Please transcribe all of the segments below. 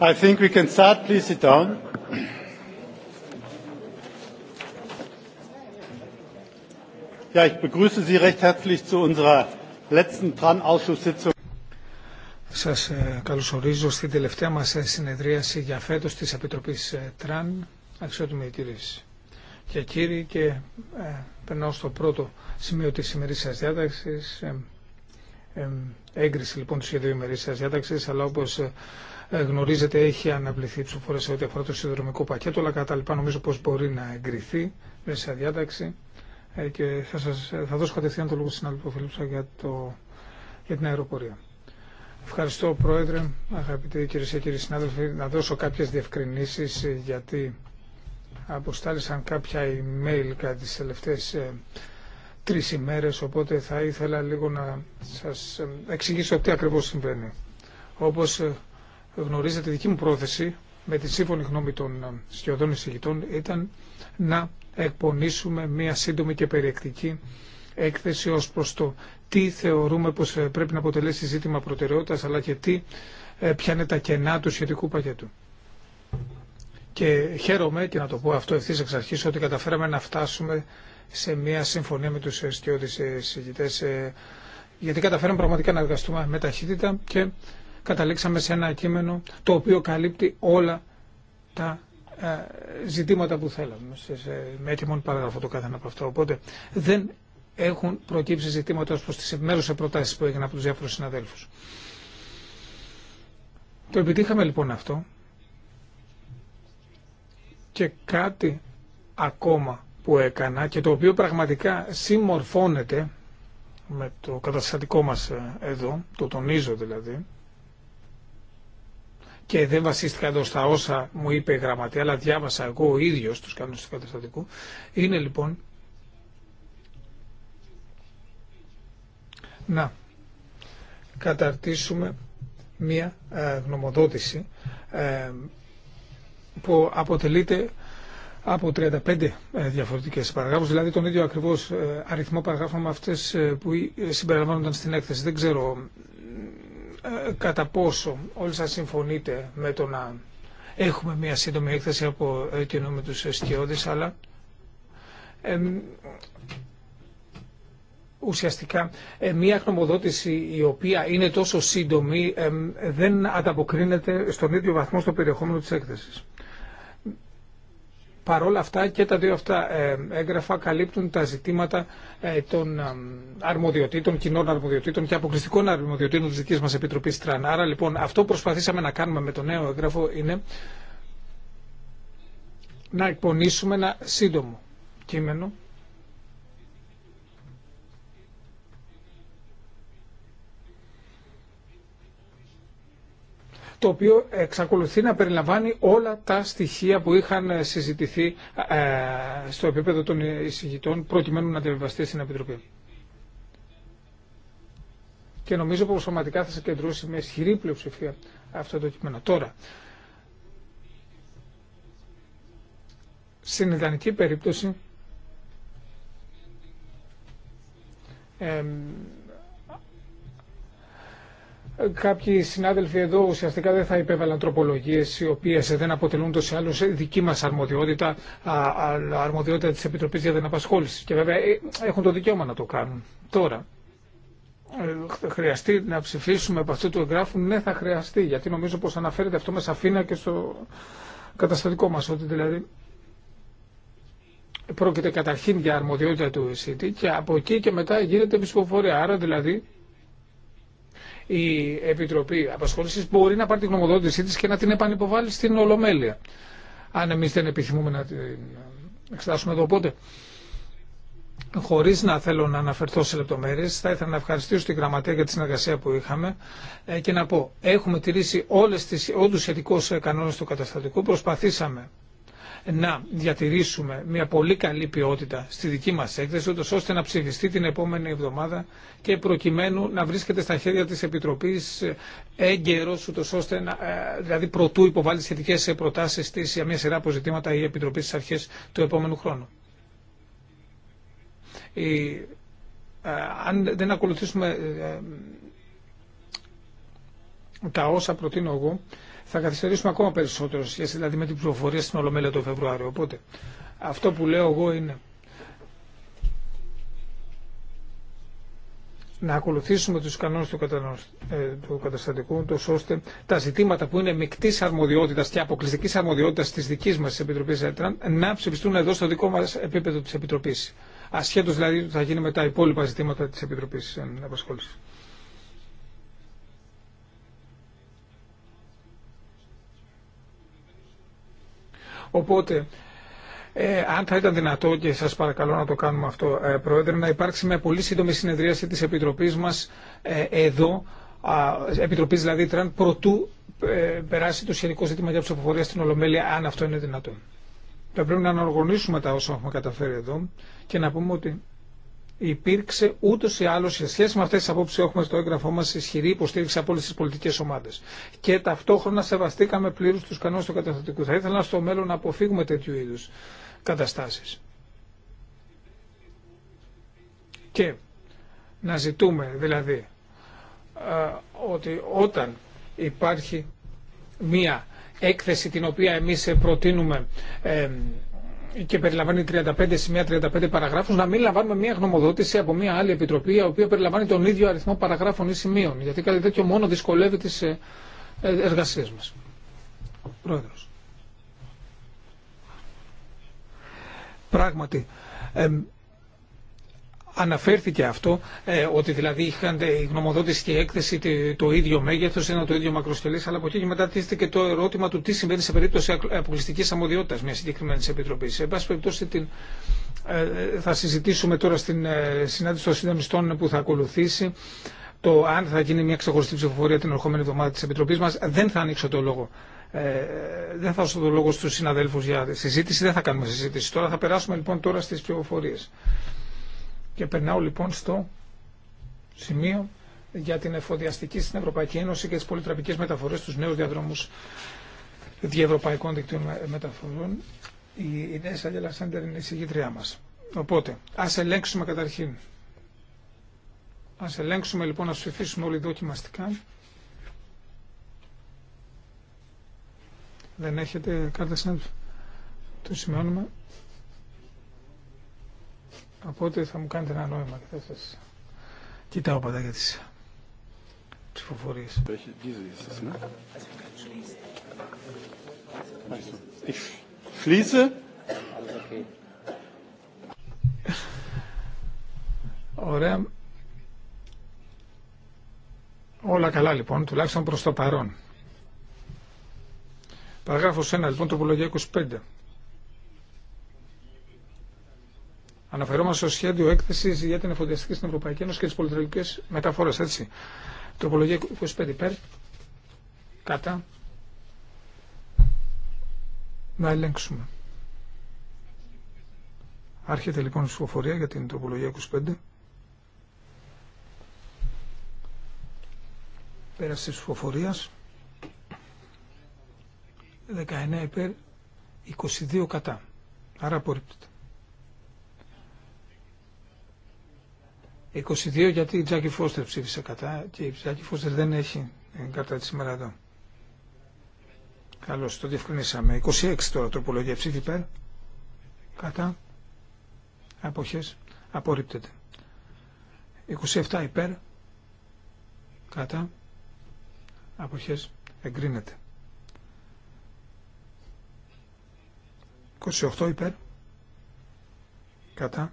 I think we can start. Please sit down. Ja, ich begrüße Sie recht herzlich zu unserer letzten TRAN-Ausschusssitzung. Σας ε, καλωσορίζω στην τελευταία μας ε, συνεδρίαση για φέτος της Επιτροπής ε, ΤΡΑΝ, αξιότιμοι κυρίες και κύριοι, και ε, περνάω στο πρώτο σημείο της σημερινής διάταξης, ε, ε, έγκριση λοιπόν του σχεδίου ημερήσιας διάταξης, αλλά όπως ε, γνωρίζετε έχει αναβληθεί ψηφοφορία σε ό,τι αφορά το συνδρομικό πακέτο, αλλά κατά λοιπά νομίζω πως μπορεί να εγκριθεί μέσα σε διάταξη. Ε, και θα, σας, θα δώσω κατευθείαν το λόγο στην Αλποφιλίψα για, για την αεροπορία. Ευχαριστώ Πρόεδρε, αγαπητοί κυρίε και κύριοι συνάδελφοι, να δώσω κάποιες διευκρινήσεις ε, γιατί αποστάλησαν κάποια email κατά τις τελευταίες τρεις ημέρες, οπότε θα ήθελα λίγο να σας εξηγήσω τι ακριβώς συμβαίνει. Όπως γνωρίζετε, η δική μου πρόθεση με τη σύμφωνη γνώμη των ε, σχεδόν εισηγητών ήταν να εκπονήσουμε μία σύντομη και περιεκτική έκθεση ως προς το τι θεωρούμε πως ε, πρέπει να αποτελέσει ζήτημα προτεραιότητας αλλά και τι, ε, ποια είναι τα κενά του σχετικού πακέτου. Και χαίρομαι και να το πω αυτό ευθύ εξ αρχή ότι καταφέραμε να φτάσουμε σε μια συμφωνία με του σκιώδει συζητητέ. Γιατί καταφέραμε πραγματικά να εργαστούμε με ταχύτητα και καταλήξαμε σε ένα κείμενο το οποίο καλύπτει όλα τα ε, ζητήματα που θέλαμε με έτοιμον παραγραφό το κάθε ένα από αυτά Οπότε δεν έχουν προκύψει ζητήματα ως προς τις επιμέρους προτάσεις που έγιναν από τους διάφορους συναδέλφους. Το επιτύχαμε λοιπόν αυτό και κάτι ακόμα που έκανα και το οποίο πραγματικά συμμορφώνεται με το καταστατικό μας ε, εδώ, το τονίζω δηλαδή, και δεν βασίστηκα εδώ στα όσα μου είπε η γραμματεία, αλλά διάβασα εγώ ο ίδιος τους κανόνε του καταστατικού, είναι λοιπόν να καταρτήσουμε μία ε, γνωμοδότηση ε, που αποτελείται από 35 ε, διαφορετικές παραγράφους, δηλαδή τον ίδιο ακριβώ αριθμό παραγράφων με αυτέ που συμπεριλαμβάνονταν στην έκθεση. Δεν ξέρω ε, κατά πόσο όλοι σας συμφωνείτε με το να έχουμε μια σύντομη έκθεση από ε, κοινό με τους εστιώδεις, αλλά ε, ουσιαστικά μια χνομοδότηση η οποία είναι τόσο σύντομη δεν ανταποκρίνεται στον ίδιο βαθμό στο περιεχόμενο της έκθεσης παρόλα αυτά και τα δύο αυτά ε, έγγραφα καλύπτουν τα ζητήματα ε, των ε, αρμοδιοτήτων, κοινών αρμοδιοτήτων και αποκλειστικών αρμοδιοτήτων της δικής μας Επιτροπής Τραν. Άρα λοιπόν αυτό που προσπαθήσαμε να κάνουμε με το νέο έγγραφο είναι να εκπονήσουμε ένα σύντομο κείμενο το οποίο εξακολουθεί να περιλαμβάνει όλα τα στοιχεία που είχαν συζητηθεί ε, στο επίπεδο των εισηγητών προκειμένου να αντιμετωπιστεί στην Επιτροπή. Και νομίζω πως σωματικά θα συγκεντρώσει με ισχυρή πλειοψηφία αυτό το κείμενο. Τώρα, στην ιδανική περίπτωση, Κάποιοι συνάδελφοι εδώ ουσιαστικά δεν θα υπέβαλαν τροπολογίε οι οποίε δεν αποτελούν τόσο άλλο δική μα αρμοδιότητα, αλλά αρμοδιότητα τη Επιτροπή για την Απασχόληση. Και βέβαια ε, έχουν το δικαίωμα να το κάνουν. Τώρα, ε, χρειαστεί να ψηφίσουμε από αυτού του εγγράφου, ναι θα χρειαστεί, γιατί νομίζω πω αναφέρεται αυτό με σαφήνα και στο καταστατικό μα ότι δηλαδή πρόκειται καταρχήν για αρμοδιότητα του ΕΣΥΤΗ και από εκεί και μετά γίνεται ψηφοφορία. Άρα δηλαδή η Επιτροπή Απασχόλησης μπορεί να πάρει την γνωμοδότησή της και να την επανυποβάλει στην Ολομέλεια. Αν εμείς δεν επιθυμούμε να την εξετάσουμε εδώ οπότε. Χωρί να θέλω να αναφερθώ σε λεπτομέρειε, θα ήθελα να ευχαριστήσω την Γραμματεία για τη συνεργασία που είχαμε ε, και να πω: Έχουμε τηρήσει όλους τους σχετικού ε, κανόνε του καταστατικού. Προσπαθήσαμε να διατηρήσουμε μια πολύ καλή ποιότητα στη δική μας έκθεση, ούτως ώστε να ψηφιστεί την επόμενη εβδομάδα και προκειμένου να βρίσκεται στα χέρια της Επιτροπής έγκαιρος, ούτως ώστε να, ε, δηλαδή προτού υποβάλει σχετικές προτάσεις της για μια σειρά αποζητήματα η Επιτροπή στις αρχές του επόμενου χρόνου. Ε, αν δεν ακολουθήσουμε ε, τα όσα προτείνω εγώ θα καθυστερήσουμε ακόμα περισσότερο σχέση δηλαδή με την πληροφορία στην Ολομέλεια το Φεβρουάριο. Οπότε αυτό που λέω εγώ είναι να ακολουθήσουμε τους κανόνες του, ε, του καταστατικού, ώστε τα ζητήματα που είναι μεικτής αρμοδιότητας και αποκλειστικής αρμοδιότητας της δικής μας Επιτροπής ΕΤΡΑΝ να ψηφιστούν εδώ στο δικό μας επίπεδο της Επιτροπής. Ασχέτως δηλαδή θα γίνει με τα υπόλοιπα ζητήματα της Επιτροπής Απασχόλησης. Οπότε, ε, αν θα ήταν δυνατό και σας παρακαλώ να το κάνουμε αυτό, ε, Πρόεδρε, να υπάρξει μια πολύ σύντομη συνεδρίαση της Επιτροπής μας ε, εδώ, επιτροπή Επιτροπής δηλαδή Τραν, προτού ε, περάσει το σχετικό ζήτημα για ψηφοφορία στην Ολομέλεια, αν αυτό είναι δυνατόν. Θα πρέπει να αναργονίσουμε τα όσα έχουμε καταφέρει εδώ και να πούμε ότι υπήρξε ούτω ή άλλω σε σχέση με αυτέ τι απόψει έχουμε στο έγγραφό μας ισχυρή υποστήριξη από όλε τις πολιτικές ομάδες. Και ταυτόχρονα σεβαστήκαμε πλήρως τους κανόνες του καταστατικού. Θα ήθελα στο μέλλον να αποφύγουμε τέτοιου είδου καταστάσεις. Και να ζητούμε δηλαδή ότι όταν υπάρχει μία έκθεση την οποία εμείς ε, προτείνουμε και περιλαμβάνει 35 σημεία, 35 παραγράφους, να μην λαμβάνουμε μια γνωμοδότηση από μια άλλη επιτροπή, η οποία περιλαμβάνει τον ίδιο αριθμό παραγράφων ή σημείων. Γιατί κάτι τέτοιο μόνο δυσκολεύει τις ε, ε, εργασίες μας. Πρόεδρος. Πράγματι, αναφέρθηκε αυτό, ε, ότι δηλαδή είχαν ε, η γνωμοδότηση και η έκθεση το ίδιο μέγεθο, ένα το ίδιο μακροσκελή, αλλά από εκεί και μετά τίθεται και το ερώτημα του τι συμβαίνει σε περίπτωση αποκλειστική αμοδιότητα μια συγκεκριμένη επιτροπή. Σε πάση περιπτώσει, ε, θα συζητήσουμε τώρα στην συνάντηση των συντονιστών που θα ακολουθήσει το αν θα γίνει μια ξεχωριστή ψηφοφορία την ερχόμενη εβδομάδα τη Επιτροπή μα. Δεν θα ανοίξω το λόγο. Ε, δεν θα δώσω το λόγο στου συναδέλφου για συζήτηση. Δεν θα κάνουμε συζήτηση τώρα. Θα περάσουμε λοιπόν τώρα στι ψηφοφορίε. Και περνάω λοιπόν στο σημείο για την εφοδιαστική στην Ευρωπαϊκή Ένωση και τι πολυτραπικέ μεταφορές στου νέου διαδρόμου διευρωπαϊκών δικτύων μεταφορών. Η Ινέσα Σαγέλα Σάντερ είναι η συγγήτριά μα. Οπότε, ας ελέγξουμε καταρχήν. Ας ελέγξουμε λοιπόν, να ψηφίσουμε όλοι δοκιμαστικά. Δεν έχετε κάρτα σαν Το σημειώνουμε. Οπότε θα μου κάνετε ένα νόημα και θα σας κοιτάω πάντα για τις ψηφοφορίες. Ναι. Ωραία. Όλα καλά λοιπόν, τουλάχιστον προς το παρόν. Παραγράφος 1, λοιπόν, τοπολογία 25. Αναφερόμαστε στο σχέδιο έκθεση για την εφοδιαστική στην Ευρωπαϊκή Ένωση και τι μεταφορέ, έτσι. Τροπολογία 25 υπέρ. Κατά. Να ελέγξουμε. Άρχεται λοιπόν η ψηφοφορία για την τροπολογία 25. Πέραση της ψηφοφορίας. 19 υπέρ, 22 κατά. Άρα απορρίπτεται. 22 γιατί η Τζάκη Φώστερ ψήφισε κατά και η Τζάκη Φώστερ δεν έχει κάρτα τη σήμερα εδώ. Καλώς, το διευκρινίσαμε. 26 τώρα τροπολογία ψήφι περ Κατά. Αποχές. Απορρίπτεται. 27 υπέρ. Κατά. Αποχές. Εγκρίνεται. 28 υπέρ. Κατά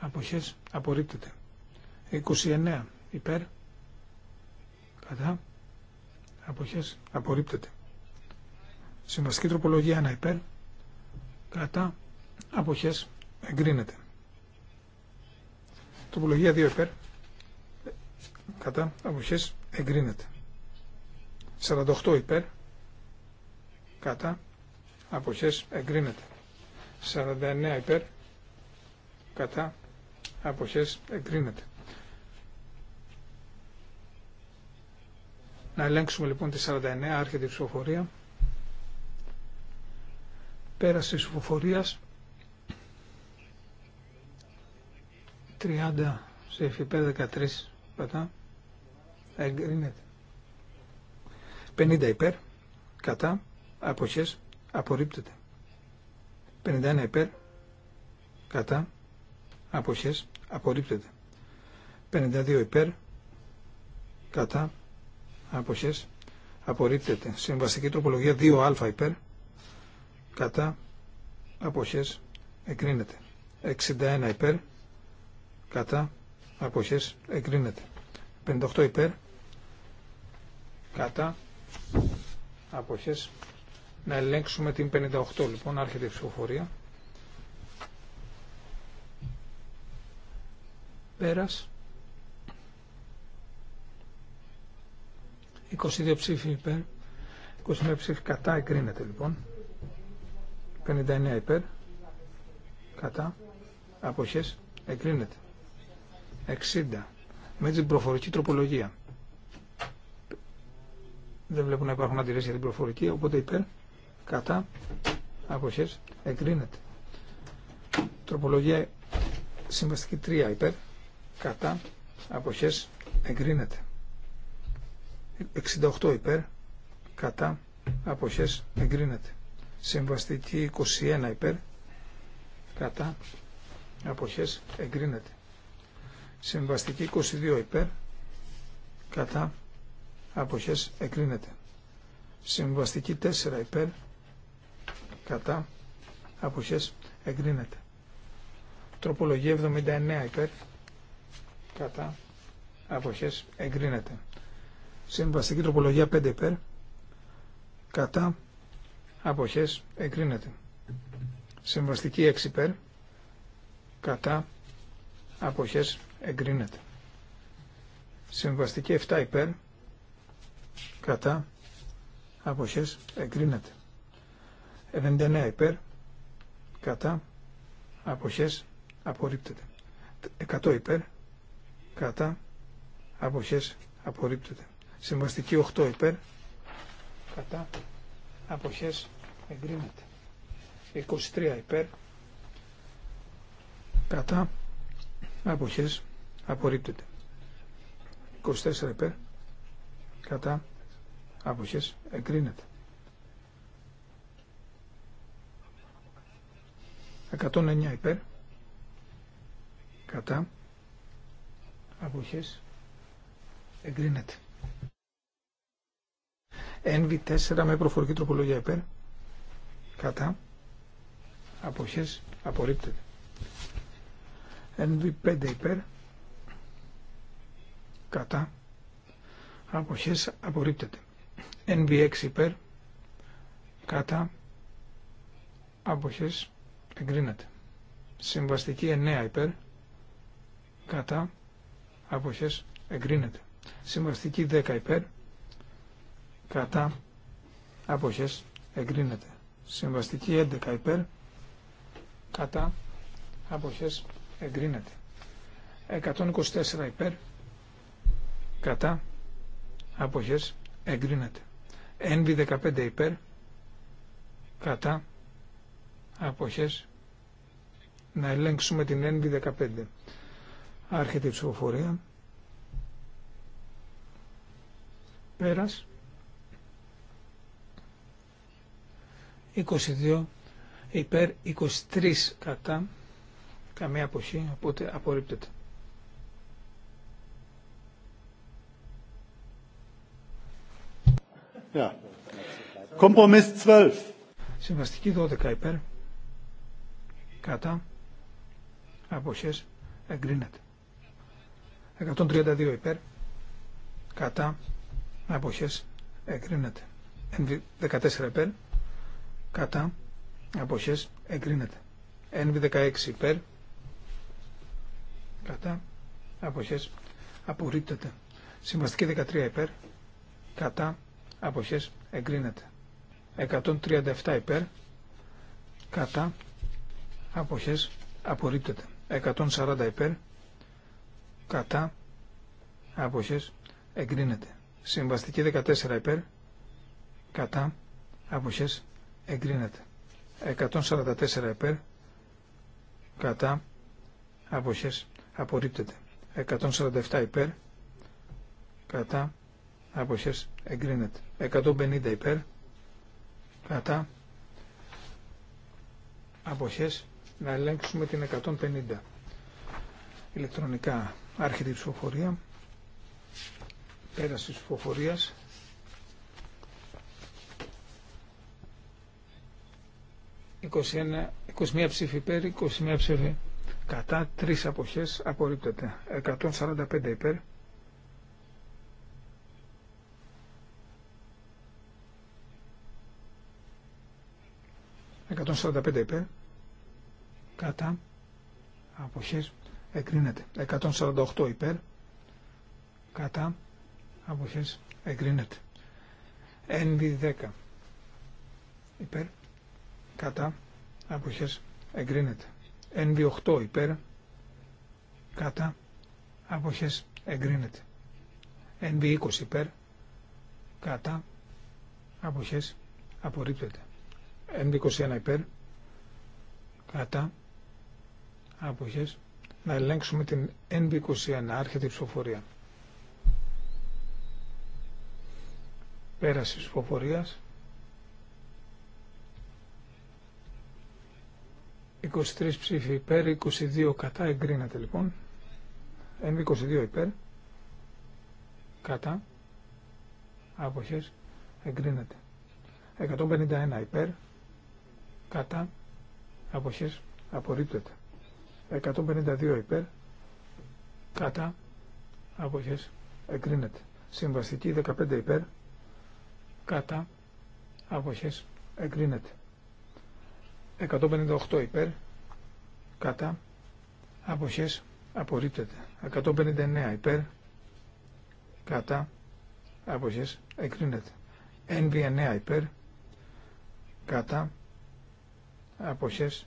αποχές απορρίπτεται. 29 υπέρ κατά αποχές απορρίπτεται. Συμβαστική τροπολογία 1 υπέρ κατά αποχές εγκρίνεται. Τροπολογία 2 υπέρ κατά αποχές εγκρίνεται. 48 υπέρ κατά αποχές εγκρίνεται. 49 υπέρ κατά αποχές εγκρίνεται. Να ελέγξουμε λοιπόν τη 49 άρχεται η ψηφοφορία. Πέραση της ψηφοφορίας 30 Σε 5, 13 κατά εγκρίνεται. 50 υπέρ κατά αποχές απορρίπτεται. 51 υπέρ κατά αποχές απορρίπτεται. 52 υπέρ κατά αποχές απορρίπτεται. Συμβαστική τροπολογία 2α υπέρ κατά αποχές εκρίνεται. 61 υπέρ κατά αποχές εκρίνεται. 58 υπέρ κατά αποχές να ελέγξουμε την 58 λοιπόν άρχεται η ψηφοφορία Πέρας. 22 ψήφοι υπέρ. 21 ψήφοι κατά. Εκρίνεται λοιπόν. 59 υπέρ. Κατά. Αποχές. Εκρίνεται. 60. Με την προφορική τροπολογία. Δεν βλέπω να υπάρχουν αντιρρήσεις για την προφορική, οπότε υπέρ, κατά, αποχές, εγκρίνεται. Τροπολογία συμβαστική 3 υπέρ, κατά αποχές εγκρίνεται 68 υπέρ κατά αποχές εγκρίνεται συμβαστική 21 υπέρ κατά αποχές εγκρίνεται συμβαστική 22 υπέρ κατά αποχές εγκρίνεται συμβαστική 4 υπέρ κατά αποχές εγκρίνεται τροπολογία 79 υπέρ κατά αποχές εγκρίνεται. Συμβαστική τροπολογία 5 υπέρ κατά αποχές εγκρίνεται. Συμβαστική 6 υπέρ κατά αποχές εγκρίνεται. Συμβαστική 7 υπέρ κατά αποχές εγκρίνεται. 79 υπέρ κατά αποχές απορρίπτεται. 100 υπέρ κατά αποχές απορρίπτεται. Συμβαστική 8 υπέρ κατά αποχές εγκρίνεται. 23 υπέρ κατά αποχές απορρίπτεται. 24 υπέρ κατά αποχές εγκρίνεται. 109 υπέρ κατά αποχές εγκρίνεται. NV4 με προφορική τροπολογία υπέρ κατά αποχές απορρίπτεται. NV5 υπέρ κατά αποχές απορρίπτεται. NV6 υπέρ κατά αποχές εγκρίνεται. Συμβαστική 9 υπέρ κατά αποχές εγκρίνεται. Συμβαστική 10 υπέρ κατά αποχές εγκρίνεται. Συμβαστική 11 υπέρ κατά αποχές εγκρίνεται. 124 υπέρ κατά αποχές Ένβι NB15 υπέρ κατά αποχές να ελέγξουμε την ένβι 15 Άρχεται η ψηφοφορία. Πέρας. 22 υπέρ 23 κατά καμία αποχή οπότε απορρίπτεται. Συμβαστική 12 υπέρ κατά αποχές εγκρίνεται. 132 υπέρ, κατά, αποχές, εγκρίνεται. 14 υπέρ, κατά, αποχές, εγκρίνεται. NV16 υπέρ, κατά, αποχές, απορρίπτεται. Συμβαστική 13 υπέρ, κατά, αποχές, εγκρίνεται. 137 υπέρ, κατά, αποχές, απορρίπτεται. 140 υπέρ, κατά αποχές εγκρίνεται. Συμβαστική 14 υπέρ κατά αποχές εγκρίνεται. 144 υπέρ κατά αποχές απορρίπτεται. 147 υπέρ κατά αποχές εγκρίνεται. 150 υπέρ κατά αποχές να ελέγξουμε την 150 ηλεκτρονικά Άρχεται η ψηφοφορία. Πέραση ψηφοφορία. 21, 21 ψήφοι υπέρ, 21 ψήφοι κατά, 3 αποχές απορρίπτεται. 145 υπέρ. ...145 υπέρ, κατά, αποχές, εγκρίνεται. 148 υπέρ, κατά, αποχές, εγκρίνεται. NV10 υπέρ, κατά, αποχές, εγκρίνεται. NV8 υπέρ, κατά, αποχές, εγκρίνεται. NV20 υπέρ, κατά, αποχές, απορρίπτεται. NV21 υπέρ, κατά, αποχές, να ελέγξουμε την NB21, άρχεται η ψηφοφορία. Πέραση ψηφοφορίας. 23 ψήφοι υπέρ, 22 κατά, εγκρίνεται λοιπόν. NB22 υπέρ, κατά, άποχες, εγκρίνεται. 151 υπέρ, κατά, άποχες, απορρίπτεται. 152 υπέρ κατά αποχές εγκρίνεται. Συμβαστική 15 υπέρ κατά αποχές εγκρίνεται. 158 υπέρ κατά αποχές απορρίπτεται. 159 υπέρ κατά αποχές εγκρίνεται. NV9 υπέρ κατά αποχές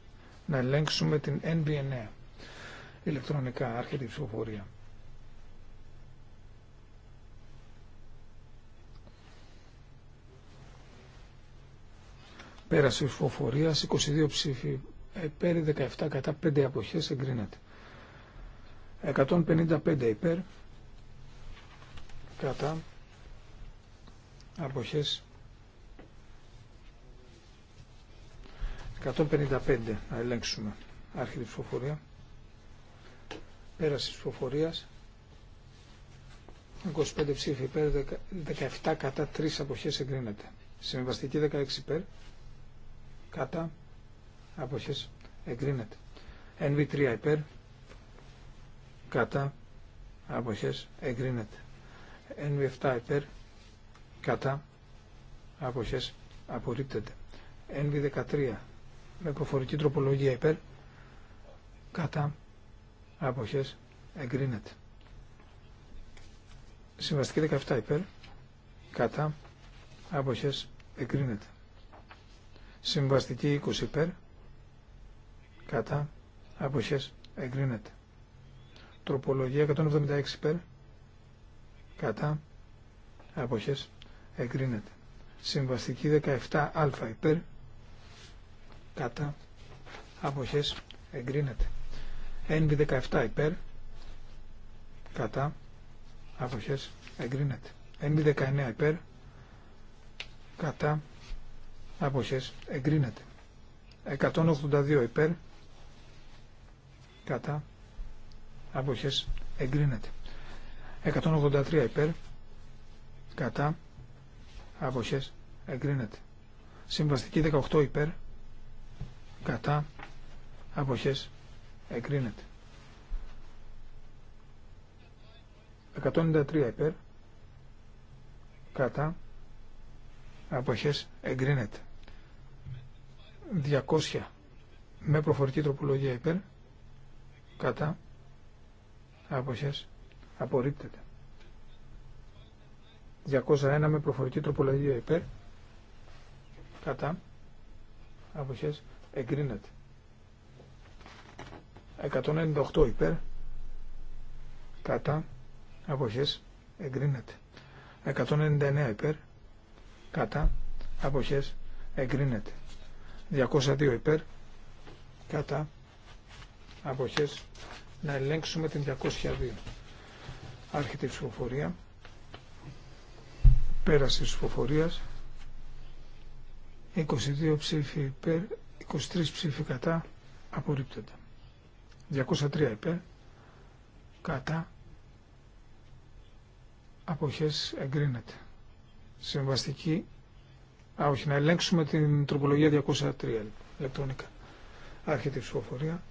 να ελέγξουμε την NBNA ηλεκτρονικά, άρχεται η ψηφοφορία. Πέρασε η ψηφοφορία, 22 ψήφοι υπέρ, 17 κατά, 5 αποχές εγκρίνεται. 155 υπέρ, κατά, αποχές 155 να ελέγξουμε. τη ψηφοφορία. Πέραση ψηφοφορία. 25 ψήφοι υπέρ, 17 κατά, 3 αποχές εγκρίνεται. Συμβαστική 16 υπέρ, κατά, αποχές εγκρίνεται. NV3 υπέρ, κατά, αποχές εγκρίνεται. NV7 υπέρ, κατά, αποχές απορρίπτεται. NV13 με προφορική τροπολογία υπέρ κατά αποχές εγκρίνεται. Συμβαστική 17 υπέρ κατά αποχές εγκρίνεται. Συμβαστική 20 υπέρ κατά αποχές εγκρίνεται. Τροπολογία 176 υπέρ κατά αποχές εγκρίνεται. Συμβαστική 17α υπέρ κατά αποχές εγκρίνεται NB17 υπέρ κατά αποχές εγκρίνεται NB19 υπέρ κατά αποχές εγκρίνεται 182 υπέρ κατά αποχές εγκρίνεται 183 υπέρ κατά αποχές εγκρίνεται συμβαστική 18 υπέρ κατά αποχές εγκρίνεται 193 υπέρ κατά αποχές εγκρίνεται 200 με προφορική τροπολογία υπέρ κατά αποχές απορρίπτεται 201 με προφορική τροπολογία υπέρ κατά αποχές εγκρίνεται. 198 υπέρ, κατά, αποχές, εγκρίνεται. 199 υπέρ, κατά, αποχές, εγκρίνεται. 202 υπέρ, κατά, αποχές, να ελέγξουμε την 202. Άρχεται η ψηφοφορία, πέραση ψηφοφορίας, 22 ψήφοι υπέρ, 23 ψήφοι κατά απορρίπτεται. 203 υπέρ κατά αποχές εγκρίνεται. Συμβαστική, α όχι, να ελέγξουμε την τροπολογία 203 ηλεκτρονικά. Άρχεται η ψηφοφορία,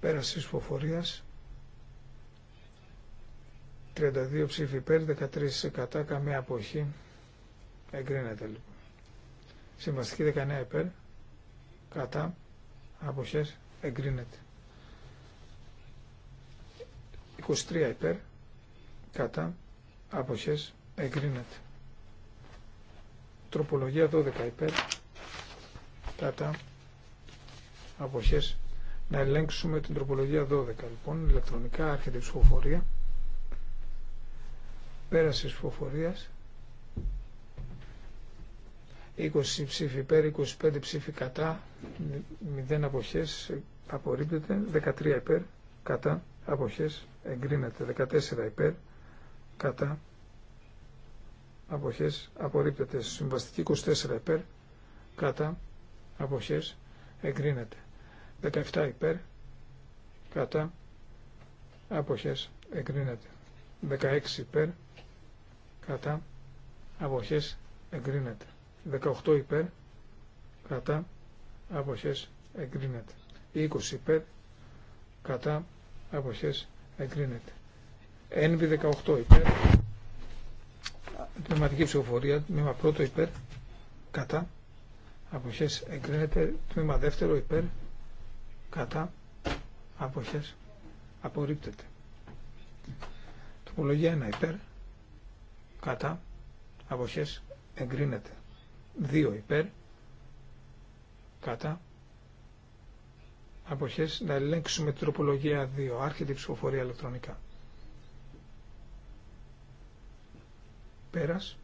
πέραση ψηφοφορίας, 32 ψήφοι υπέρ, 13 κατά, καμία αποχή, εγκρίνεται λοιπόν. Συμβαστική 19 υπέρ, κατά αποχές εγκρίνεται 23 υπέρ κατά αποχές εγκρίνεται τροπολογία 12 υπέρ κατά αποχές να ελέγξουμε την τροπολογία 12 λοιπόν ηλεκτρονικά άρχεται η ψηφοφορία πέραση ψηφοφορίας 20 ψήφοι υπέρ, 25 ψήφοι κατά, 0 αποχές απορρίπτεται, 13 υπέρ, κατά, αποχές εγκρίνεται, 14 υπέρ, κατά, αποχές απορρίπτεται, συμβαστική 24 υπέρ, κατά, αποχές εγκρίνεται, 17 υπέρ, κατά, αποχές εγκρίνεται, 16 υπέρ, κατά, αποχές εγκρίνεται. 18 υπέρ κατά αποχές εγκρίνεται. 20 υπέρ κατά αποχές εγκρίνεται. Ένβη 18 υπέρ τμήματική ψηφοφορία τμήμα πρώτο υπέρ κατά αποχές εγκρίνεται τμήμα δεύτερο υπέρ κατά αποχές απορρίπτεται. Τοπολογία 1 υπέρ κατά αποχές εγκρίνεται. 2 υπέρ κατά αποχές να ελέγξουμε τροπολογία 2 άρχεται η ψηφοφορία ηλεκτρονικά πέρας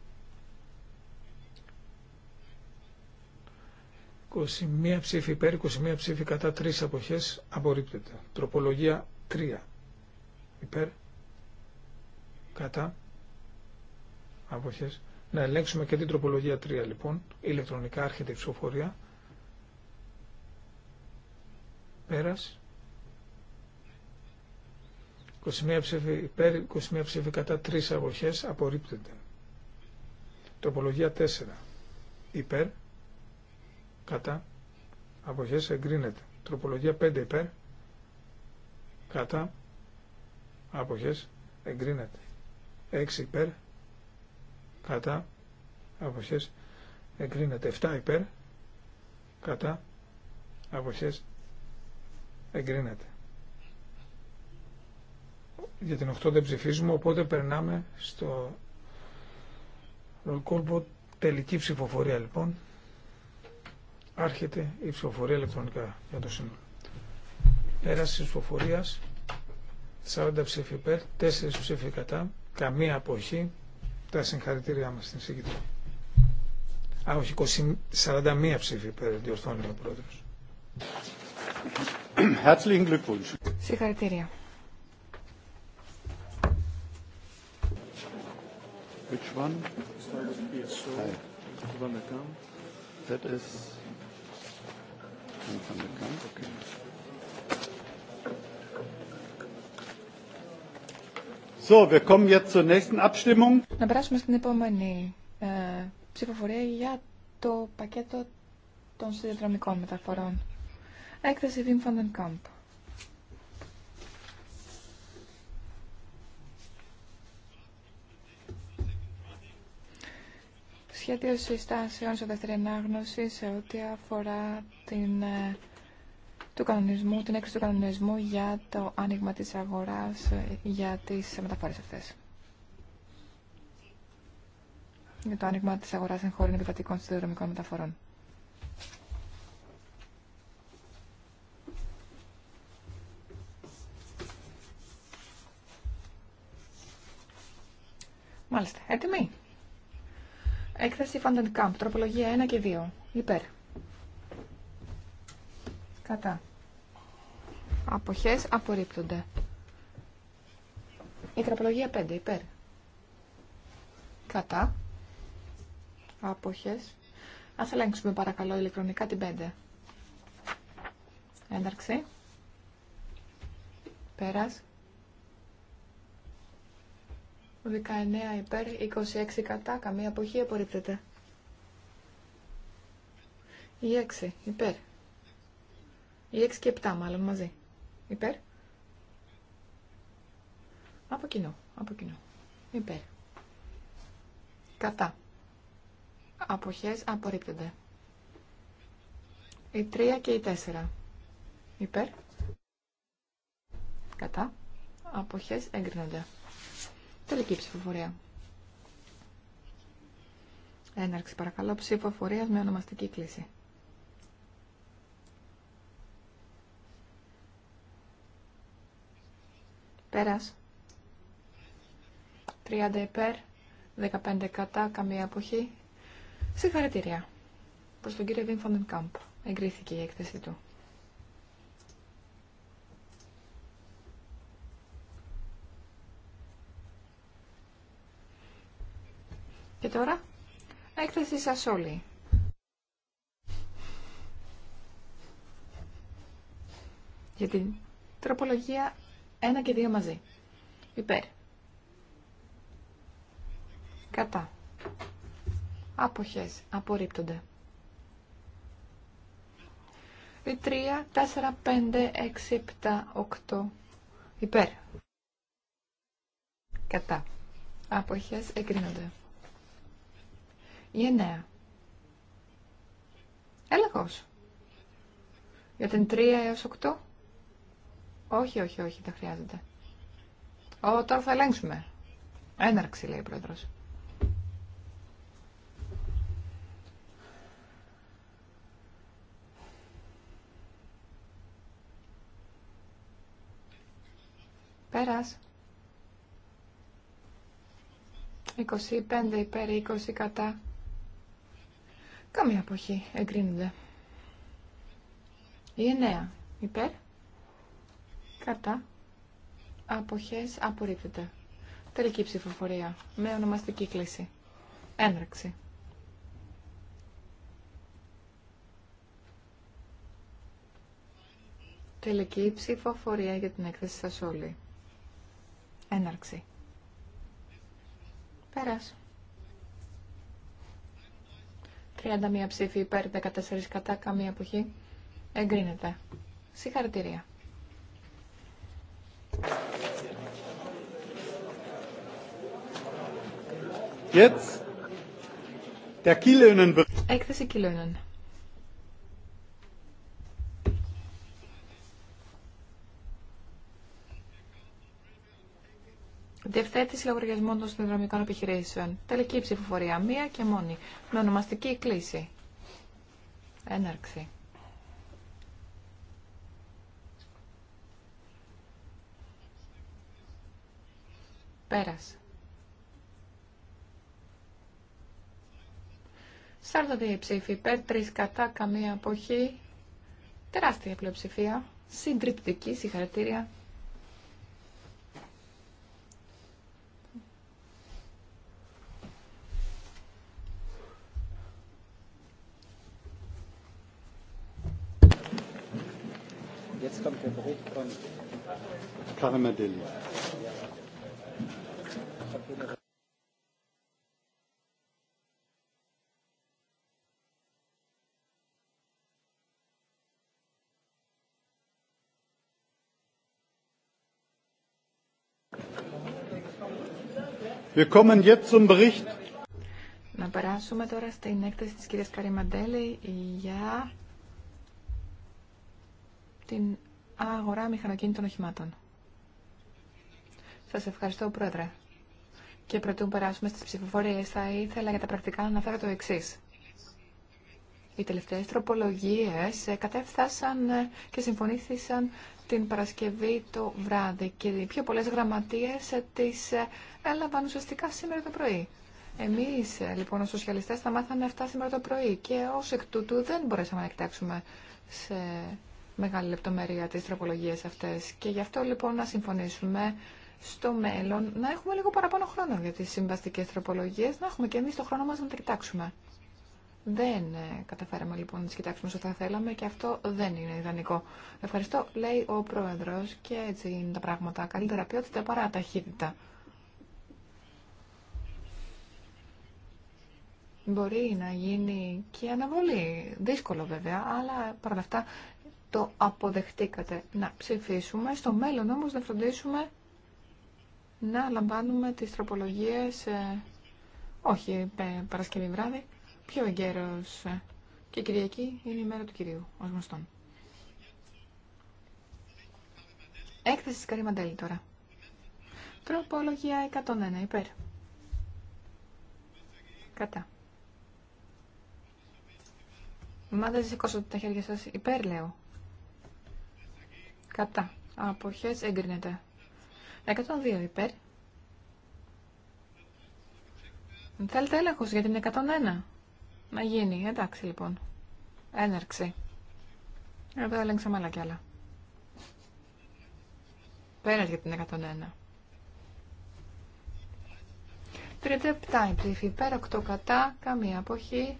21 ψήφι υπέρ, 21 ψήφι κατά, 3 αποχές απορρίπτεται. Τροπολογία 3 υπέρ, κατά, αποχές να ελέγξουμε και την τροπολογία 3 λοιπόν, ηλεκτρονικά άρχεται η ψηφοφορία. Πέρας. 21 ψήφι υπέρ, 21 ψήφι κατά, 3 αγωχές, απορρίπτεται. Τροπολογία 4. Υπέρ, κατά, αποχές εγκρίνεται. Τροπολογία 5 υπέρ, κατά, αποχές εγκρίνεται. 6 υπέρ, κατά αποχές εγκρίνεται 7 υπέρ κατά αποχές εγκρίνεται για την 8 δεν ψηφίζουμε οπότε περνάμε στο κόλπο τελική ψηφοφορία λοιπόν άρχεται η ψηφοφορία ηλεκτρονικά για το σύνολο πέραση της ψηφοφορίας 40 ψήφοι υπέρ 4 ψήφοι κατά καμία αποχή τα συγχαρητήριά μας στην Σύγκριση. Α, όχι, 41 ψήφοι πέρα, διορθώνει ο πρόεδρος. Herzlichen Glückwunsch. Συγχαρητήρια. Which one? That is... So, wir kommen jetzt zur nächsten Abstimmung. Να περάσουμε στην επόμενη ε, ψηφοφορία για το πακέτο των συνδρομικών μεταφορών. Έκθεση Wim van den Kamp. Σχέδιο συστάσεων σε δεύτερη ανάγνωση σε ό,τι αφορά την ε, του κανονισμού, την έξοδο του κανονισμού για το άνοιγμα της αγοράς ε, για τις μεταφορές αυτές. Για το άνοιγμα της αγοράς εγχώριων επιβατικών συνδεδρομικών μεταφορών. Μάλιστα. Έτοιμοι. Έκθεση Φαντεντ Κάμπ. Τροπολογία 1 και 2. Υπέρ. Κατά. Αποχές απορρίπτονται. Η τραπολογία 5 υπέρ. Κατά. Αποχές. Ας ελέγξουμε παρακαλώ ηλεκτρονικά την 5. Ένταρξη. Πέρας. 19 υπέρ, 26 κατά, καμία αποχή απορρίπτεται. Η 6 υπέρ. Ή 6 και 7 μάλλον μαζί. Υπέρ. Από κοινό. Από κοινό. Υπέρ. Κατά. Αποχές απορρίπτονται. Η 3 και η 4. Υπέρ. Κατά. Αποχές έγκρινονται. Τελική ψηφοφορία. Έναρξη παρακαλώ ψηφοφορίας με ονομαστική κλίση. Πέρας. 30 υπέρ, 15 κατά, καμία αποχή. Συγχαρητήρια προς τον κύριο Βιν Κάμπ. Εγκρίθηκε η έκθεση του. Και τώρα, έκθεση σας όλοι. Για την τροπολογία 1 και 2 μαζί. Υπέρ. Κατά. Αποχές. Απορρίπτονται. 3, 4, 5, 6, 7, 8. Υπέρ. Κατά. Αποχές εγκρίνονται. Η 9. Έλεγχος. Για την 3 έως 8. Όχι, όχι, όχι, δεν χρειάζεται. Ω, τώρα θα ελέγξουμε. Έναρξη, λέει ο πρόεδρος. Πέρας. 25 υπέρ 20 κατά. Καμία αποχή εγκρίνονται. Η εννέα υπέρ. Κατά. Αποχές απορρίπτεται. Τελική ψηφοφορία. Με ονομαστική κλίση. Έναρξη. Τελική ψηφοφορία για την έκθεση σας όλοι. Έναρξη. Πέρας. 31 ψήφοι υπέρ, 14 κατά, καμία αποχή. Εγκρίνεται. Συγχαρητήρια. Jetzt der Έκθεση Kielönen. Διευθέτηση λογαριασμών των συνδρομικών επιχειρήσεων. Τελική ψηφοφορία. Μία και μόνη. Με ονομαστική κλίση. Έναρξη. Πέρασε. 42 ψήφοι υπέρ, 3 κατά, καμία αποχή. Τεράστια πλειοψηφία. Συντριπτική συγχαρητήρια. Jetzt kommt der Bericht von Karamadeli. Wir kommen jetzt zum Bericht. Να περάσουμε τώρα στην έκθεση της κυρίας Καριμαντέλη για την αγορά μηχανοκίνητων οχημάτων. Σας ευχαριστώ, Πρόεδρε. Και πρωτού περάσουμε στις ψηφοφορίες, θα ήθελα για τα πρακτικά να αναφέρω το εξή. Οι τελευταίες τροπολογίες ε, κατέφθασαν ε, και συμφωνήθησαν την Παρασκευή το βράδυ και οι πιο πολλές γραμματείες ε, τις ε, έλαβαν ουσιαστικά σήμερα το πρωί. Εμείς ε, λοιπόν ως σοσιαλιστές θα μάθαμε αυτά σήμερα το πρωί και ως εκ τούτου δεν μπορέσαμε να εκτάξουμε σε μεγάλη λεπτομέρεια τις τροπολογίες αυτές και γι' αυτό λοιπόν να συμφωνήσουμε στο μέλλον να έχουμε λίγο παραπάνω χρόνο για τις συμβαστικές τροπολογίες, να έχουμε και εμείς το χρόνο μας να τα κοιτάξουμε. Δεν ε, καταφέραμε λοιπόν να τι κοιτάξουμε όσο θα θέλαμε και αυτό δεν είναι ιδανικό. Ευχαριστώ, λέει ο Πρόεδρος και έτσι είναι τα πράγματα. Καλύτερα ποιότητα παρά ταχύτητα. Μπορεί να γίνει και αναβολή. Δύσκολο βέβαια, αλλά παρ' αυτά το αποδεχτήκατε να ψηφίσουμε. Στο μέλλον όμως να φροντίσουμε να λαμβάνουμε τις τροπολογίες, ε, όχι ε, Παρασκευή βράδυ, πιο εγκαίρος και Κυριακή είναι η μέρα του Κυρίου, ως γνωστόν. Έκθεση Καρυμαντέλη τώρα. Τροπολογία 101, υπέρ. Κατά. Μα δεν σηκώσατε τα χέρια σα υπέρ, λέω. Κατά. Αποχέ εγκρίνεται. 102 υπέρ. Θέλετε έλεγχος για την 101. Να γίνει. Εντάξει λοιπόν. Έναρξη. Εδώ έλεγξαμε άλλα κι άλλα. Πέρα για την 101. 37 η ψήφη υπέρ, 8 κατά, καμία αποχή.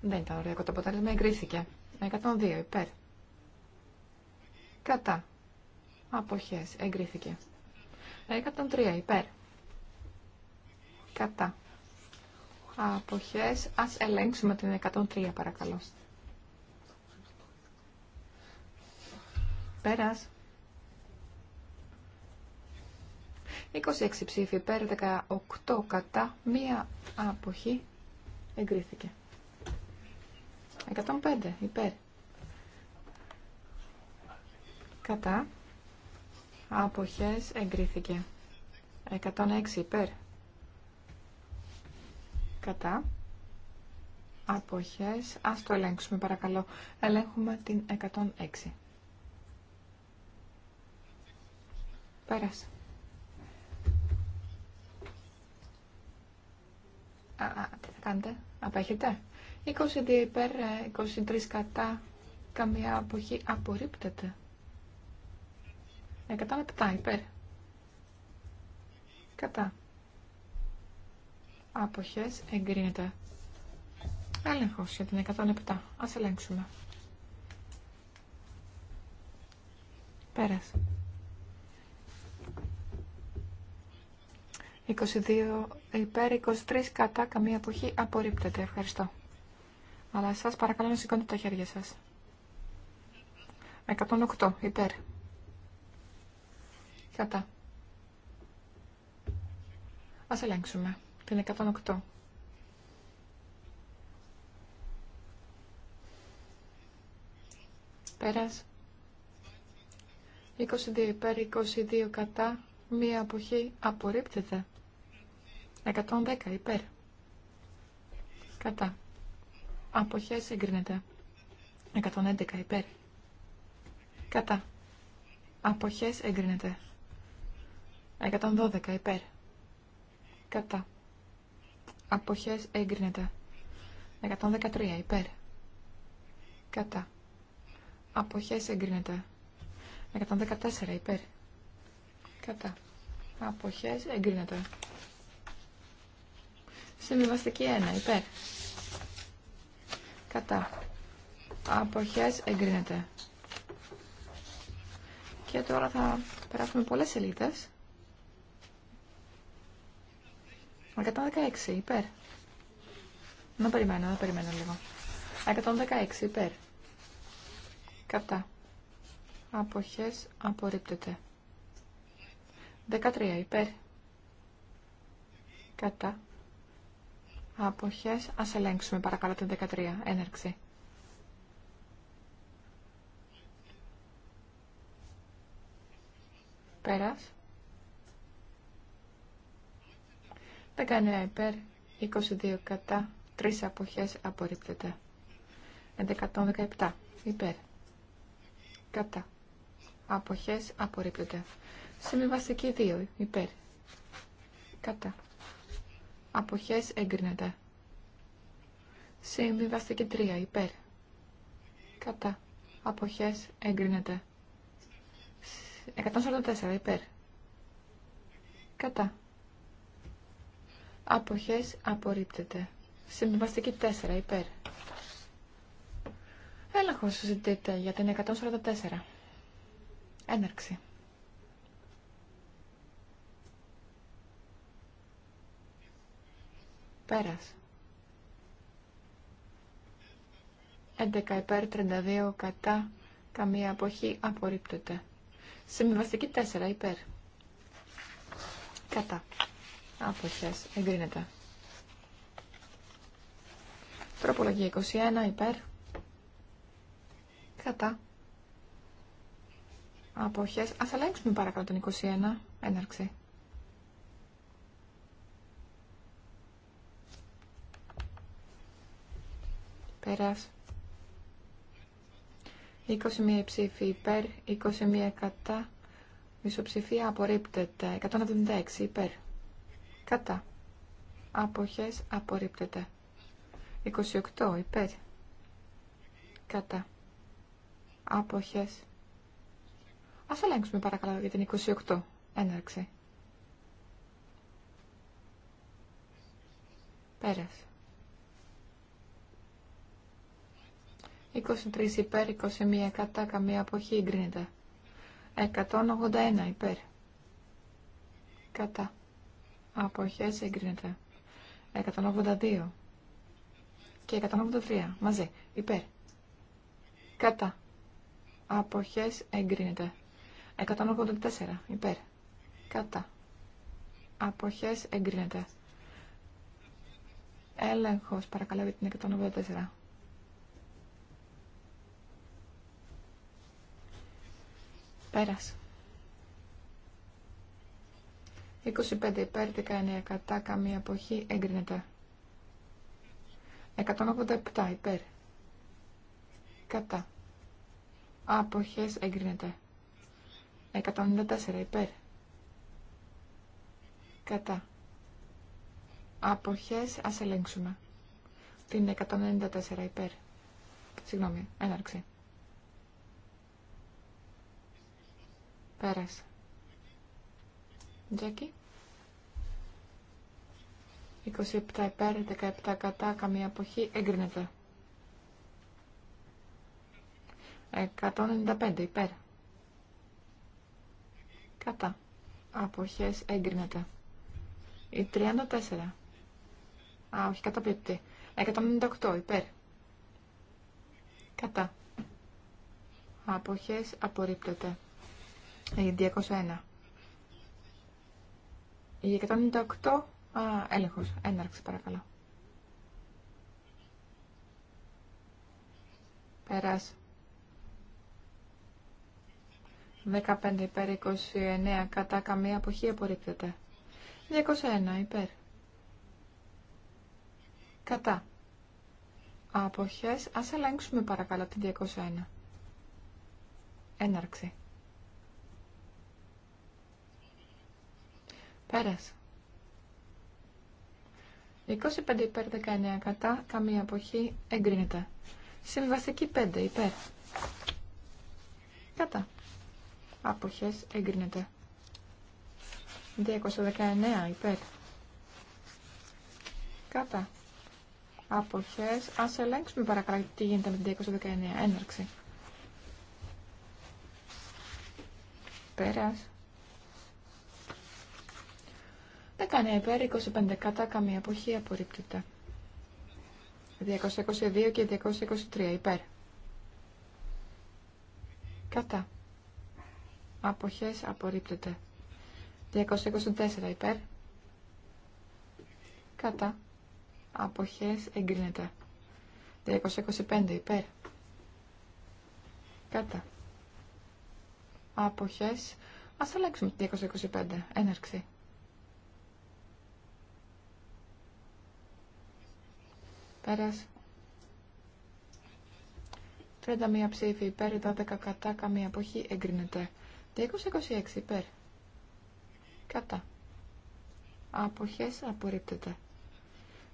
Δεν ήταν ωραία το αποτέλεσμα, εγκρίθηκε. 102 υπέρ. Κατά. Αποχές, εγκρίθηκε. 103 υπέρ. Κατά αποχές. Ας ελέγξουμε την 103 παρακαλώ. Πέρας. 26 ψήφοι υπέρ, 18 κατά, μία αποχή εγκρίθηκε. 105 υπέρ. Κατά. Αποχές εγκρίθηκε. 106 υπέρ κατά, αποχές, ας το ελέγξουμε παρακαλώ, ελέγχουμε την 106. Πέρασε. Α, τι θα κάνετε, απέχετε. 22 υπέρ, 23 ε, κατά, καμία αποχή απορρίπτεται. 107 υπέρ. Κατά. Αποχές εγκρίνεται. Έλεγχος για την 107. Ας ελέγξουμε. Πέρασε. 22 υπέρ, 23 κατά, καμία αποχή απορρίπτεται. Ευχαριστώ. Αλλά σας παρακαλώ να σηκώνετε τα χέρια σας. 108 υπέρ. Κατά. Ας ελέγξουμε την 108. Πέρας. 22 υπέρ, 22 κατά, μία αποχή απορρίπτεται. 110 υπέρ. Κατά. Αποχέ εγκρίνεται. 111 υπέρ. Κατά. Αποχέ εγκρίνεται. 112 υπέρ. Κατά. Αποχές εγκρίνεται. 113 υπέρ. Κατά. Αποχές εγκρίνεται. 114 υπέρ. Κατά. Αποχές εγκρίνεται. Συμβιβαστική 1 υπέρ. Κατά. Αποχές εγκρίνεται. Και τώρα θα περάσουμε πολλές σελίδες. 116 υπέρ. Να περιμένω, να περιμένω λίγο. 116 υπέρ. Κατά. Αποχές απορρίπτεται. 13 υπέρ. Κατά. Αποχές. Ας ελέγξουμε παρακαλώ την 13. Έναρξη. Πέρας. 19 υπέρ, 22 κατά, 3 αποχές απορρίπτεται. 117, υπέρ, κατά, αποχές απορρίπτεται. Συμβιβαστική 2 υπέρ, κατά, αποχές εγκρίνεται. Συμβιβαστική 3 υπέρ, κατά, αποχές εγκρίνεται. 144 υπέρ, κατά, Αποχές απορρίπτεται. Συμβαστική 4 υπέρ. Έλεγχος συζητείται για την 144. Έναρξη. Πέρας. 11 υπέρ, 32 κατά, καμία αποχή απορρίπτεται. Συμβιβαστική 4 υπέρ. Κατά. Αποχές. Εγκρίνεται. Τροπολογία 21. Υπέρ. Κατά. Αποχές. Ας αλλάξουμε παρακαλώ τον 21. Έναρξη. Πέρας. 21 ψήφοι υπέρ, 21 κατά, μισοψηφία απορρίπτεται, 176 υπέρ. Κατά. Αποχές απορρίπτεται. 28 υπέρ. Κατά. Αποχές. Ας ελέγξουμε παρακαλώ για την 28. Έναρξη. Πέρας. 23 υπέρ, 21 κατά, καμία αποχή εγκρίνεται. 181 υπέρ. Κατά αποχές εγκρίνεται. 182 και 183 μαζί, υπέρ. Κατά. Αποχές εγκρίνεται. 184 υπέρ. Κατά. Αποχές εγκρίνεται. Έλεγχος παρακαλώ για την 184. Πέρασε. 25 υπέρ, 19 κατά, καμία αποχή, εγκρίνεται. 187 υπέρ. Κατά. Αποχές εγκρίνεται. 194 υπέρ. Κατά. Αποχές ας ελέγξουμε. Την 194 υπέρ. Συγγνώμη, έναρξη. Πέρασε. Τζέκι. 27 υπέρ, 17 κατά, καμία αποχή, εγκρίνεται. 195 υπέρ. Κατά. Αποχές εγκρίνεται. Η 34. Α, όχι, καταπληκτή, 198 υπέρ. Κατά. Αποχές απορρίπτεται. Η 201 η 198 α, έλεγχος. Έναρξη παρακαλώ. Πέρας. 15 υπέρ 29 κατά καμία αποχή απορρίπτεται. 201 υπέρ. Κατά. Αποχές. Ας ελέγξουμε παρακαλώ την 201. Έναρξη. Πέρας. 25 υπέρ 19 κατά, καμία αποχή εγκρίνεται. Συμβαστική 5 υπέρ. Κατά. Αποχές εγκρίνεται. 219 υπέρ. Κατά. Αποχές. Ας ελέγξουμε παρακαλώ τι γίνεται με την 219. Έναρξη. Πέρας. κάνει υπέρ, 25 κατά, καμία αποχή απορρίπτεται. 222 και 223 υπέρ. Κατά. Αποχές απορρίπτεται. 224 υπέρ. Κατά. Αποχές εγκρίνεται. 225 υπέρ. Κατά. Αποχές. Ας αλλάξουμε 225. Έναρξη. Πέρας. 31 ψήφοι υπέρ, 12 κατά, καμία αποχή εγκρίνεται. 226 υπέρ. Κατά. Αποχές απορρίπτεται.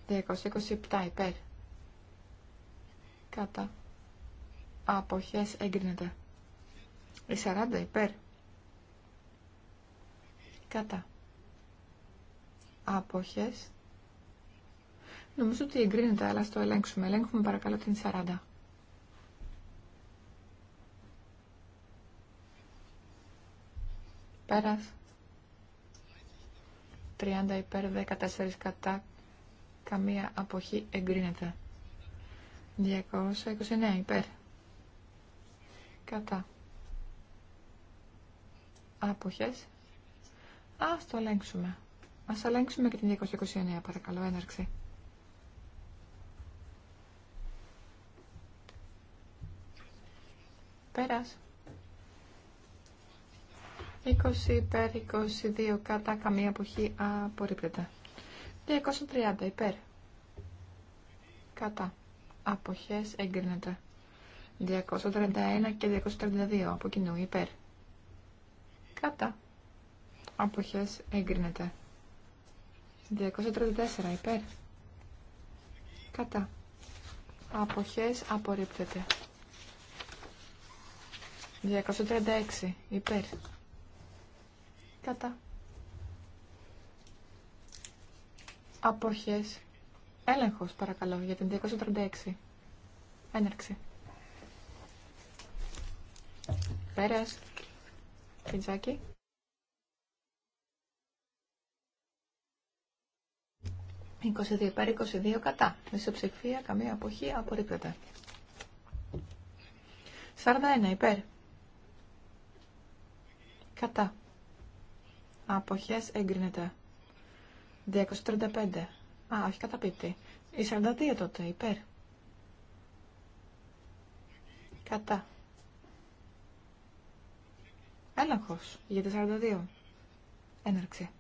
227 υπέρ. Κατά. Αποχές εγκρίνεται. Η 40 υπέρ. Κατά. Αποχές Νομίζω ότι εγκρίνεται, αλλά στο ελέγξουμε. Ελέγχουμε παρακαλώ την 40. Πέρας. 30 υπέρ 14 κατά. Καμία αποχή εγκρίνεται. 229 υπέρ. Κατά. Αποχές. Ας το ελέγξουμε. Ας ελέγξουμε και την 229 παρακαλώ έναρξη. 20 υπέρ, 22 κατά, καμία αποχή απορρίπτεται. 230 υπέρ. Κατά. Αποχές εγκρίνεται. 231 και 232 από κοινού υπέρ. Κατά. Αποχές εγκρίνεται. 234 υπέρ. Κατά. Αποχές απορρίπτεται. 236 υπέρ. Κατά. Αποχές. Έλεγχος παρακαλώ για την 236. Έναρξη. Πέρας. 22, υπέρ, 22 κατά. Μισοψηφία, καμία αποχή, απορρίπτεται. 41 υπέρ. Κατά. Αποχές εγκρίνεται. 235. Α, όχι καταπίπτει. Η 42 τότε, υπέρ. Κατά. Έλεγχος για τη 42. Έναρξη.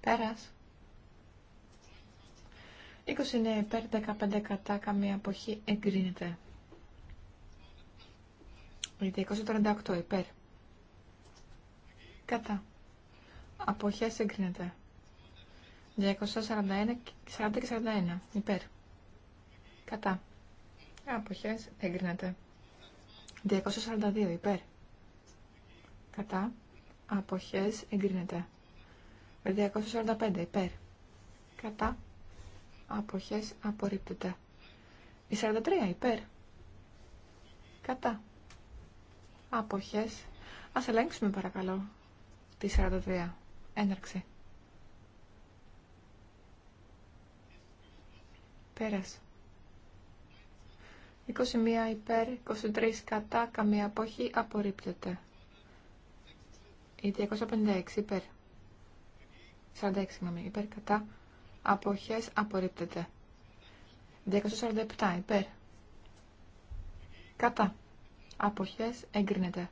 Πέρας. 20 είναι υπέρ, 15 κατά, καμία αποχή εγκρίνεται. 238 υπέρ. Κατά. Αποχέ εγκρίνεται. 241 και 41 υπέρ. Κατά. Αποχέ εγκρίνεται. 242 υπέρ. Κατά. Αποχέ εγκρίνεται. 245 υπέρ. Κατά. Αποχές απορρίπτεται. Η 43 υπέρ. Κατά. Αποχές. Ας ελέγξουμε παρακαλώ τη 43. Έναρξη. Πέρας. 21 υπέρ, 23 κατά, καμία απόχη, απορρίπτεται. Η 256 υπέρ. 46, συγγνώμη, υπέρ κατά, αποχές απορρίπτεται. 247 υπέρ. Κατά. Αποχές εγκρίνεται.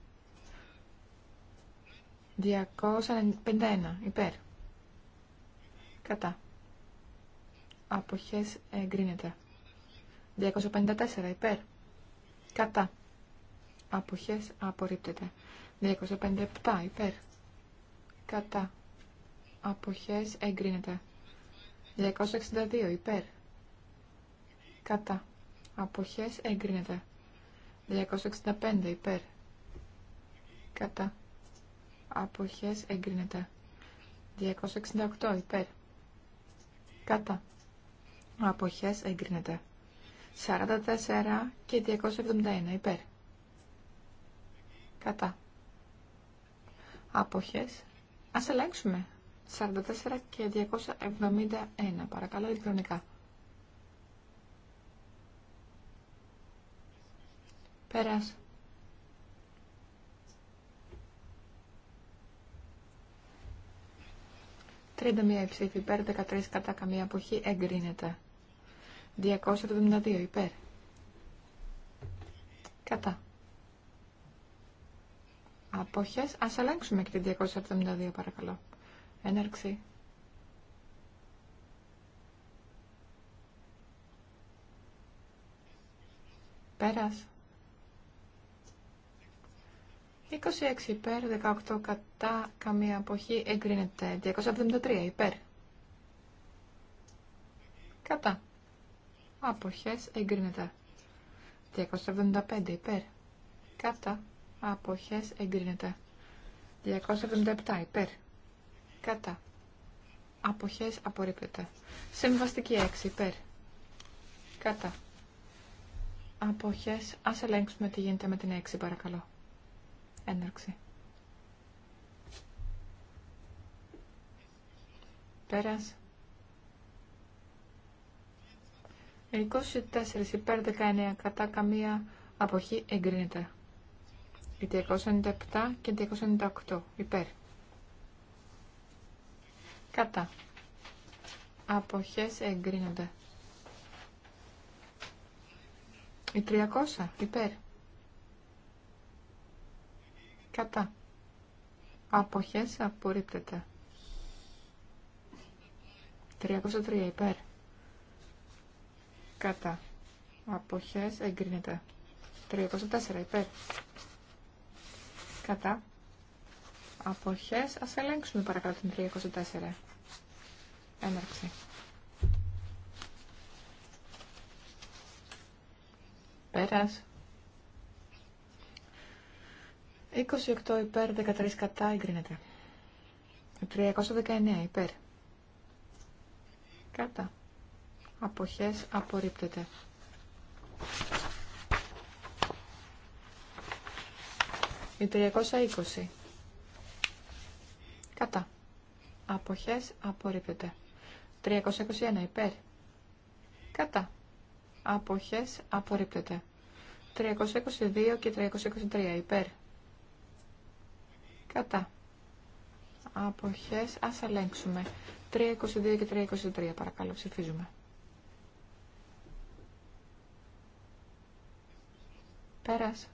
251 υπέρ. Κατά. Αποχές εγκρίνεται. 254 υπέρ. Κατά. Αποχές απορρίπτεται. 257 υπέρ. Κατά. Αποχές εγκρίνεται. 262 υπέρ. Κατά. Αποχές εγκρίνεται. 265 υπέρ. Κατά. Αποχές εγκρίνεται. 268 υπέρ. Κατά. Αποχές εγκρίνεται. 44 και 271 υπέρ. Κατά. Αποχές. Ας ελέγξουμε. 44 και 271. Παρακαλώ ηλεκτρονικά. Πέρας. Τρίτα μία ψήφι υπέρ, 13 κατά καμία αποχή εγκρίνεται. 272 υπέρ. Κατά. Αποχές. Ας ελέγξουμε και τη 272 παρακαλώ. Έναρξη. Πέρας. 26 υπέρ, 18 κατά, καμία αποχή, εγκρίνεται. 273 υπέρ. Κατά. Αποχές, εγκρίνεται. 275 υπέρ. Κατά. Αποχές, εγκρίνεται. 277 υπέρ. Κατά. Αποχές απορρίπτεται. Συμβαστική 6 υπέρ. Κατά. Αποχές. Ας ελέγξουμε τι γίνεται με την 6 παρακαλώ. Έναρξη. Πέρας. 24 υπέρ 19 κατά καμία αποχή εγκρίνεται. Η 297 και 298 υπέρ. Κατά. Αποχές εγκρίνονται. Η 300 υπέρ. Κατά. Αποχές απορρίπτεται. 303 υπέρ. Κατά. Αποχές εγκρίνεται. 304 υπέρ. Κατά αποχές. Ας ελέγξουμε παρακαλώ την 324. Έναρξη. Πέρας. 28 υπέρ, 13 κατά, εγκρίνεται. 319 υπέρ. Κατά. Αποχές απορρίπτεται. Η 320 Κατά. Αποχές απορρίπτεται. 321 υπέρ. Κατά. Αποχές απορρίπτεται. 322 και 323 υπέρ. Κατά. Αποχές ας ελέγξουμε. 322 και 323 παρακαλώ ψηφίζουμε. Πέρασε.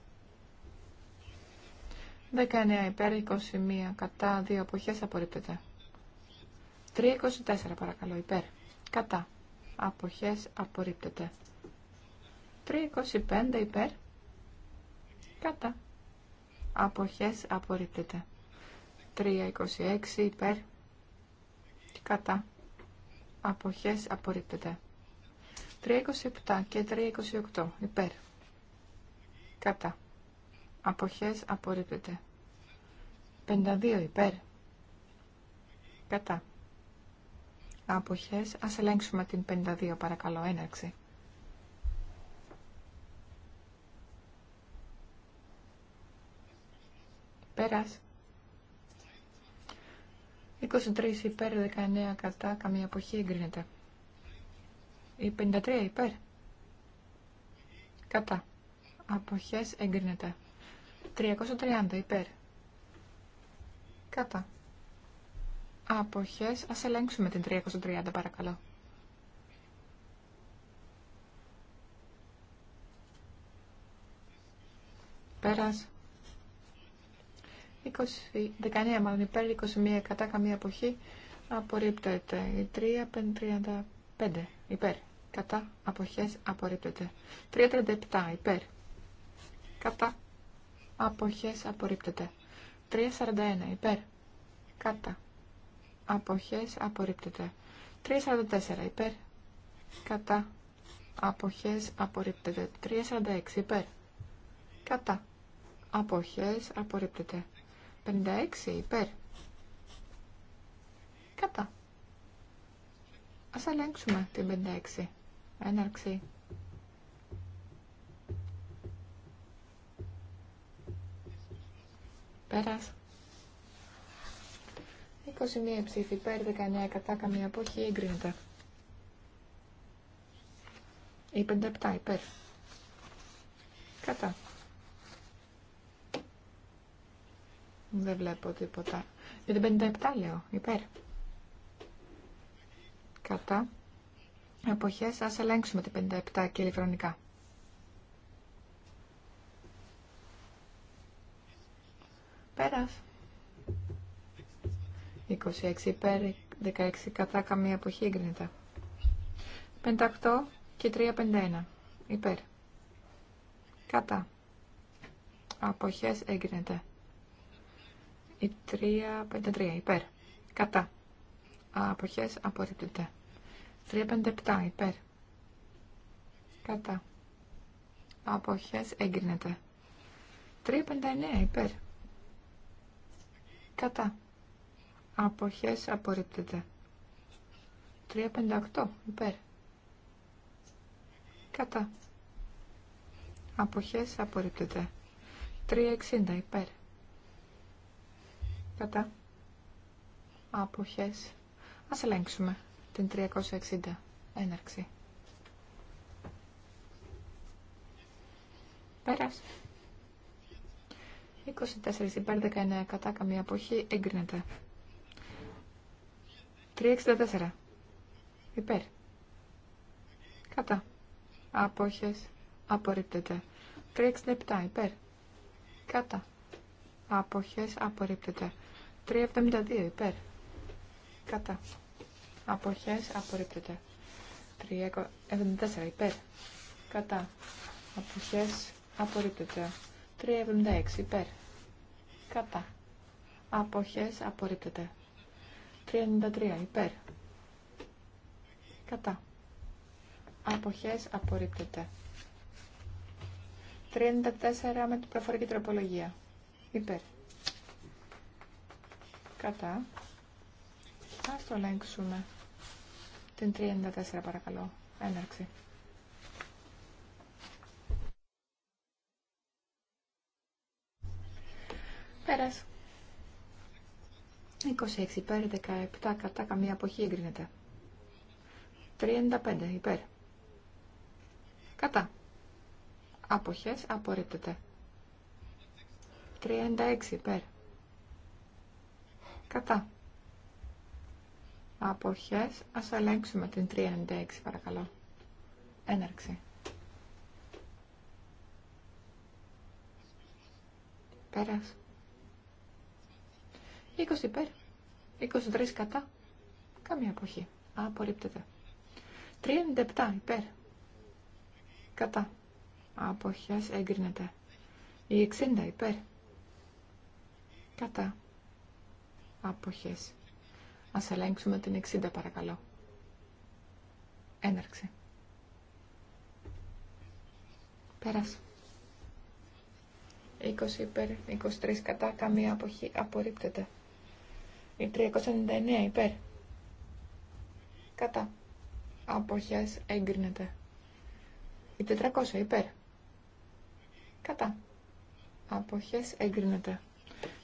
19 υπέρ, 21 κατά, 2 αποχές απορρίπτεται. 324 παρακαλώ υπέρ, κατά, αποχές απορρίπτεται. 325 υπέρ, κατά, αποχές απορρίπτεται. 326 υπέρ, κατά, αποχές απορρίπτεται. 327 και 328 υπέρ, κατά Αποχές απορρίπτεται. 52 υπέρ. Κατά. Αποχές. Ας ελέγξουμε την 52 παρακαλώ. Έναρξη. Πέρας. 23 υπέρ, 19 κατά, καμία αποχή εγκρίνεται. Η 53 υπέρ. Κατά. Αποχές εγκρίνεται. 330 υπέρ. Κατά. Αποχές. Ας ελέγξουμε την 330 παρακαλώ. Πέρας. 20, 19 μάλλον υπέρ, 21 κατά καμία αποχή. Απορρίπτεται. 335 υπέρ. Κατά αποχές απορρίπτεται. 337 υπέρ. Κατά αποχές απορρίπτεται. 3.41 υπέρ, κατά, αποχές απορρίπτεται. 3.44 υπέρ, κατά, αποχές απορρίπτεται. 3.46 υπέρ, κατά, αποχές απορρίπτεται. 56 υπέρ, κατά. Ας ελέγξουμε την 56. Έναρξη. Πέρας. 21 ψήφι, υπέρ 19 κατά καμία απόχη, εγκρίνεται. Ή 57 υπέρ. Κατά. Δεν βλέπω τίποτα. Για την 57 λέω, υπέρ. Κατά. Εποχές, ας ελέγξουμε την 57 και ηλεκτρονικά. 26 υπέρ, 16 κατά, καμία αποχή εγκρίνεται. 58 και 351 υπέρ. Κατά. Αποχές έγκρινεται. Η 353 υπέρ. Κατά. Αποχές απορρίπτεται. 357 υπέρ. Κατά. Αποχές έγκρινεται. 359 υπέρ. Κατά. Αποχές απορρίπτεται. 358 υπέρ. Κατά. Αποχές απορρίπτεται. 360 υπέρ. Κατά. Αποχές. Ας ελέγξουμε την 360 έναρξη. Πέρασε. 24 υπέρ 19 κατά καμία αποχή εγκρίνεται. 364 υπέρ. Κατά. Απόχες απορρίπτεται. 367 υπέρ. Κατά. Απόχες απορρίπτεται. 372 υπέρ. Κατά. Απόχες απορρίπτεται. 374 υπέρ. Κατά. Απόχες απορρίπτεται. 376 υπέρ. Κατά. Αποχές απορρίπτεται. 393 υπέρ. Κατά. Αποχές απορρίπτεται. 34 με την προφορική τροπολογία. Υπέρ. Κατά. Ας το ελέγξουμε. Την 34 παρακαλώ. Έναρξη. 26 υπέρ, 17 κατά, καμία αποχή εγκρίνεται. 35 υπέρ. Κατά. Αποχές απορρίπτεται. 36 υπέρ. Κατά. Αποχές. Ας ελέγξουμε την 36 παρακαλώ. Έναρξη. Πέρας. 20 υπέρ, 23 κατά, καμία αποχή. Απορρίπτεται. 37 υπέρ, κατά, αποχές έγκρινεται. Η 60 υπέρ, κατά, αποχές. Ας ελέγξουμε την 60 παρακαλώ. Έναρξη. Πέρασε. 20 υπέρ, 23 κατά, καμία αποχή απορρίπτεται. Η 399 υπέρ. Κατά. Αποχές εγκρίνεται. Η 400 υπέρ. Κατά. Αποχές εγκρίνεται.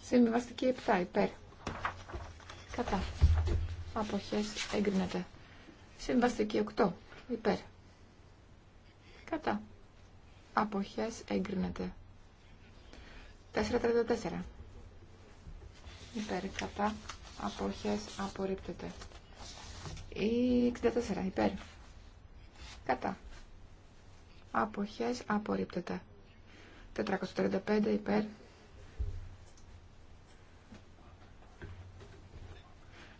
Συμβιβαστική 7 υπέρ. Κατά. Αποχές εγκρίνεται. Συμβαστική 8 υπέρ. Κατά. Αποχές εγκρίνεται. 434. Υπέρ, κατά, αποχές απορρίπτεται. Η 64 υπέρ. Κατά. Αποχές απορρίπτεται. 435 υπέρ.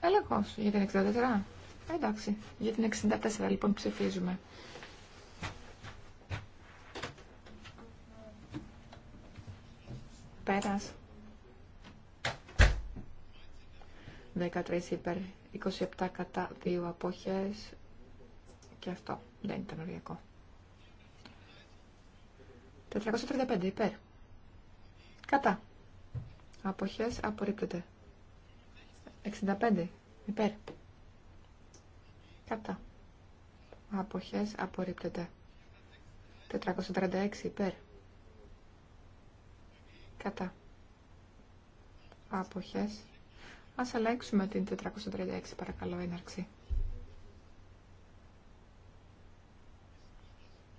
Έλεγχος για την 64. Εντάξει. Για την 64 λοιπόν ψηφίζουμε. Πέρας. 13 υπέρ, 27 κατά, 2 αποχές και αυτό δεν ήταν οριακό. 435 υπέρ. Κατά. Αποχές απορρίπτεται. 65 υπέρ. Κατά. Αποχές απορρίπτεται. 436 υπέρ. Κατά. Αποχές Ας αλλάξουμε την 436 παρακαλώ έναρξη.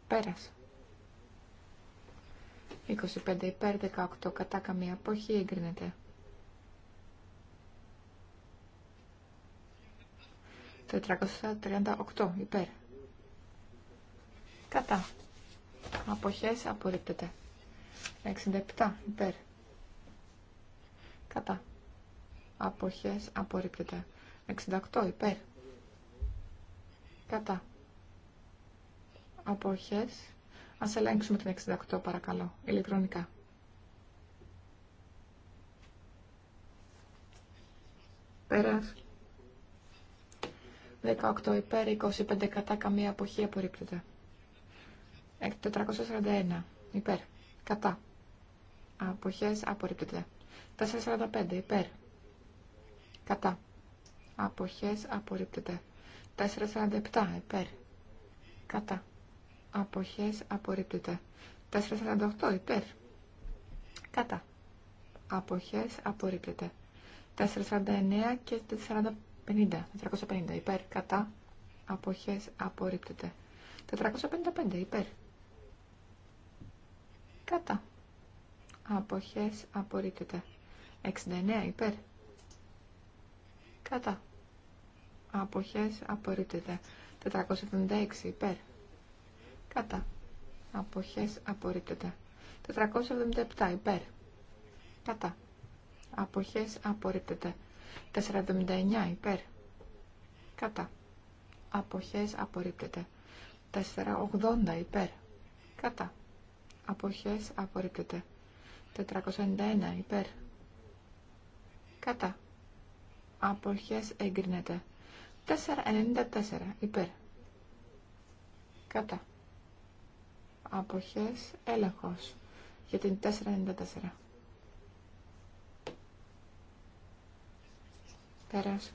Πέρασε. 25 υπέρ 18 κατά καμία αποχή εγκρίνεται. 438 υπέρ. Κατά. Αποχές απορρίπτεται. 67 υπέρ. Κατά αποχές απορρίπτεται. 68 υπέρ. Κατά. Αποχές. Ας ελέγξουμε την 68 παρακαλώ, ηλεκτρονικά. Πέρας. 18 υπέρ, 25 κατά, καμία αποχή απορρίπτεται. 441 ε, υπέρ, κατά. Αποχές απορρίπτεται. 445 υπέρ, Κατά. Αποχές απορρίπτεται. 4.47 υπέρ. Κατά. Αποχές απορρίπτεται. 4.48 υπέρ. Κατά. Αποχές απορρίπτεται. 4.49 και 4.50. 450 υπέρ. Κατά. Αποχές απορρίπτεται. 455 υπέρ. Κατά. Αποχές απορρίπτεται. 69 υπέρ. Κατά. Αποχές απορρίπτεται. 476 υπέρ. Κατά. Αποχές απορρίπτεται. 477 υπέρ. Κατά. Αποχές απορρίπτεται. 479 υπέρ. Κατά. Αποχές απορρίπτεται. 480 υπέρ. Κατά. Αποχές απορρίπτεται. 491 υπέρ. Κατά. Αποχές εγκρίνεται. 4.94 υπέρ. Κατά. Αποχές έλεγχος για την 4.94. Πέρας.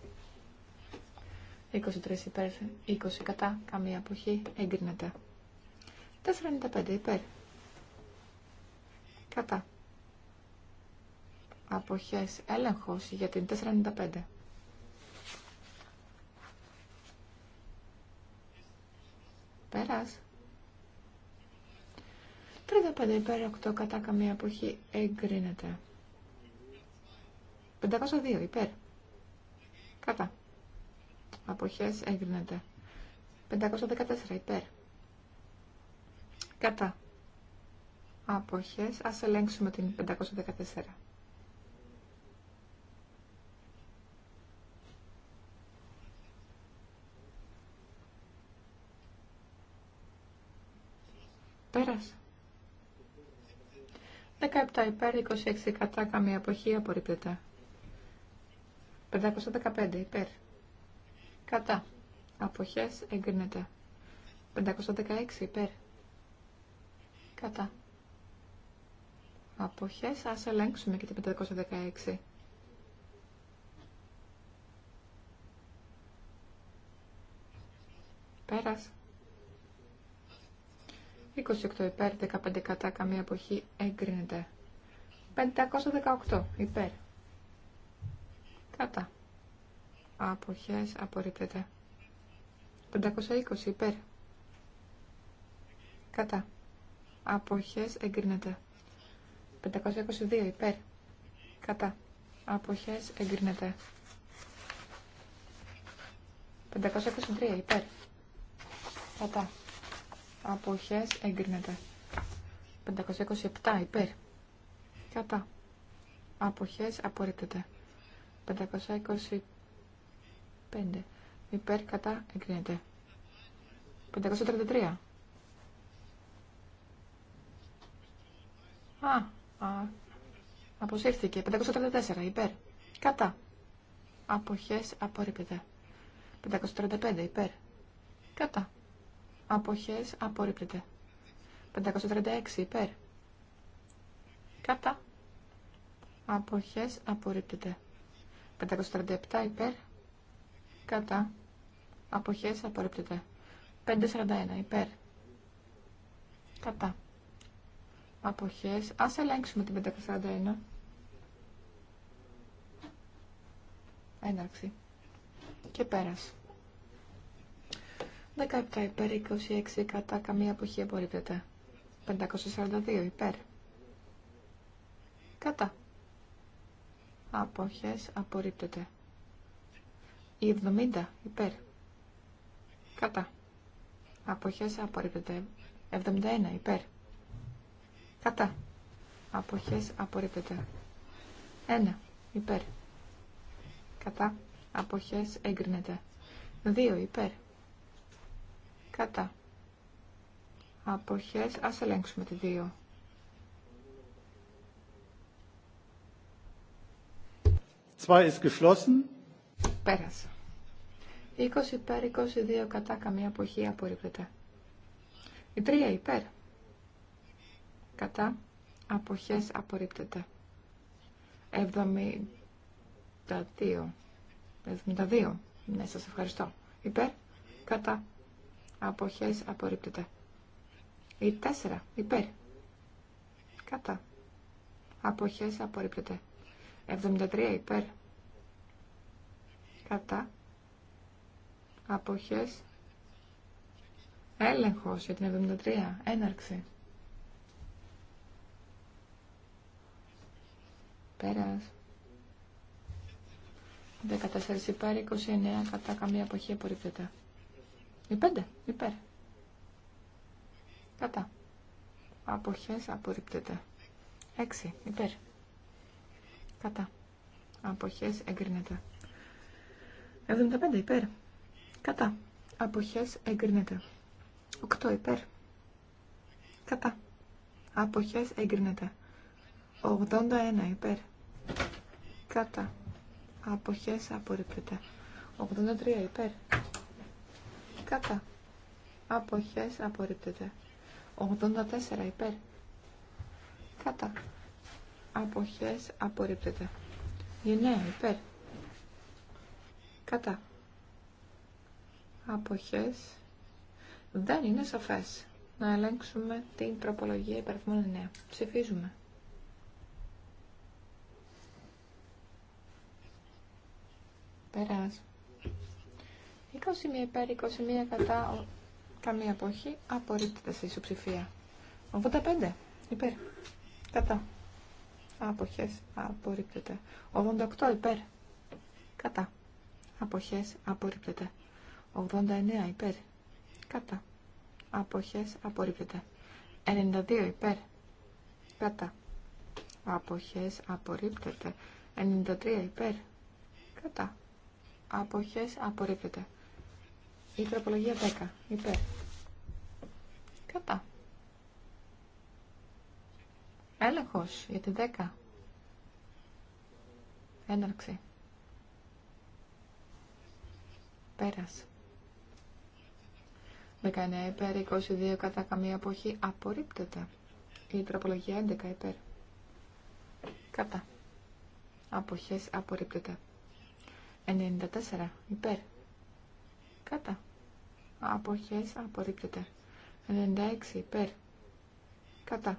23 υπέρ, 20 κατά, καμία αποχή, εγκρίνεται. 4,95 υπέρ. Κατά αποχές έλεγχος για την 495. Πέρας. 35 υπέρ 8 κατά καμία αποχή εγκρίνεται. 502 υπέρ. Κατά. Αποχές εγκρίνεται. 514 υπέρ. Κατά. Αποχές. Ας ελέγξουμε την 514. 17 υπέρ, 26 κατά, καμία αποχή, απορρίπτεται. 515 υπέρ. Κατά. Αποχές εγκρίνεται. 516 υπέρ. Κατά. Αποχές, ας ελέγξουμε και την 516. Πέρασε. 28 υπέρ, 15 κατά, καμία αποχή εγκρίνεται. 518 υπέρ. Κατά. Αποχές απορρίπτεται. 520 υπέρ. Κατά. Αποχές εγκρίνεται. 522 υπέρ. Κατά. Αποχές εγκρίνεται. 523 υπέρ. Κατά αποχές εγκρίνεται. 527 υπέρ. Κατά. Αποχές απορρίπτεται. 525 υπέρ κατά εγκρίνεται. 533. Α, α, αποσύρθηκε. 534 υπέρ. Κατά. Αποχές απορρίπτεται. 535 υπέρ. Κατά. Αποχές απορρίπτεται. 536 υπέρ. Κατά. Αποχές απορρίπτεται. 537 υπέρ. Κατά. Αποχές απορρίπτεται. 541 υπέρ. Κατά. Αποχές. Ας ελέγξουμε την 541. Έναρξη. Και πέρας. 17 υπέρ, 26 κατά, καμία αποχή απορρίπτεται. 542 υπέρ. Κατά. Αποχές απορρίπτεται. 70 υπέρ. Κατά. Αποχές απορρίπτεται. 71 υπέρ. Κατά. Αποχές απορρίπτεται. 1 υπέρ. Κατά. Αποχές έγκρινεται. 2 υπέρ. Κατά. Αποχές. Ας ελέγξουμε τη 2. 2. Πέρασε. 20 υπέρ, 22 κατά, καμία αποχή απορρίπτεται. Η 3 υπέρ. Κατά, αποχές απορρίπτεται. 72. 72. Ναι, σας ευχαριστώ. Υπέρ, κατά, αποχές απορρίπτεται. Η 4 υπέρ. Κατά. Αποχές απορρίπτεται. 73 υπέρ. Κατά. Αποχές. Έλεγχος για την 73. Έναρξη. Πέρας. 14 υπέρ, 29 κατά καμία αποχή απορρίπτεται. Η 5. Υπέρ. Κατά. Αποχές απορρίπτεται. 6. Υπέρ. Κατά. Αποχές εγκρίνεται. 75. Υπέρ. Κατά. Αποχές εγκρίνεται. 8. Υπέρ. Κατά. Αποχές εγκρίνεται. 81. Υπέρ. Κατά. Αποχές απορρίπτεται. 83. Υπέρ κατά. Αποχές απορρίπτεται. 84 υπέρ. Κατά. Αποχές απορρίπτεται. 9 υπέρ. Κατά. Αποχές δεν είναι σαφές. Να ελέγξουμε την τροπολογία υπερθμών 9. Ψηφίζουμε. Περάς. 21 υπέρ, 21 κατά, καμία αποχή, απορρίπτεται σε ισοψηφία. 85 υπέρ, κατά. Αποχές, απορρίπτεται. 88 υπέρ, κατά. Αποχές, απορρίπτεται. 89 υπέρ, κατά. Αποχές, απορρίπτεται. 92 υπέρ, κατά. Αποχές, απορρίπτεται. 93 υπέρ, κατά. Αποχές, απορρίπτεται. Η τροπολογία 10. Υπέρ. Κατά. Έλεγχος για τη 10. Έναρξη. Πέρας. 19 υπέρ, 22 κατά καμία αποχή. Απορρίπτεται. Η τροπολογία 11 υπέρ. Κατά. Αποχές απορρίπτεται. 94 υπέρ. Κατά. Αποχές απορρίπτεται. 96 υπέρ. Κατά.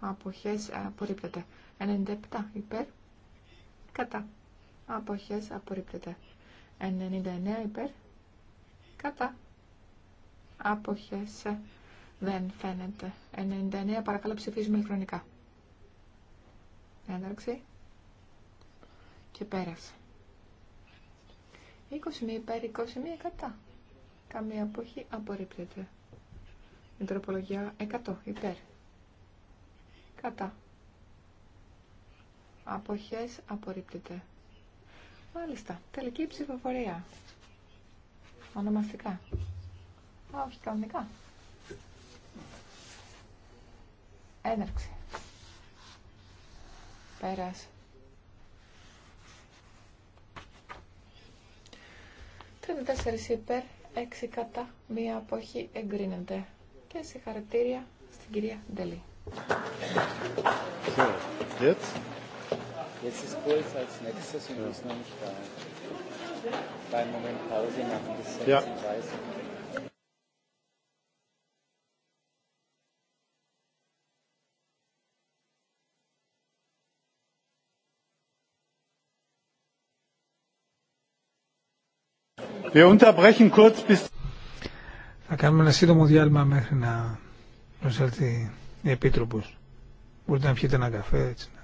Αποχές απορρίπτεται. 97 υπέρ. Κατά. Αποχές απορρίπτεται. 99 υπέρ. Κατά. Αποχές δεν φαίνεται. 99 παρακαλώ ψηφίζουμε ηλεκτρονικά. Ένταξη. Και πέρασε. 21 υπέρ, 21 εκατά. Καμία αποχή απορρίπτεται. Με τροπολογία 100 υπέρ. Κατά. Αποχές απορρίπτεται. Μάλιστα. Τελική ψηφοφορία. Ονομαστικά. Α, όχι κανονικά. Έναρξη. Πέρας. 34 υπέρ, 6 κατά, μία αποχή εγκρίνεται. Και συγχαρητήρια στην κυρία Ντελή. Θα κάνουμε ένα σύντομο διάλειμμα μέχρι να προσέλθει η Επίτροπος. Μπορείτε να πιείτε ένα καφέ έτσι. Ναι.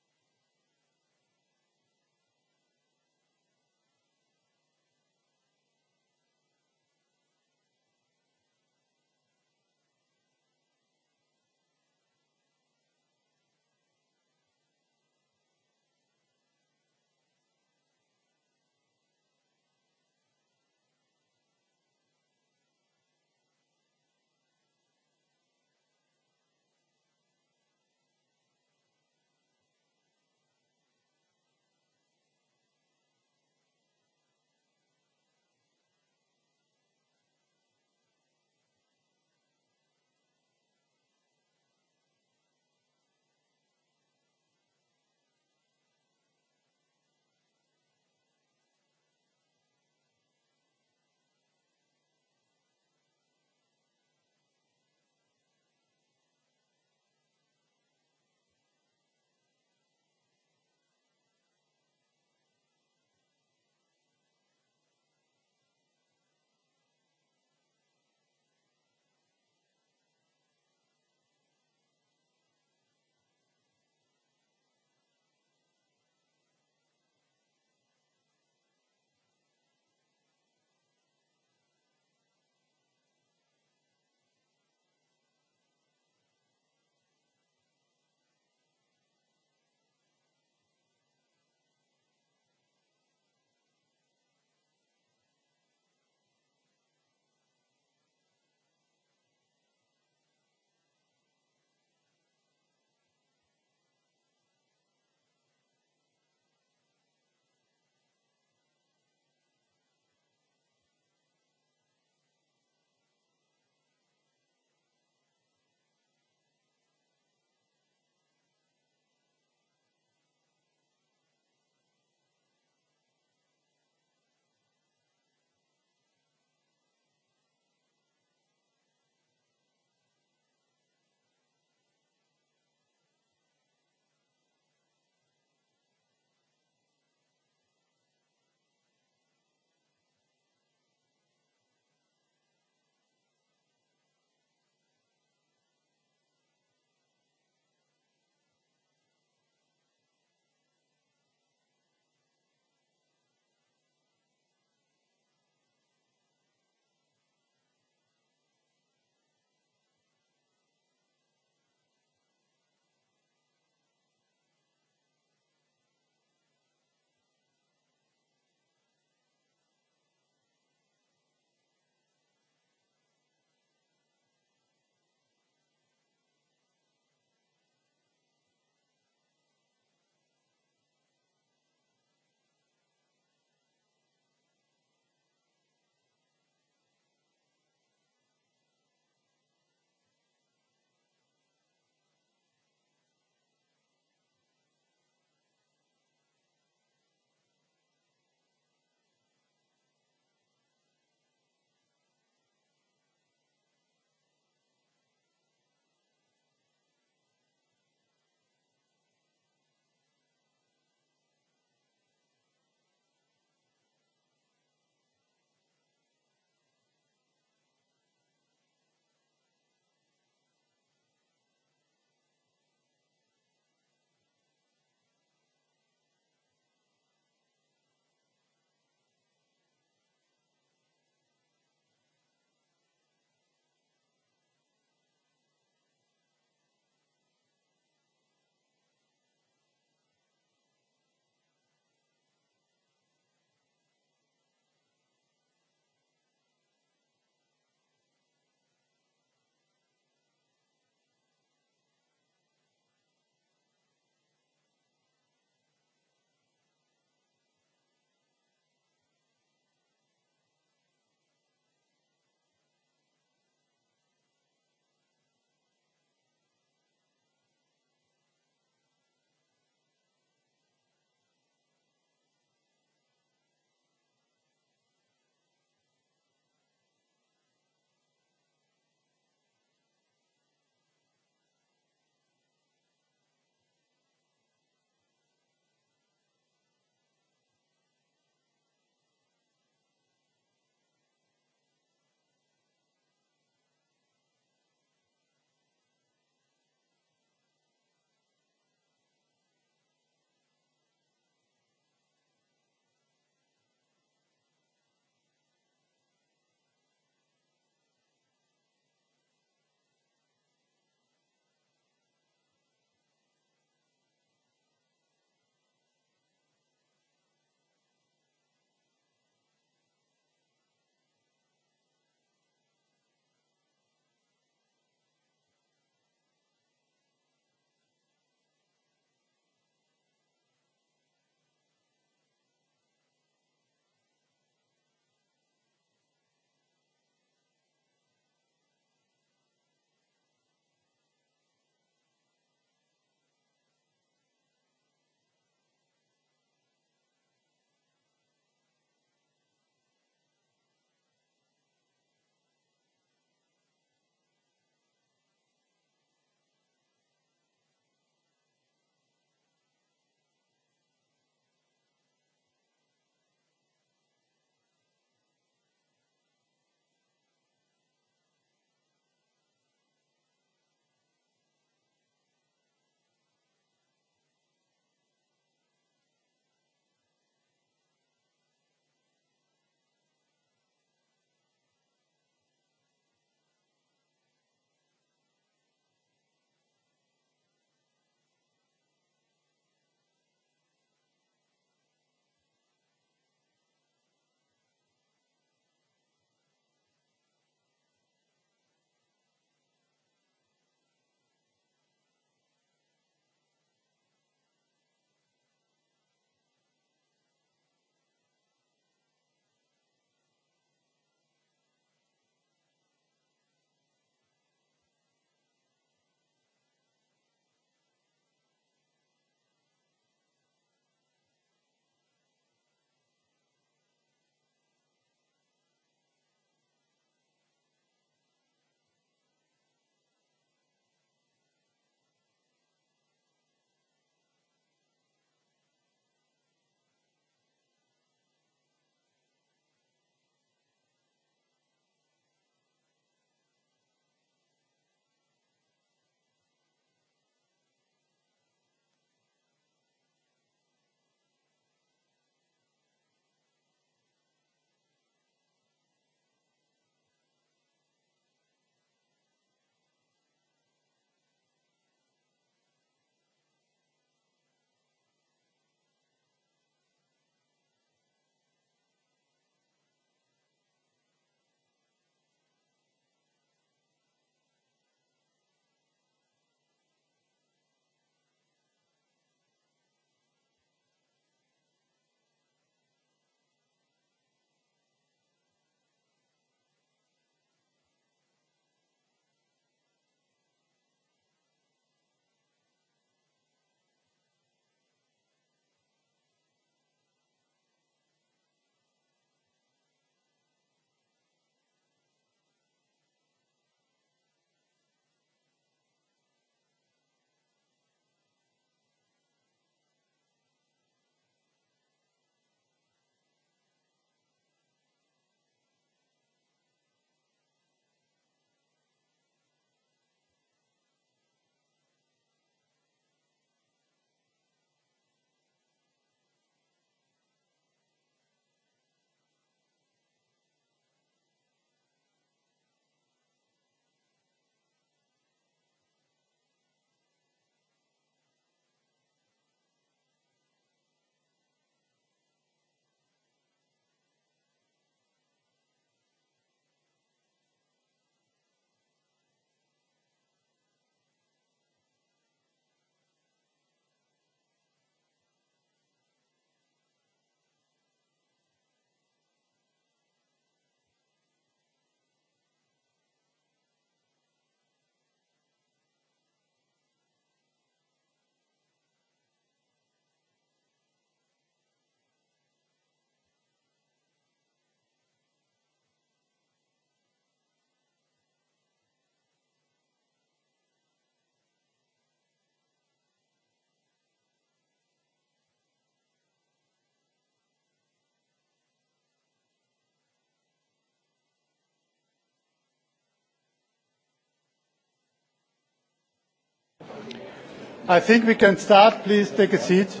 I think we can start. Please take a seat.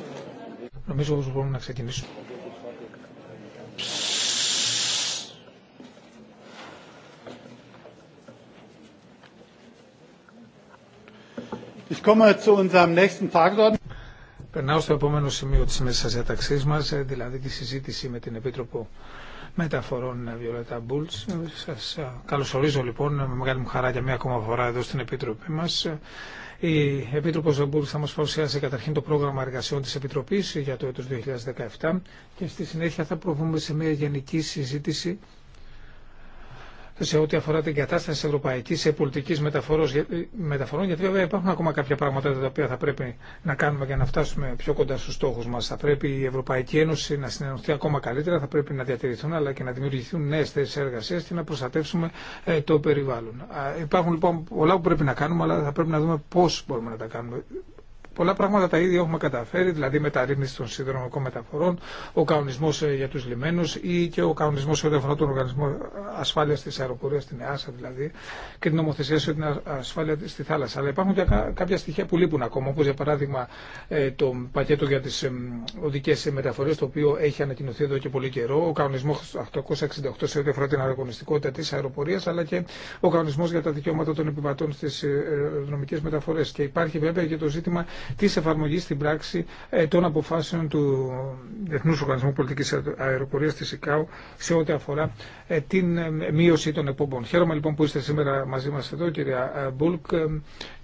Νομίζω πως μπορούμε να ξεκινήσουμε. Ich komme zu unserem nächsten Tagesordnung. Περνάω στο επόμενο σημείο της μέσης διαταξής μας, ε, δηλαδή τη συζήτηση με την Επίτροπο μεταφορών, Βιολέτα ε, Μπούλτς. Ε, σας ε, καλωσορίζω λοιπόν με μεγάλη μου χαρά για μία ακόμα φορά εδώ στην Επιτροπή μας. Η Επίτροπος Ζαμπούλης θα μας παρουσιάσει καταρχήν το πρόγραμμα εργασιών της Επιτροπής για το έτο 2017 και στη συνέχεια θα προβούμε σε μια γενική συζήτηση σε ό,τι αφορά την κατάσταση τη ευρωπαϊκή πολιτική μεταφορών, γιατί βέβαια υπάρχουν ακόμα κάποια πράγματα τα οποία θα πρέπει να κάνουμε για να φτάσουμε πιο κοντά στου στόχου μα. Θα πρέπει η Ευρωπαϊκή Ένωση να συνενωθεί ακόμα καλύτερα, θα πρέπει να διατηρηθούν αλλά και να δημιουργηθούν νέε θέσει εργασία και να προστατεύσουμε ε, το περιβάλλον. Υπάρχουν λοιπόν πολλά που πρέπει να κάνουμε, αλλά θα πρέπει να δούμε πώ μπορούμε να τα κάνουμε πολλά πράγματα τα ίδια έχουμε καταφέρει, δηλαδή μεταρρύθμιση των συνδρομικών μεταφορών, ο κανονισμό ε, για του λιμένου ή και ο κανονισμό σε ό,τι αφορά τον Οργανισμό Ασφάλεια τη Αεροπορία, την ΕΑΣΑ δηλαδή, και την νομοθεσία σε την ασφάλεια στη θάλασσα. Αλλά υπάρχουν και κάποια στοιχεία που λείπουν ακόμα, όπω για παράδειγμα ε, το πακέτο για τι οδικέ μεταφορέ, το οποίο έχει ανακοινωθεί εδώ και πολύ καιρό, ο κανονισμό 868 σε ό,τι αφορά την αεροπονιστικότητα τη αεροπορία, αλλά και ο κανονισμό για τα δικαιώματα των επιβατών στι αεροδρομικέ ε, μεταφορέ. Και υπάρχει βέβαια και το ζήτημα της εφαρμογής στην πράξη ε, των αποφάσεων του Διεθνούς Οργανισμού Πολιτικής Αεροπορίας της ΕΚΑΟ σε ό,τι αφορά ε, την ε, μείωση των εκπομπών. Χαίρομαι λοιπόν που είστε σήμερα μαζί μας εδώ κυρία Μπούλκ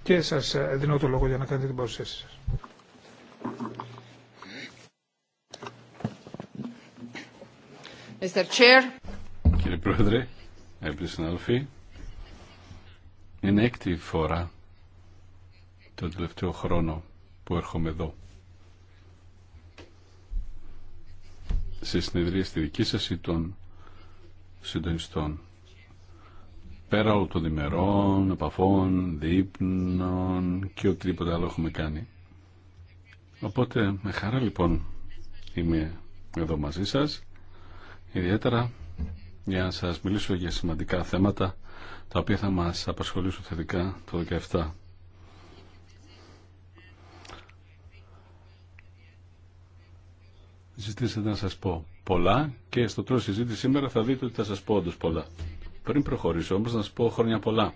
και σας δίνω το λόγο για να κάνετε την παρουσίαση σας. Mr. Chair. Κύριε Πρόεδρε, αγαπητοί συνάδελφοι, είναι έκτη φορά το τελευταίο χρόνο που έρχομαι εδώ. Σε συνεδρία στη δική σας ή των συντονιστών. Πέρα όλων των διμερών, επαφών, δείπνων και οτιδήποτε άλλο έχουμε κάνει. Οπότε με χαρά λοιπόν είμαι εδώ μαζί σας. Ιδιαίτερα για να σας μιλήσω για σημαντικά θέματα τα οποία θα μας απασχολήσουν θετικά το 2017. Ζητήσατε να σας πω πολλά και στο τέλος συζήτηση σήμερα θα δείτε ότι θα σας πω όντως πολλά. Πριν προχωρήσω όμως να σας πω χρόνια πολλά.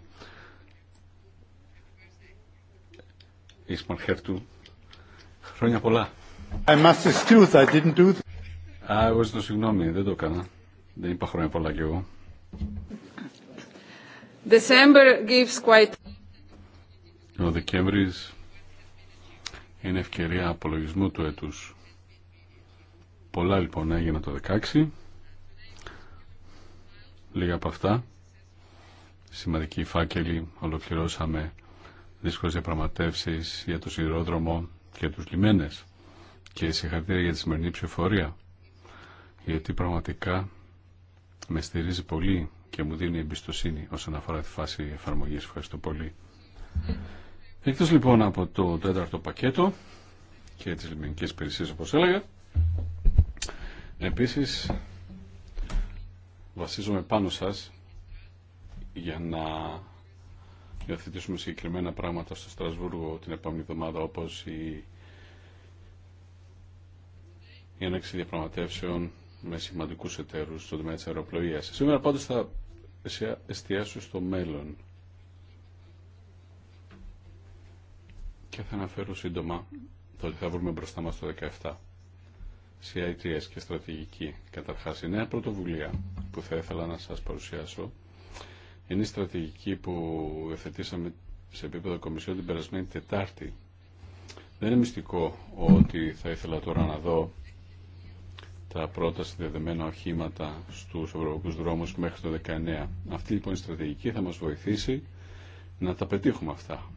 Ισμαν Χέρτου, χρόνια πολλά. I must excuse, I didn't do Α, εγώ ζητώ συγγνώμη, δεν το έκανα. Δεν είπα χρόνια πολλά κι εγώ. December gives quite... Ο Δεκέμβρης είναι ευκαιρία απολογισμού του έτους Πολλά λοιπόν έγινε το 16. Λίγα από αυτά. Σημαντικοί φάκελοι ολοκληρώσαμε δύσκολες διαπραγματεύσει για το σιδηρόδρομο και τους λιμένες και συγχαρητήρια για τη σημερινή ψηφορία γιατί πραγματικά με στηρίζει πολύ και μου δίνει εμπιστοσύνη όσον αφορά τη φάση εφαρμογής. Ευχαριστώ πολύ. Εκτός λοιπόν από το τέταρτο πακέτο και τις λιμενικές υπηρεσίες όπως έλεγα Επίσης, βασίζομαι πάνω σας για να υιοθετήσουμε συγκεκριμένα πράγματα στο Στρασβούργο την επόμενη εβδομάδα, όπως η, η έναξη διαπραγματεύσεων με σημαντικούς εταίρους στον τομέα της αεροπλοείας. Σήμερα πάντως θα εστιάσω στο μέλλον και θα αναφέρω σύντομα το ότι θα βρούμε μπροστά μας το 2017. CITS και στρατηγική. Καταρχάς, η νέα πρωτοβουλία που θα ήθελα να σας παρουσιάσω είναι η στρατηγική που εθετήσαμε σε επίπεδο Κομισιόν την περασμένη Τετάρτη. Δεν είναι μυστικό ότι θα ήθελα τώρα να δω τα πρώτα συνδεδεμένα οχήματα στους ευρωπαϊκούς δρόμους μέχρι το 19. Αυτή λοιπόν η στρατηγική θα μας βοηθήσει να τα πετύχουμε αυτά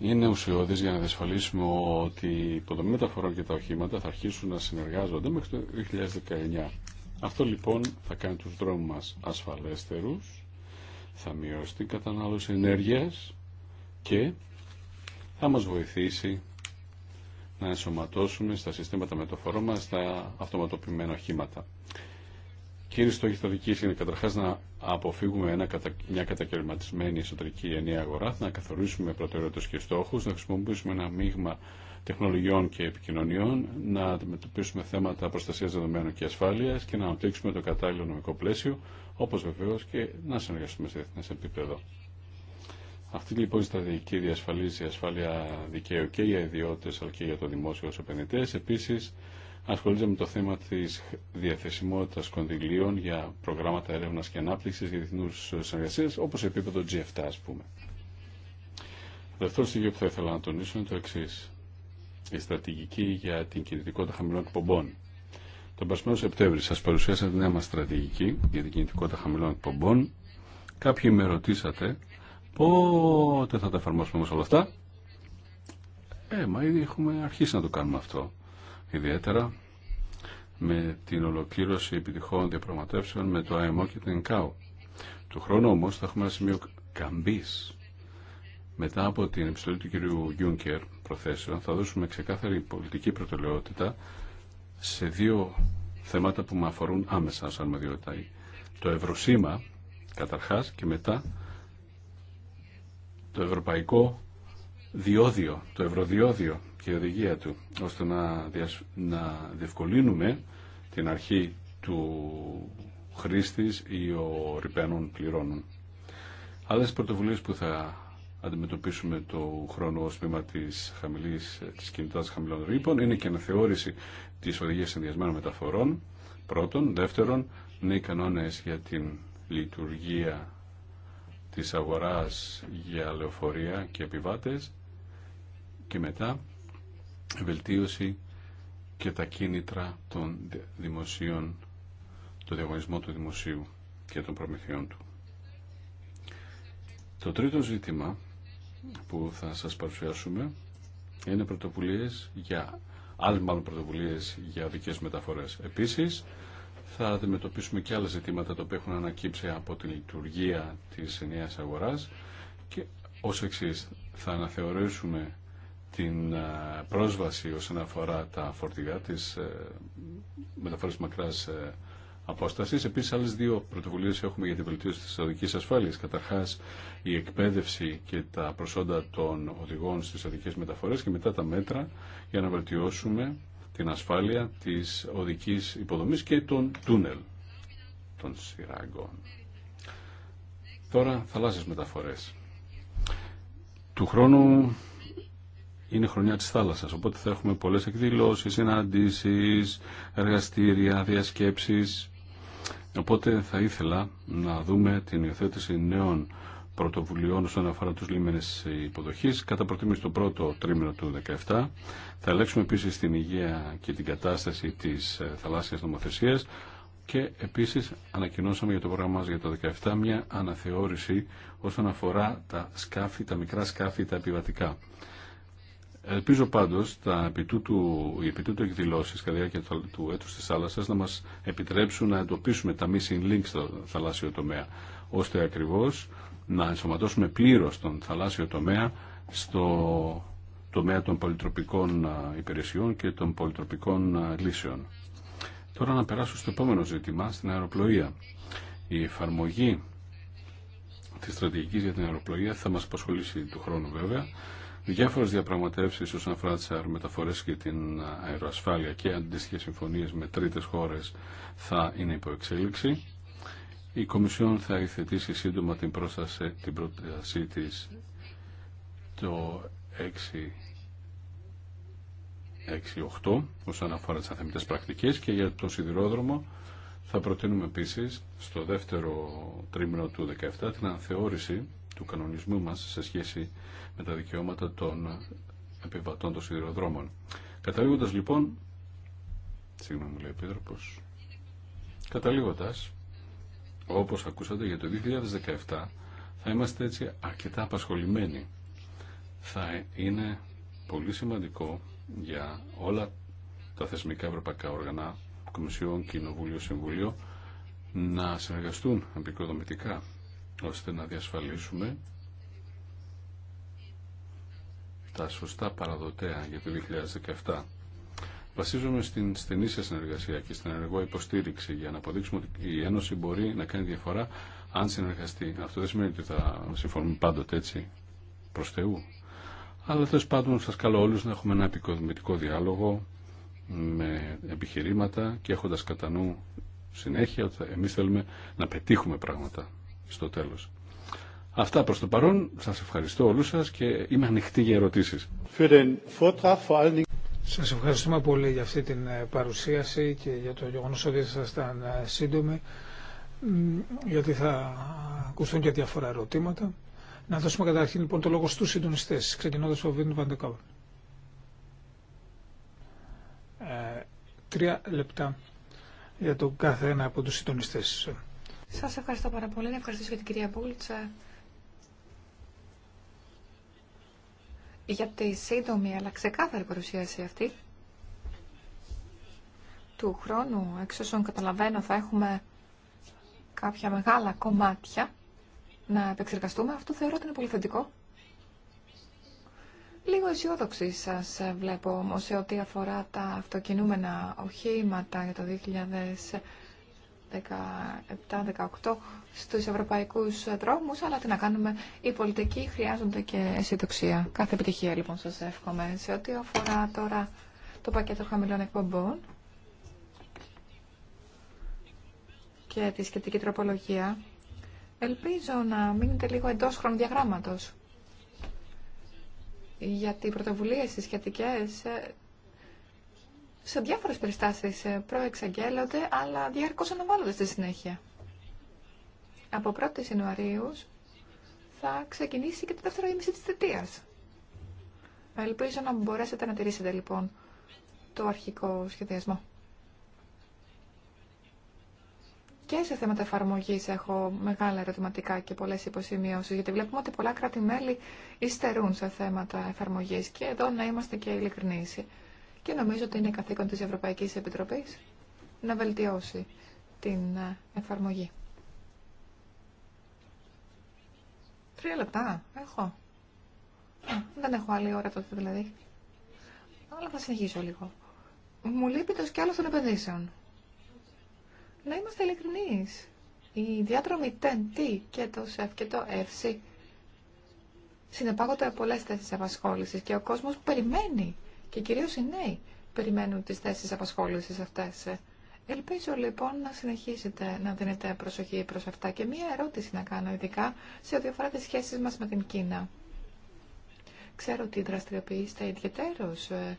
είναι ουσιώδη για να διασφαλίσουμε ότι η υποδομή μεταφορών και τα οχήματα θα αρχίσουν να συνεργάζονται μέχρι το 2019. Αυτό λοιπόν θα κάνει τους δρόμους μας ασφαλέστερους, θα μειώσει την κατανάλωση ενέργειας και θα μας βοηθήσει να ενσωματώσουμε στα συστήματα μεταφορών μας τα αυτοματοποιημένα οχήματα κύριοι στόχοι στρατηγική είναι καταρχά να αποφύγουμε ένα, μια κατακαιρματισμένη εσωτερική ενιαία αγορά, να καθορίσουμε προτεραιότητε και στόχου, να χρησιμοποιήσουμε ένα μείγμα τεχνολογιών και επικοινωνιών, να αντιμετωπίσουμε θέματα προστασία δεδομένων και ασφάλεια και να αναπτύξουμε το κατάλληλο νομικό πλαίσιο, όπω βεβαίω και να συνεργαστούμε σε διεθνέ επίπεδο. Αυτή λοιπόν η στρατηγική διασφαλίζει ασφάλεια δικαίου και για ιδιώτε αλλά και για το δημόσιο ω επενδυτέ. Επίση, ασχολείται με το θέμα τη διαθεσιμότητα κονδυλίων για προγράμματα έρευνα και ανάπτυξη για διεθνούς συνεργασίες, όπως επίπεδο G7 α πούμε. Δεύτερο στοιχείο που θα ήθελα να τονίσω είναι το εξή. Η στρατηγική για την κινητικότητα χαμηλών εκπομπών. Τον περασμένο Σεπτέμβρη σα παρουσίασα τη νέα μα στρατηγική για την κινητικότητα χαμηλών εκπομπών. Κάποιοι με ρωτήσατε πότε θα τα εφαρμόσουμε όμω όλα αυτά. Ε, μα ήδη έχουμε αρχίσει να το κάνουμε αυτό ιδιαίτερα με την ολοκλήρωση επιτυχών διαπραγματεύσεων με το ΑΕΜΟ και την ΚΑΟ. Του χρόνου όμως θα έχουμε ένα σημείο καμπής. Μετά από την επιστολή του κ. Γιούνκερ προθέσεων θα δώσουμε ξεκάθαρη πολιτική προτεραιότητα σε δύο θέματα που με αφορούν άμεσα σαν αρμοδιότητα. Το ευρωσήμα καταρχάς και μετά το ευρωπαϊκό διόδιο, το ευρωδιόδιο και η οδηγία του, ώστε να, να διευκολύνουμε την αρχή του χρήστης ή ο ρηπαίνων πληρώνων. Άλλες πρωτοβουλίες που θα αντιμετωπίσουμε το χρόνο ως τμήμα της, χαμηλής, της χαμηλών ρήπων είναι και αναθεώρηση της οδηγίας συνδυασμένων μεταφορών πρώτον, δεύτερον, νέοι κανόνες για την λειτουργία της αγοράς για λεωφορεία και επιβάτες και μετά βελτίωση και τα κίνητρα των δημοσίων, το διαγωνισμό του δημοσίου και των προμηθειών του. Το τρίτο ζήτημα που θα σας παρουσιάσουμε είναι πρωτοβουλίες για άλλες μάλλον πρωτοβουλίες για δικές μεταφορές. Επίσης, θα αντιμετωπίσουμε και άλλα ζητήματα τα οποία έχουν ανακύψει από τη λειτουργία της ενιαίας αγοράς και ως εξής θα αναθεωρήσουμε την ε, πρόσβαση όσον αφορά τα φορτηγά της ε, μεταφορές μακράς ε, απόστασης. Επίσης, άλλες δύο πρωτοβουλίες έχουμε για την βελτίωση της οδικής ασφάλειας. Καταρχάς, η εκπαίδευση και τα προσόντα των οδηγών στις οδικές μεταφορές και μετά τα μέτρα για να βελτιώσουμε την ασφάλεια της οδικής υποδομής και των τούνελ των σειράγκων. Τώρα, θαλάσσιες μεταφορές. Του χρόνου είναι χρονιά της θάλασσας, οπότε θα έχουμε πολλές εκδηλώσεις, συναντήσεις, εργαστήρια, διασκέψεις. Οπότε θα ήθελα να δούμε την υιοθέτηση νέων πρωτοβουλειών όσον αφορά τους λίμενες υποδοχής, κατά προτίμηση το πρώτο τρίμηνο του 2017. Θα ελέγξουμε επίσης την υγεία και την κατάσταση της ε, θαλάσσιας νομοθεσίας και επίσης ανακοινώσαμε για το πρόγραμμα μας για το 2017 μια αναθεώρηση όσον αφορά τα σκάφη, τα μικρά σκάφη, τα επιβατικά. Ελπίζω πάντως τα οι επιτούτου εκδηλώσει κατά διάρκεια του έτου της θάλασσα να μα επιτρέψουν να εντοπίσουμε τα missing links στο θαλάσσιο τομέα, ώστε ακριβώ να ενσωματώσουμε πλήρω τον θαλάσσιο τομέα στο τομέα των πολυτροπικών υπηρεσιών και των πολυτροπικών λύσεων. Τώρα να περάσω στο επόμενο ζήτημα, στην αεροπλοεία. Η εφαρμογή της στρατηγικής για την αεροπλοεία θα μας απασχολήσει του χρόνου βέβαια διάφορε διαπραγματεύσει όσον αφορά τι αερομεταφορέ και την αεροασφάλεια και αντίστοιχε συμφωνίε με τρίτε χώρε θα είναι υπό εξέλιξη. Η Κομισιόν θα υθετήσει σύντομα την, πρόσταση, την πρότασή τη το 6 8 όσον αφορά τι αθεμητέ πρακτικέ και για το σιδηρόδρομο θα προτείνουμε επίση στο δεύτερο τρίμηνο του 2017 την αναθεώρηση του κανονισμού μας σε σχέση με τα δικαιώματα των επιβατών των σιδηροδρόμων. Καταλήγοντας λοιπόν, συγγνώμη λέει ο Επίτροπος, καταλήγοντας, όπως ακούσατε για το 2017 θα είμαστε έτσι αρκετά απασχολημένοι. Θα είναι πολύ σημαντικό για όλα τα θεσμικά ευρωπαϊκά όργανα, Κομισιόν, Κοινοβούλιο, Συμβούλιο, να συνεργαστούν επικοδομητικά ώστε να διασφαλίσουμε τα σωστά παραδοτέα για το 2017. Βασίζομαι στην στενή σας συνεργασία και στην ενεργό υποστήριξη για να αποδείξουμε ότι η Ένωση μπορεί να κάνει διαφορά αν συνεργαστεί. Αυτό δεν σημαίνει ότι θα συμφωνούμε πάντοτε έτσι προς Θεού. Αλλά τέλο πάντων σας καλώ όλους να έχουμε ένα επικοδομητικό διάλογο με επιχειρήματα και έχοντας κατά νου συνέχεια ότι εμείς θέλουμε να πετύχουμε πράγματα στο τέλος. Αυτά προς το παρόν. Σας ευχαριστώ όλους σας και είμαι ανοιχτή για ερωτήσεις. Σας ευχαριστούμε πολύ για αυτή την ε, παρουσίαση και για το γεγονός ότι ήσασταν ε, σύντομοι γιατί θα ακουστούν και διάφορα ερωτήματα. Να δώσουμε καταρχήν λοιπόν το λόγο στους συντονιστές, ξεκινώντας από Βίντου Βαντεκάβα. Ε, τρία λεπτά για τον κάθε ένα από τους συντονιστές. Σας ευχαριστώ πάρα πολύ. Να ευχαριστήσω και την κυρία Πούλτσα ε, για τη σύντομη αλλά ξεκάθαρη παρουσίαση αυτή. Του χρόνου, εξ όσων καταλαβαίνω, θα έχουμε κάποια μεγάλα κομμάτια να επεξεργαστούμε. Αυτό θεωρώ ότι είναι πολύ θετικό. Λίγο αισιόδοξη σας βλέπω όμως σε ό,τι αφορά τα αυτοκινούμενα οχήματα για το 17-18 στους ευρωπαϊκούς δρόμους, αλλά τι να κάνουμε, οι πολιτικοί χρειάζονται και αισιοδοξία. Κάθε επιτυχία λοιπόν σας εύχομαι. Σε ό,τι αφορά τώρα το πακέτο χαμηλών εκπομπών και τη σχετική τροπολογία, ελπίζω να μείνετε λίγο εντός χρονοδιαγράμματος. Γιατί οι πρωτοβουλίες, οι σε διάφορες περιστάσεις ε, προεξαγγέλλονται, αλλά διαρκώς αναβάλλονται στη συνέχεια. Από 1η Ιανουαρίου θα ξεκινήσει και το δεύτερο ήμιση της θετίας. Ελπίζω να μπορέσετε να τηρήσετε λοιπόν το αρχικό σχεδιασμό. Και σε θέματα εφαρμογή έχω μεγάλα ερωτηματικά και πολλέ υποσημειώσει, γιατί βλέπουμε ότι πολλά κράτη-μέλη υστερούν σε θέματα εφαρμογή. Και εδώ να είμαστε και ειλικρινεί και νομίζω ότι είναι καθήκον της Ευρωπαϊκής Επιτροπής να βελτιώσει την ε, εφαρμογή. Τρία λεπτά έχω. δεν έχω άλλη ώρα τότε δηλαδή. Αλλά θα συνεχίσω λίγο. Μου λείπει το σκιάλο των επενδύσεων. Να είμαστε ειλικρινεί. Η διάδρομη TNT και το ΣΕΦ και το ΕΦΣΥ συνεπάγονται πολλέ θέσει απασχόληση και ο κόσμος περιμένει και κυρίως οι νέοι περιμένουν τις θέσεις απασχόλησης αυτές. Ελπίζω λοιπόν να συνεχίσετε να δίνετε προσοχή προς αυτά και μία ερώτηση να κάνω ειδικά σε ό,τι αφορά τις σχέσεις μας με την Κίνα. Ξέρω ότι δραστηριοποιείστε ιδιαιτέρως ε,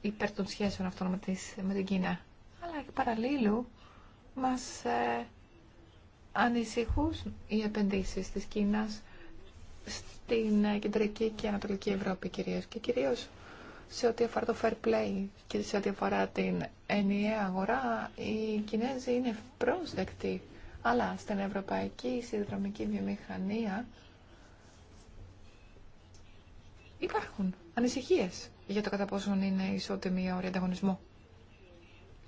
υπέρ των σχέσεων αυτών με, τις, με την Κίνα. Αλλά και παραλλήλου μας ε, ανησυχούν οι επενδύσεις της Κίνας στην κεντρική και ανατολική Ευρώπη κυρίως και κυρίως σε ό,τι αφορά το fair play και σε ό,τι αφορά την ενιαία αγορά, οι Κινέζοι είναι πρόσδεκτοι. Αλλά στην ευρωπαϊκή συνδρομική βιομηχανία υπάρχουν ανησυχίες για το κατά πόσο είναι ισότιμη η όρια ανταγωνισμού.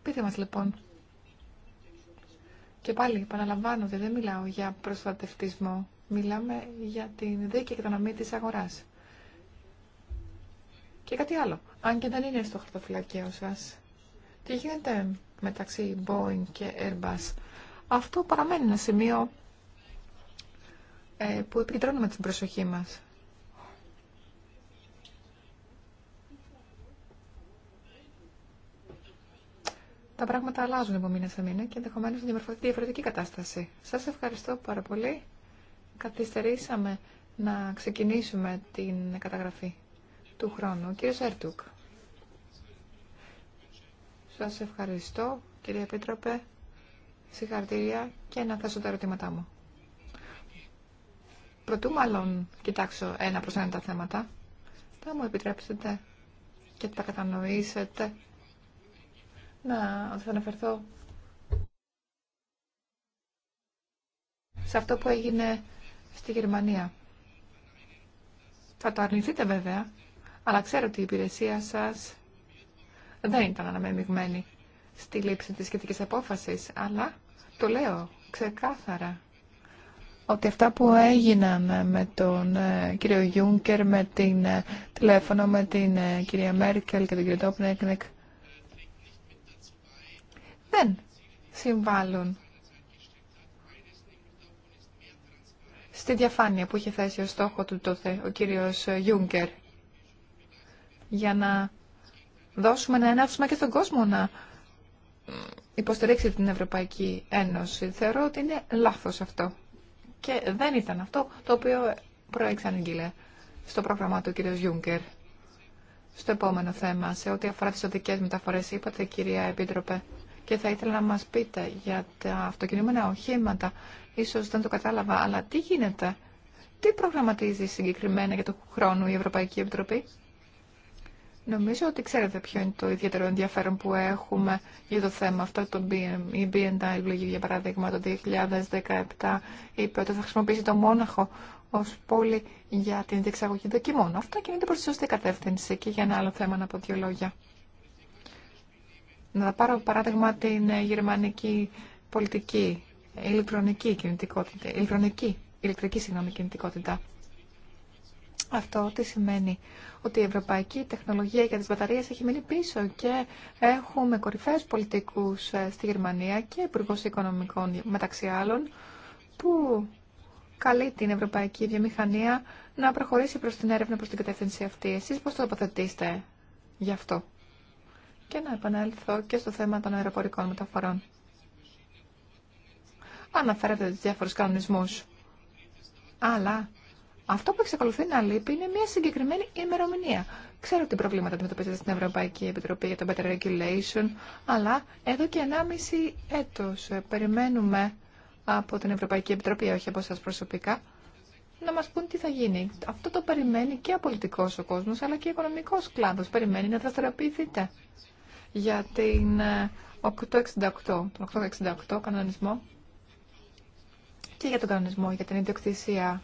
Πείτε μας λοιπόν. Και πάλι, επαναλαμβάνω ότι δεν μιλάω για προστατευτισμό Μιλάμε για την δίκαιη κατανομή τη αγοράς. Και κάτι άλλο, αν και δεν είναι στο χαρτοφυλακείο σας, τι γίνεται μεταξύ Boeing και Airbus. Αυτό παραμένει ένα σημείο ε, που επικεντρώνουμε την προσοχή μας. Τα πράγματα αλλάζουν από μήνα σε μήνα και ενδεχομένω να διαμορφωθεί διαφορετική κατάσταση. Σα ευχαριστώ πάρα πολύ καθυστερήσαμε να ξεκινήσουμε την καταγραφή του χρόνου. Κύριε Σέρτουκ, σας ευχαριστώ, κύριε Επίτροπε, συγχαρητήρια και να θέσω τα ερωτήματά μου. Προτού μάλλον κοιτάξω ένα προς ένα τα θέματα, θα μου επιτρέψετε και θα κατανοήσετε να, ότι θα αναφερθώ σε αυτό που έγινε στη Γερμανία. Θα το αρνηθείτε βέβαια, αλλά ξέρω ότι η υπηρεσία σας δεν ήταν αναμεμειγμένη στη λήψη της σχετικής απόφασης, αλλά το λέω ξεκάθαρα ότι αυτά που έγιναν με τον ε, κύριο Γιούνκερ, με την ε, τηλέφωνο, με την ε, κυρία Μέρκελ και τον κύριο Τόπνεκνεκ, δεν συμβάλλουν στη διαφάνεια που είχε θέσει ως στόχο του τότε ο κύριος Γιούγκερ για να δώσουμε, να ενάψουμε και στον κόσμο να υποστηρίξει την Ευρωπαϊκή Ένωση. Θεωρώ ότι είναι λάθος αυτό. Και δεν ήταν αυτό το οποίο προεξανήγγειλε στο πρόγραμμα του κύριος Γιούγκερ. Στο επόμενο θέμα, σε ό,τι αφορά τις οδικές μεταφορές, είπατε κυρία Επίτροπε, και θα ήθελα να μας πείτε για τα αυτοκινούμενα οχήματα Ίσως δεν το κατάλαβα, αλλά τι γίνεται. Τι προγραμματίζει συγκεκριμένα για το χρόνο η Ευρωπαϊκή Επιτροπή. Νομίζω ότι ξέρετε ποιο είναι το ιδιαίτερο ενδιαφέρον που έχουμε για το θέμα αυτό. Το BM, η BNI για παράδειγμα, το 2017 είπε ότι θα χρησιμοποιήσει το Μόναχο ως πόλη για την διεξαγωγή δοκιμών. Αυτό κινείται προ τη σωστή κατεύθυνση. Και για ένα άλλο θέμα να πω δύο λόγια. Να πάρω παράδειγμα την γερμανική πολιτική ηλεκτρονική κινητικότητα, ηλεκτρονική, ηλεκτρική συγγνώμη, κινητικότητα. Αυτό τι σημαίνει ότι η ευρωπαϊκή τεχνολογία για τις μπαταρίες έχει μείνει πίσω και έχουμε κορυφαίους πολιτικούς ε, στη Γερμανία και υπουργό οικονομικών μεταξύ άλλων που καλεί την ευρωπαϊκή βιομηχανία να προχωρήσει προς την έρευνα προς την κατεύθυνση αυτή. Εσείς πώς το τοποθετήσετε γι' αυτό. Και να επανέλθω και στο θέμα των αεροπορικών μεταφορών αναφέρεται τους διάφορους κανονισμούς. Αλλά αυτό που εξακολουθεί να λείπει είναι μια συγκεκριμένη ημερομηνία. Ξέρω τι προβλήματα αντιμετωπίζεται στην Ευρωπαϊκή Επιτροπή για το Better Regulation, αλλά εδώ και 1,5 έτο ε, περιμένουμε από την Ευρωπαϊκή Επιτροπή, όχι από εσά προσωπικά, να μα πούν τι θα γίνει. Αυτό το περιμένει και ο πολιτικό ο κόσμο, αλλά και ο οικονομικό κλάδο, Περιμένει να δραστηριοποιηθείτε για την 868, ε, τον 868 κανονισμό και για τον κανονισμό, για την ιδιοκτησία.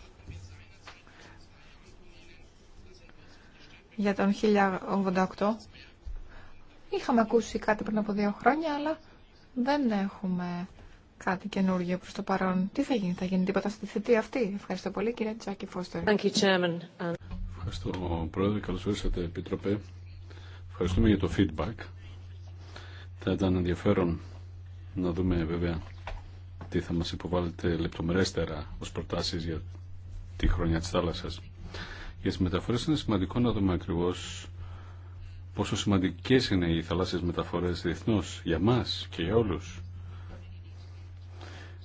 Για τον 1088 είχαμε ακούσει κάτι πριν από δύο χρόνια, αλλά δεν έχουμε κάτι καινούργιο προς το παρόν. Τι θα γίνει, θα γίνει τίποτα στη θητεία αυτή. Ευχαριστώ πολύ κύριε Τσάκη Φώστερ. Ευχαριστώ Πρόεδρε, καλώς ήρθατε Επίτροπε. Ευχαριστούμε για το feedback. Θα ήταν ενδιαφέρον να δούμε βέβαια τι θα μας υποβάλλετε λεπτομερέστερα ως προτάσεις για τη χρονιά της θάλασσας. Για τις μεταφορές είναι σημαντικό να δούμε ακριβώς πόσο σημαντικές είναι οι θαλάσσιες μεταφορές διεθνώ για μας και για όλους.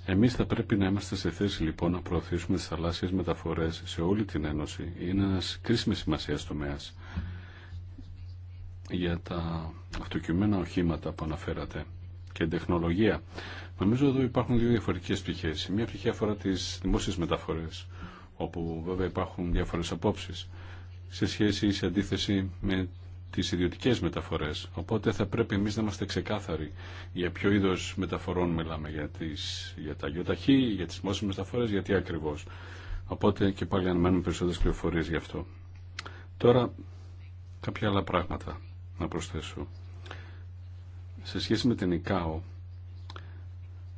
Εμείς θα πρέπει να είμαστε σε θέση λοιπόν να προωθήσουμε τις θαλάσσιες μεταφορές σε όλη την Ένωση. Είναι ένα κρίσιμη σημασία τομέας για τα αυτοκιμένα οχήματα που αναφέρατε και τεχνολογία. Νομίζω εδώ υπάρχουν δύο διαφορετικέ πτυχέ. Η μία πτυχή αφορά τι δημόσίε μεταφορέ. όπου βέβαια υπάρχουν διάφορε απόψει. σε σχέση ή σε αντίθεση με τι ιδιωτικέ μεταφορέ. Οπότε θα πρέπει εμεί να είμαστε ξεκάθαροι για ποιο είδο μεταφορών μιλάμε, για, τις, για τα γιοταχή, για τι δημόσιε μεταφορέ, γιατί ακριβώ. Οπότε και πάλι αναμένουμε περισσότερε πληροφορίε γι' αυτό. Τώρα κάποια άλλα πράγματα να προσθέσω. Σε σχέση με την ΙΚΑΟ,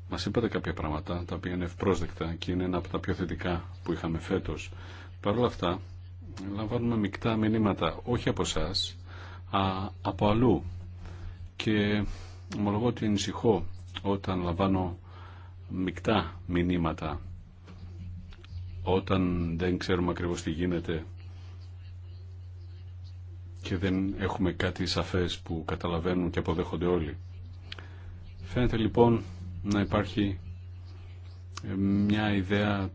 μας είπατε κάποια πράγματα τα οποία είναι ευπρόσδεκτα και είναι ένα από τα πιο θετικά που είχαμε φέτος. Παρ' όλα αυτά, λαμβάνουμε μεικτά μηνύματα όχι από εσά, από αλλού. Και ομολογώ ότι ενησυχώ όταν λαμβάνω μεικτά μηνύματα όταν δεν ξέρουμε ακριβώς τι γίνεται και δεν έχουμε κάτι σαφές που καταλαβαίνουν και αποδέχονται όλοι. Φαίνεται λοιπόν να υπάρχει ε, μια ιδέα,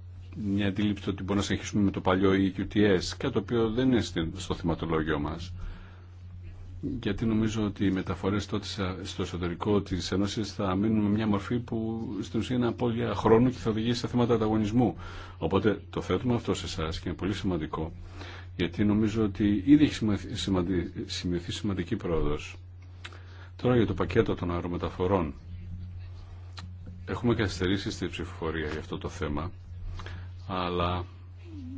μια αντίληψη ότι μπορεί να συνεχίσουμε με το παλιό EQTS, κάτι το οποίο δεν είναι στο θεματολόγιο μας. Γιατί νομίζω ότι οι μεταφορές τότε στο εσωτερικό της Ένωση θα μείνουν με μια μορφή που στην ουσία είναι απώλεια χρόνου και θα οδηγήσει σε θέματα ανταγωνισμού. Οπότε το θέτουμε αυτό σε εσά και είναι πολύ σημαντικό, γιατί νομίζω ότι ήδη έχει σημειωθεί σημαντική πρόοδος. Τώρα για το πακέτο των αερομεταφορών έχουμε καθυστερήσει στη ψηφοφορία για αυτό το θέμα, αλλά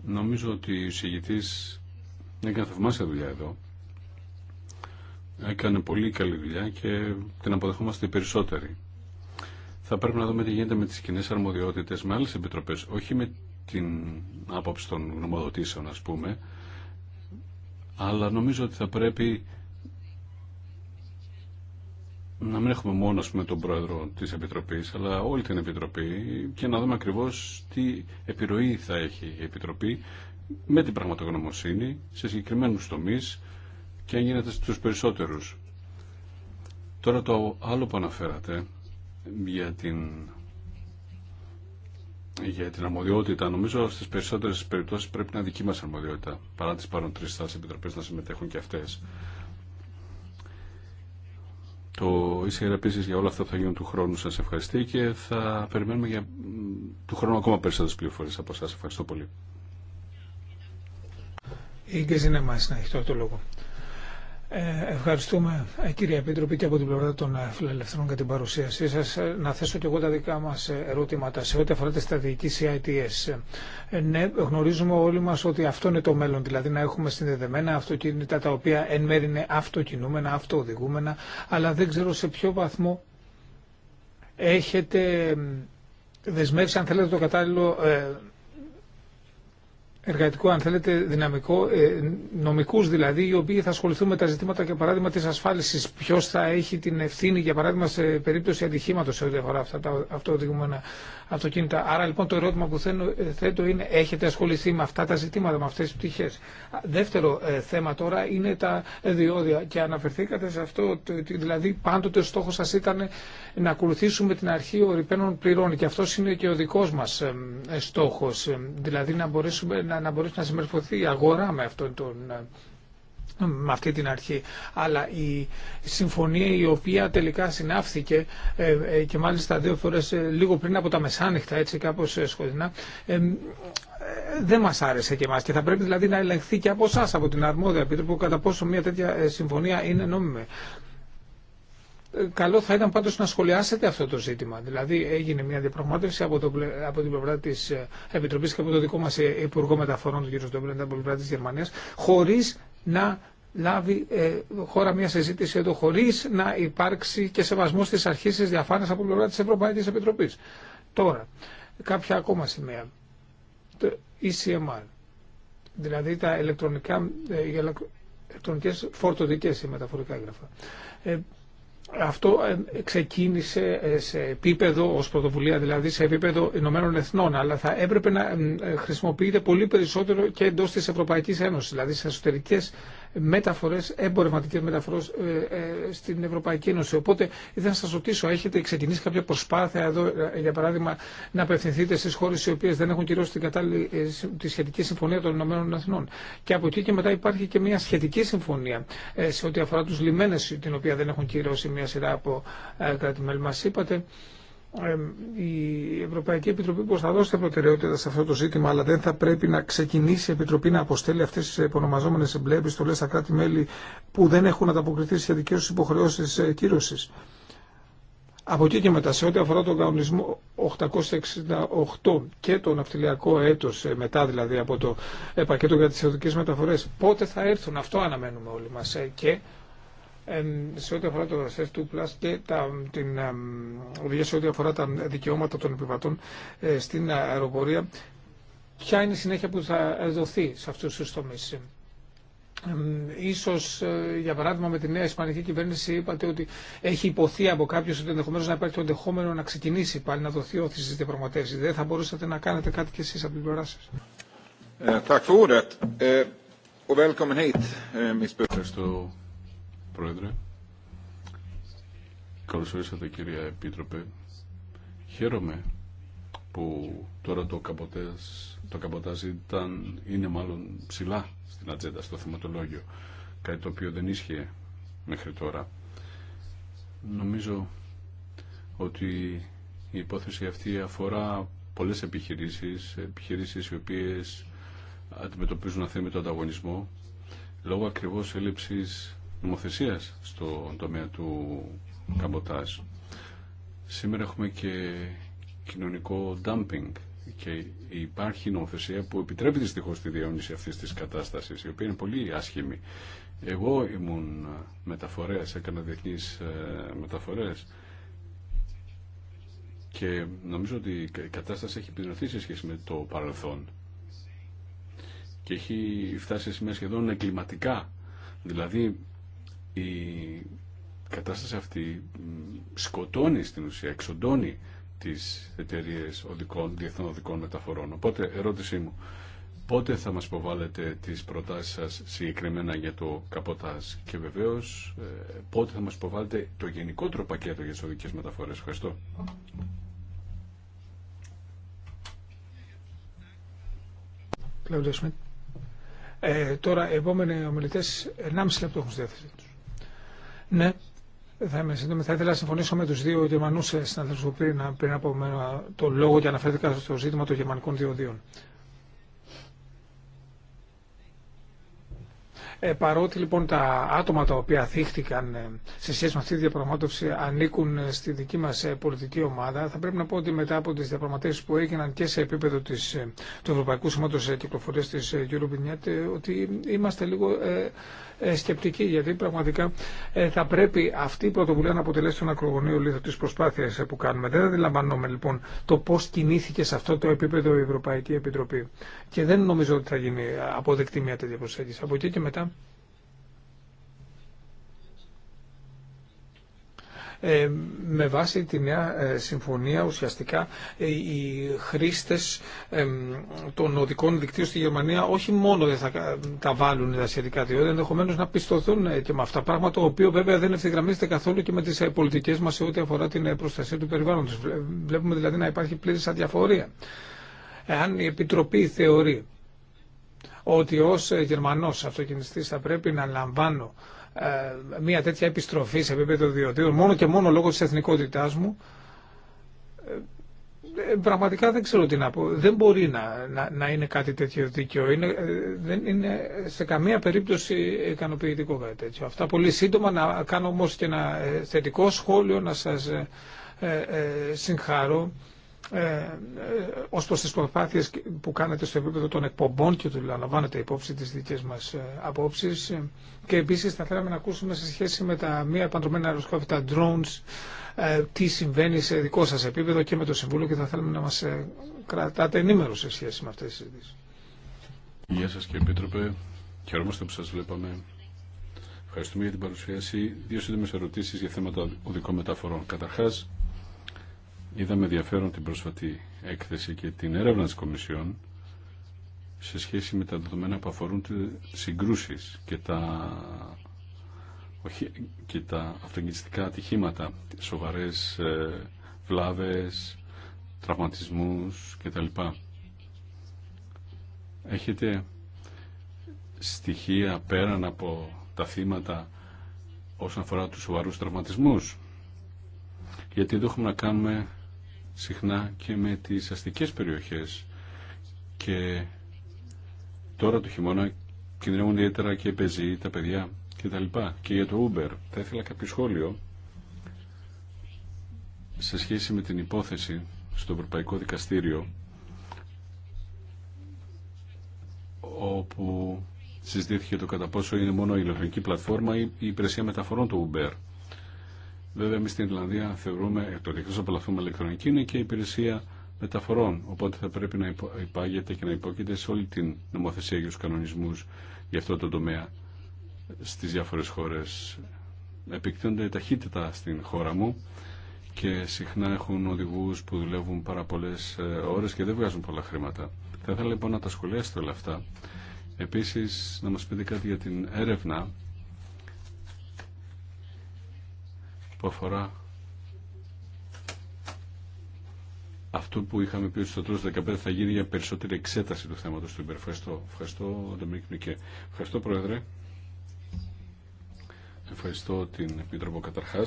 νομίζω ότι ο συγητής έκανε θαυμάσια δουλειά εδώ. Έκανε πολύ καλή δουλειά και την αποδεχόμαστε οι περισσότεροι. Θα πρέπει να δούμε τι γίνεται με τις κοινέ αρμοδιότητε με άλλε επιτροπές, όχι με την άποψη των γνωμοδοτήσεων α πούμε, αλλά νομίζω ότι θα πρέπει να μην έχουμε μόνο με τον πρόεδρο της Επιτροπής, αλλά όλη την Επιτροπή και να δούμε ακριβώς τι επιρροή θα έχει η Επιτροπή με την πραγματογνωμοσύνη σε συγκεκριμένους τομείς και αν γίνεται στους περισσότερους. Τώρα το άλλο που αναφέρατε για την, για την αρμοδιότητα, νομίζω στις περισσότερες περιπτώσεις πρέπει να δική μας αρμοδιότητα, παρά τις παρόν τρεις επιτροπέ να συμμετέχουν και αυτές το ΙΣΕΡ επίση για όλα αυτά που θα γίνουν του χρόνου σα ευχαριστεί και θα περιμένουμε για του χρόνου ακόμα περισσότερε πληροφορίε από εσά. Ευχαριστώ πολύ. Η το λόγο. Ε, ευχαριστούμε ε, κύριε Επίτροπη και από την πλευρά των ε, φιλελευθερών για την παρουσίασή σας. Να θέσω και εγώ τα δικά μας ερωτήματα σε ό,τι αφορά τη στρατηγική CITS. Ναι, γνωρίζουμε όλοι μας ότι αυτό είναι το μέλλον, δηλαδή να έχουμε συνδεδεμένα αυτοκίνητα τα οποία εν μέρει είναι αυτοκινούμενα, αυτοοδηγούμενα, αλλά δεν ξέρω σε ποιο βαθμό έχετε δεσμεύσει, αν θέλετε, το κατάλληλο εργατικό, αν θέλετε, δυναμικό, ε, νομικού δηλαδή, οι οποίοι θα ασχοληθούν με τα ζητήματα, για παράδειγμα, τη ασφάλιση. Ποιο θα έχει την ευθύνη, για παράδειγμα, σε περίπτωση ατυχήματο σε ό,τι αφορά αυτά τα αυτοδηγούμενα αυτοκίνητα. Άρα, λοιπόν, το ερώτημα που ε, θέτω είναι, έχετε ασχοληθεί με αυτά τα ζητήματα, με αυτέ τι πτυχέ. Δεύτερο ε, θέμα τώρα είναι τα διόδια και αναφερθήκατε σε αυτό, δηλαδή πάντοτε ο στόχο σα ήταν να ακολουθήσουμε την αρχή ορυπαίνων πληρών και αυτό είναι και ο δικός μας στόχος, δηλαδή να μπορέσουμε να να, να μπορέσει να συμμερφωθεί η αγορά με αυτόν τον με αυτή την αρχή. Αλλά η συμφωνία η οποία τελικά συνάφθηκε ε, ε, και μάλιστα δύο φορές ε, λίγο πριν από τα μεσάνυχτα, έτσι κάπως σκοτεινά, δεν μας άρεσε και εμάς και θα πρέπει δηλαδή να ελεγχθεί και από εσά από την αρμόδια επίτροπο κατά πόσο μια τέτοια συμφωνία είναι νόμιμη καλό θα ήταν πάντως να σχολιάσετε αυτό το ζήτημα. Δηλαδή έγινε μια διαπραγμάτευση από, το, από την πλευρά της ε, Επιτροπής και από το δικό μας ε, Υπουργό Μεταφορών, τον κύριο Στομπλέντα, από την πλευρά της Γερμανίας, χωρίς να λάβει ε, χώρα μια συζήτηση εδώ χωρίς να υπάρξει και σεβασμό στις αρχές της διαφάνειας από την πλευρά της Ευρωπαϊκής Επιτροπής. Τώρα, κάποια ακόμα σημεία. Το ECMR, δηλαδή τα ηλεκτρονικά, ηλεκτρονικές φορτωτικές ή μεταφορικά έγγραφα αυτό ε, ξεκίνησε ε, σε επίπεδο, ως πρωτοβουλία δηλαδή, σε επίπεδο Ηνωμένων Εθνών, αλλά θα έπρεπε να ε, χρησιμοποιείται πολύ περισσότερο και εντός της Ευρωπαϊκής Ένωσης, δηλαδή σε εσωτερικές μεταφορές, εμπορευματικές μεταφορές ε, ε, στην Ευρωπαϊκή Ένωση. Οπότε ήθελα να σας ρωτήσω, έχετε ξεκινήσει κάποια προσπάθεια εδώ, ε, για παράδειγμα, να απευθυνθείτε στις χώρες οι οποίες δεν έχουν κυρώσει την κατάλληλη, τη σχετική συμφωνία των Ηνωμένων Εθνών. Και από εκεί και μετά υπάρχει και μια σχετική συμφωνία σε ό,τι αφορά τους λιμένες, την οποία δεν έχουν κυρώσει μια σειρά από κράτη-μέλη. Μας είπατε η Ευρωπαϊκή Επιτροπή πως θα δώσει προτεραιότητα σε αυτό το ζήτημα αλλά δεν θα πρέπει να ξεκινήσει η Επιτροπή να αποστέλει αυτές τις επωνομαζόμενες εμπλέ επιστολές στα κράτη-μέλη που δεν έχουν ανταποκριθεί σχετικές τους υποχρεώσεις ε, κύρωσης. Από εκεί και μετά, σε ό,τι αφορά τον κανονισμό 868 και το ναυτιλιακό έτος ε, μετά δηλαδή από το ε, πακέτο για τις ειδικές μεταφορές, πότε θα έρθουν, αυτό αναμένουμε όλοι μας. Και σε ό,τι αφορά το ΣΕΣ του ΠΛΑΣ και τα, την οδηγία σε ό,τι αφορά τα δικαιώματα των επιβατών ε, στην αεροπορία, ποια είναι η συνέχεια που θα δοθεί σε αυτούς τους τομείς. Ίσως, ε, για παράδειγμα, με τη νέα Ισπανική κυβέρνηση είπατε ότι έχει υποθεί από κάποιους ότι ενδεχομένω να υπάρχει το ενδεχόμενο να ξεκινήσει πάλι να δοθεί όθηση στις διαπραγματεύσεις. Δεν θα μπορούσατε να κάνετε κάτι κι εσείς από την πλευρά σας. Ε, Ευχαριστώ Πρόεδρε. Καλώς ορίσατε κυρία Επίτροπε. Χαίρομαι που τώρα το καμποτάζ, το καμποτάζ ήταν, είναι μάλλον ψηλά στην ατζέντα, στο θεματολόγιο. Κάτι το οποίο δεν ίσχυε μέχρι τώρα. Νομίζω ότι η υπόθεση αυτή αφορά πολλές επιχειρήσεις, επιχειρήσεις οι οποίες αντιμετωπίζουν αθέμητο ανταγωνισμό λόγω ακριβώς έλλειψης Νομοθεσία στον τομέα του καμποτάζ. Σήμερα έχουμε και κοινωνικό dumping και υπάρχει νομοθεσία που επιτρέπει δυστυχώ τη διαιώνιση αυτή τη κατάσταση, η οποία είναι πολύ άσχημη. Εγώ ήμουν μεταφορέας, έκανα διεθνεί ε, μεταφορέ. και νομίζω ότι η κατάσταση έχει επιδεινωθεί σε σχέση με το παρελθόν και έχει φτάσει σε μια σχεδόν εγκληματικά. Δηλαδή η κατάσταση αυτή σκοτώνει στην ουσία, εξοντώνει τις εταιρείε οδικών, διεθνών οδικών μεταφορών. Οπότε, ερώτησή μου, πότε θα μας υποβάλλετε τις προτάσεις σας συγκεκριμένα για το καποτάζ και βεβαίως ε, πότε θα μας υποβάλλετε το γενικότερο πακέτο για τις οδικές μεταφορές. Ευχαριστώ. Ε, τώρα, επόμενοι ομιλητές, 1,5 λεπτό έχουν στη διάθεση ναι, θα είμαι σύντομη. Θα ήθελα να συμφωνήσω με του δύο Γερμανού συναδέλφου που πριν από μένα το λόγο και αναφέρθηκα στο ζήτημα των γερμανικών διοδίων. Ε, παρότι λοιπόν τα άτομα τα οποία θύχτηκαν ε, σε σχέση με αυτή τη διαπραγμάτευση ανήκουν ε, στη δική μας πολιτική ομάδα, θα πρέπει να πω ότι μετά από τις διαπραγματεύσεις που έγιναν και σε επίπεδο της, του Ευρωπαϊκού Σώματος Κυκλοφορίας της Eurovignette, ότι είμαστε λίγο σκεπτικοί, γιατί πραγματικά θα πρέπει αυτή η πρωτοβουλία να αποτελέσει τον ακρογωνίο λίθο της προσπάθειας που κάνουμε. Δεν αντιλαμβανόμαι λοιπόν το πώ κινήθηκε σε αυτό το επίπεδο η Ευρωπαϊκή Επιτροπή. Και δεν νομίζω ότι θα γίνει αποδεκτή μια τέτοια προσέγγιση. Από εκεί και μετά Ε, με βάση τη νέα ε, συμφωνία ουσιαστικά ε, οι χρήστες των οδικών δικτύων στη Γερμανία όχι μόνο θα τα βάλουν τα σχετικά διόδια, ενδεχομένω να πιστωθούν και με αυτά. πράγματα το οποίο βέβαια δεν ευθυγραμμίζεται καθόλου και με τις πολιτικές μας σε ό,τι αφορά την προστασία του περιβάλλοντος. Βλέπουμε δηλαδή να υπάρχει πλήρης αδιαφορία. Εάν η Επιτροπή θεωρεί ότι ως Γερμανός αυτοκινηστής θα πρέπει να λαμβάνω ε, μια τέτοια επιστροφή σε επίπεδο ιδιωτήτων μόνο και μόνο λόγω της εθνικότητάς μου ε, ε, πραγματικά δεν ξέρω τι να πω. Δεν μπορεί να, να, είναι κάτι τέτοιο δίκαιο. Είναι, δεν είναι σε καμία περίπτωση ικανοποιητικό κάτι τέτοιο. Αυτά πολύ σύντομα να κάνω όμως και ένα θετικό σχόλιο να σας ε, ε, συγχαρώ ε, ε, ω προ τι προσπάθειε που κάνετε στο επίπεδο των εκπομπών και του λαμβάνετε υπόψη τι δικέ μας ε, απόψει. και επίση θα θέλαμε να ακούσουμε σε σχέση με τα μία επαντρωμένα αεροσκόπητα drones, τι συμβαίνει σε δικό σα επίπεδο και με το Συμβούλιο και θα θέλαμε να μας κρατάτε ενήμερο σε σχέση με αυτέ. τις συζητήσει. Γεια σας κύριε Επίτροπε, χαιρόμαστε που σας βλέπαμε. Ευχαριστούμε για την παρουσίαση. Δύο σύντομε ερωτήσει για θέματα οδικών μεταφορών. Καταρχά, Είδαμε ενδιαφέρον την πρόσφατη έκθεση και την έρευνα της Κομισιόν σε σχέση με τα δεδομένα που αφορούν τις συγκρούσεις και τα, και τα ατυχήματα, σοβαρές ε, βλάβες, τραυματισμούς κτλ. Έχετε στοιχεία πέραν από τα θύματα όσον αφορά τους σοβαρούς τραυματισμούς. Γιατί εδώ έχουμε να κάνουμε συχνά και με τις αστικές περιοχές και τώρα το χειμώνα κινδυνεύουν ιδιαίτερα και οι τα παιδιά κτλ. Και, και για το Uber θα ήθελα κάποιο σχόλιο σε σχέση με την υπόθεση στο Ευρωπαϊκό Δικαστήριο όπου συζητήθηκε το κατά πόσο είναι μόνο η ηλεκτρονική πλατφόρμα ή η υπηρεσία μεταφορών του Uber. Βέβαια, εμεί στην Ιρλανδία θεωρούμε το εκτό απολαθούμε ηλεκτρονική είναι και η υπηρεσία μεταφορών. Οπότε θα πρέπει να υπάγεται και να υπόκειται σε όλη την νομοθεσία για του κανονισμού για αυτό το τομέα στι διάφορε χώρε. Επικτείνονται ταχύτητα στην χώρα μου και συχνά έχουν οδηγού που δουλεύουν πάρα πολλέ ε, ώρε και δεν βγάζουν πολλά χρήματα. Θα ήθελα λοιπόν να τα σχολιάσετε όλα αυτά. Επίση, να μα πείτε κάτι για την έρευνα που αφορά αυτό που είχαμε πει ότι στο τέλο 15 θα γίνει για περισσότερη εξέταση του θέματο του Uber. Ευχαριστώ. Ευχαριστώ, Ευχαριστώ, Πρόεδρε. Ευχαριστώ την Επίτροπο καταρχά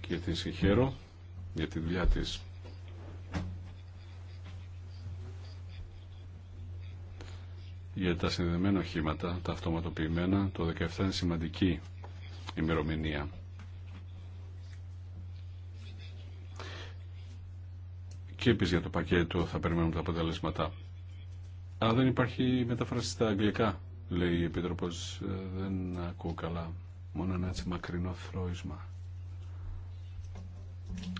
και την συγχαίρω για τη δουλειά τη. Για τα συνδεδεμένα οχήματα, τα αυτοματοποιημένα, το 17 είναι σημαντική ημερομηνία. Και επίση για το πακέτο θα περιμένουμε τα αποτελέσματα. Αλλά δεν υπάρχει μετάφραση στα αγγλικά, λέει η Επίτροπο. Ε, δεν ακούω καλά. Μόνο ένα έτσι μακρινό θρόισμα.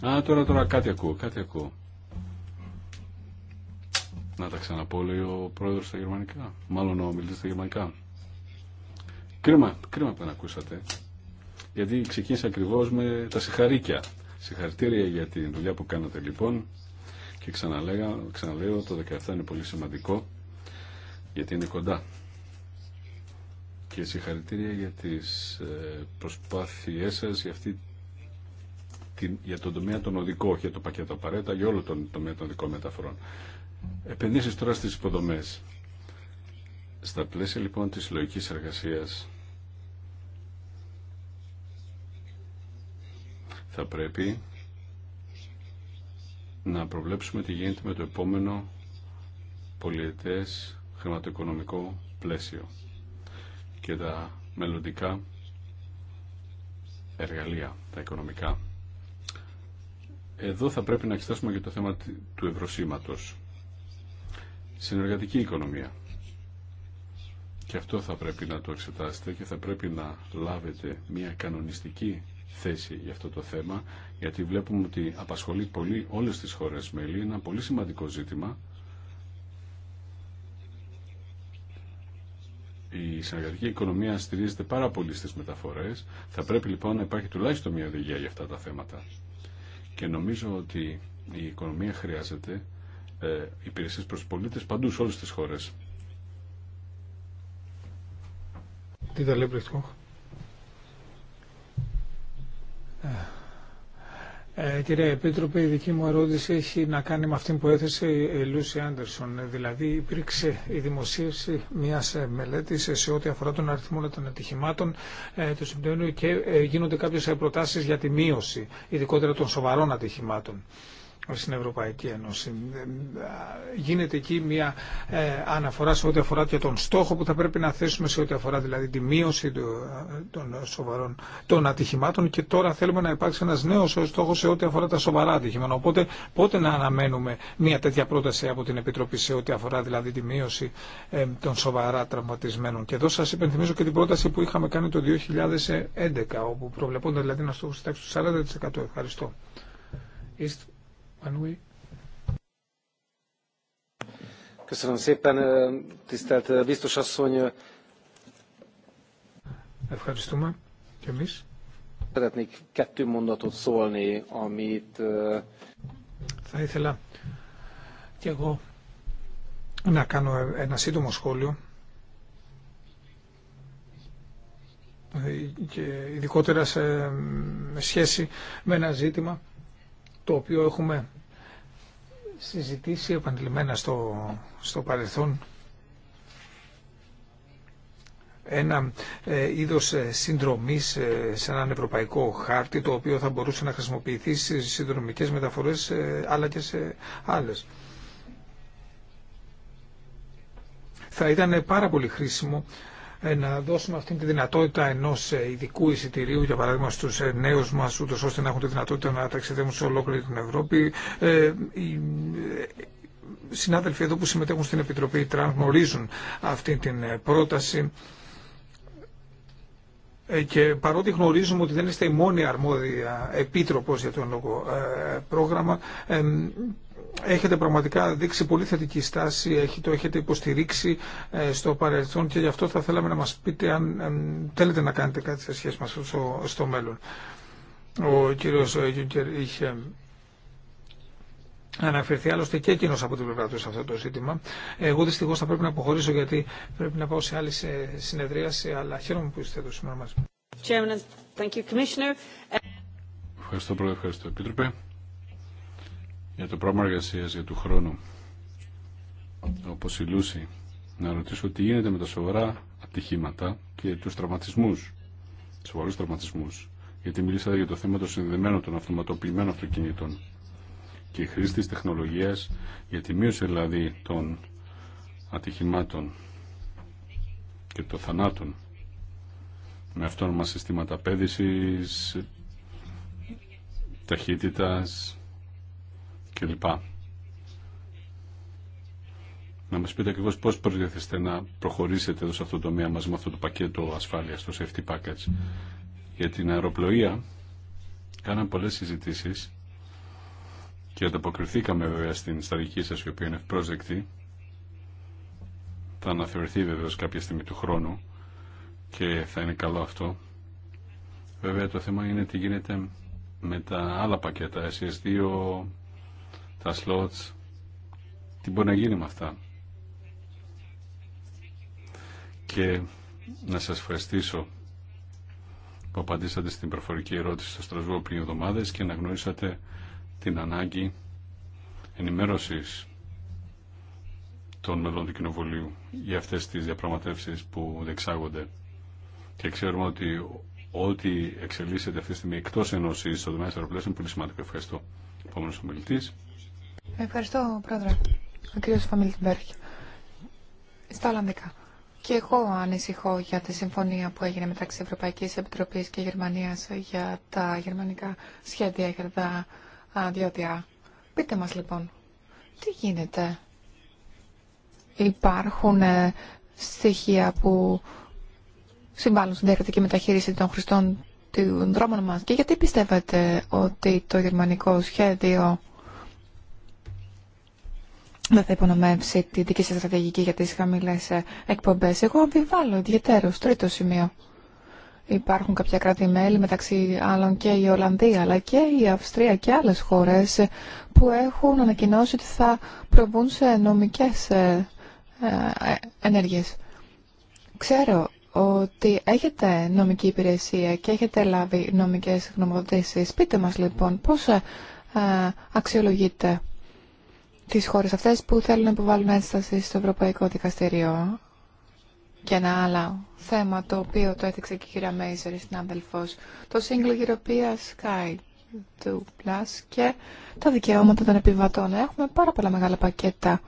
Α, τώρα, τώρα κάτι ακούω, κάτι ακούω. Να τα ξαναπώ, λέει ο πρόεδρος στα γερμανικά. Μάλλον ο μιλής στα γερμανικά. Κρίμα, κρίμα που δεν ακούσατε. Γιατί ξεκίνησα ακριβώ με τα συγχαρήκια. Συγχαρητήρια για τη δουλειά που κάνατε λοιπόν. Και ξαναλέγα, ξαναλέω, το 17 είναι πολύ σημαντικό γιατί είναι κοντά. Και συγχαρητήρια για τις ε, προσπάθειές σας για, αυτή, για τον τομέα των οδικών, για το πακέτο απαραίτητα, για όλο τον τομέα των οδικών μεταφορών. Επενδύσεις τώρα στις υποδομές. Στα πλαίσια λοιπόν της λογικής εργασίας θα πρέπει να προβλέψουμε τι γίνεται με το επόμενο πολιετές χρηματοοικονομικό πλαίσιο και τα μελλοντικά εργαλεία, τα οικονομικά. Εδώ θα πρέπει να εξετάσουμε και το θέμα του ευρωσήματος. Συνεργατική οικονομία. Και αυτό θα πρέπει να το εξετάσετε και θα πρέπει να λάβετε μια κανονιστική θέση για αυτό το θέμα, γιατί βλέπουμε ότι απασχολεί πολύ όλες τις χώρες μέλη. Είναι ένα πολύ σημαντικό ζήτημα. Η συνεργατική οικονομία στηρίζεται πάρα πολύ στις μεταφορές. Θα πρέπει λοιπόν να υπάρχει τουλάχιστον μια οδηγία για αυτά τα θέματα. Και νομίζω ότι η οικονομία χρειάζεται ε, υπηρεσίες προς πολίτες παντού σε όλες τις χώρες. Τι θα λέει ε, κύριε Επίτροπε, η δική μου ερώτηση έχει να κάνει με αυτήν που έθεσε η Λούση Άντερσον. Δηλαδή, υπήρξε η δημοσίευση μια ε, μελέτη σε ό,τι αφορά τον αριθμό των ατυχημάτων ε, του συμπτώνου και γίνονται κάποιε προτάσει για τη μείωση, ειδικότερα των σοβαρών ατυχημάτων στην Ευρωπαϊκή Ένωση. Ε, ε, γίνεται εκεί μια ε, αναφορά σε ό,τι αφορά και τον στόχο που θα πρέπει να θέσουμε σε ό,τι αφορά δηλαδή τη μείωση των σοβαρών των ατυχημάτων και τώρα θέλουμε να υπάρξει ένας νέος στόχος σε ό,τι αφορά τα σοβαρά ατυχήματα. Οπότε πότε να αναμένουμε μια τέτοια πρόταση από την Επιτροπή σε ό,τι αφορά δηλαδή τη μείωση των σοβαρά τραυματισμένων. Και εδώ σας υπενθυμίζω και την πρόταση που είχαμε κάνει το 2011 όπου προβλεπόταν δηλαδή να στόχο στη τάξη του 40%. Ευχαριστώ biztos asszony. Ευχαριστούμε και εμείς. Szeretnék kettő mondatot szólni, amit... Θα ήθελα και εγώ να κάνω ένα σύντομο σχόλιο ε, και ειδικότερα σε σχέση με ένα ζήτημα το οποίο έχουμε συζητήσει επανειλημμένα στο, στο παρελθόν ένα ε, είδος ε, συνδρομής ε, σε έναν ευρωπαϊκό χάρτη το οποίο θα μπορούσε να χρησιμοποιηθεί σε συνδρομικές μεταφορές ε, αλλά και σε άλλες. Θα ήταν πάρα πολύ χρήσιμο ε, να δώσουμε αυτή τη δυνατότητα ενό ε, ειδικού εισιτηρίου, για παράδειγμα στου ε, νέου μα, ούτω ώστε να έχουν τη δυνατότητα να ταξιδεύουν σε ολόκληρη την Ευρώπη. οι συνάδελφοι εδώ που συμμετέχουν στην Επιτροπή Τραν γνωρίζουν αυτή την πρόταση. Και παρότι γνωρίζουμε ότι δεν είστε η μόνη αρμόδια επίτροπος για το λόγο πρόγραμμα, έχετε πραγματικά δείξει πολύ θετική στάση, το έχετε υποστηρίξει ε, στο παρελθόν και γι' αυτό θα θέλαμε να μας πείτε αν θέλετε να κάνετε κάτι σε σχέση μας στο, στο μέλλον. Ο κύριος ε, Γιούγκερ είχε αναφερθεί άλλωστε και εκείνος από την πλευρά του σε αυτό το ζήτημα. Εγώ δυστυχώς θα πρέπει να αποχωρήσω γιατί πρέπει να πάω σε άλλη συνεδρίαση, αλλά χαίρομαι που είστε εδώ σήμερα μαζί. Ευχαριστώ, Πρόεδρε, ευχαριστώ, Επίτροπε για το πρόγραμμα εργασία για του χρόνου, όπως η Λούση, να ρωτήσω τι γίνεται με τα σοβαρά ατυχήματα και του, τραυματισμούς, σοβαρούς τραυματισμού, γιατί μιλήσατε για το θέμα των συνδεμένων των αυτοματοποιημένων αυτοκινήτων και η χρήση τη τεχνολογίας για τη μείωση δηλαδή των ατυχημάτων και των θανάτων με αυτόνομα συστήματα πέδηση ταχύτητας, κλπ. Να μας πείτε ακριβώ πώς προσδιοθέστε να προχωρήσετε εδώ σε αυτό το τομέα μαζί με αυτό το πακέτο ασφάλειας, το safety package. Για την αεροπλοεία κάναμε πολλές συζητήσεις και ανταποκριθήκαμε βέβαια στην σταρική σας η οποία είναι ευπρόσδεκτη. Θα αναθεωρηθεί βέβαια κάποια στιγμή του χρόνου και θα είναι καλό αυτό. Βέβαια το θέμα είναι τι γίνεται με τα άλλα πακέτα, SS2, τα σλότς, τι μπορεί να γίνει με αυτά. Και να σας ευχαριστήσω που απαντήσατε στην προφορική ερώτηση στο Στρασβούργο πριν εβδομάδες και να γνωρίσατε την ανάγκη ενημέρωσης των μελών του Κοινοβουλίου για αυτές τις διαπραγματεύσεις που δεξάγονται. Και ξέρουμε ότι ό,τι εξελίσσεται αυτή τη στιγμή εκτός ενώσης στο των της είναι πολύ σημαντικό. Ευχαριστώ. Επόμενος ομιλητής. Ευχαριστώ, πρόεδρε. Ο κύριο Φαμιλτμπέργκ. Στα Ολλανδικά. Και εγώ ανησυχώ για τη συμφωνία που έγινε μεταξύ Ευρωπαϊκής Επιτροπή και Γερμανίας για τα γερμανικά σχέδια για τα διόδια. Πείτε μας λοιπόν, τι γίνεται. Υπάρχουν ε, στοιχεία που συμβάλλουν στην διακριτική μεταχείριση των χρηστών των δρόμων μας και γιατί πιστεύετε ότι το γερμανικό σχέδιο δεν θα υπονομεύσει τη δική σα στρατηγική για τι χαμηλέ εκπομπέ. εκπομπές. Εγώ αμφιβάλλω ιδιαίτερο τρίτο σημείο. Υπάρχουν κάποια κράτη-μέλη, μεταξύ άλλων και η Ολλανδία, αλλά και η Αυστρία και άλλε χώρε που έχουν ανακοινώσει ότι θα προβούν σε νομικέ ε, ε, ενέργειε. Ξέρω ότι έχετε νομική υπηρεσία και έχετε λάβει νομικές γνωμοδοτήσεις. Πείτε μας λοιπόν πώς ε, αξιολογείτε τις χώρες αυτές που θέλουν να υποβάλουν ένσταση στο Ευρωπαϊκό Δικαστήριο. Και ένα άλλο θέμα το οποίο το έθιξε και η κυρία Μέιζερ, η συνάδελφο, το Single European Sky 2 Plus και τα δικαιώματα των επιβατών. Έχουμε πάρα πολλά μεγάλα πακέτα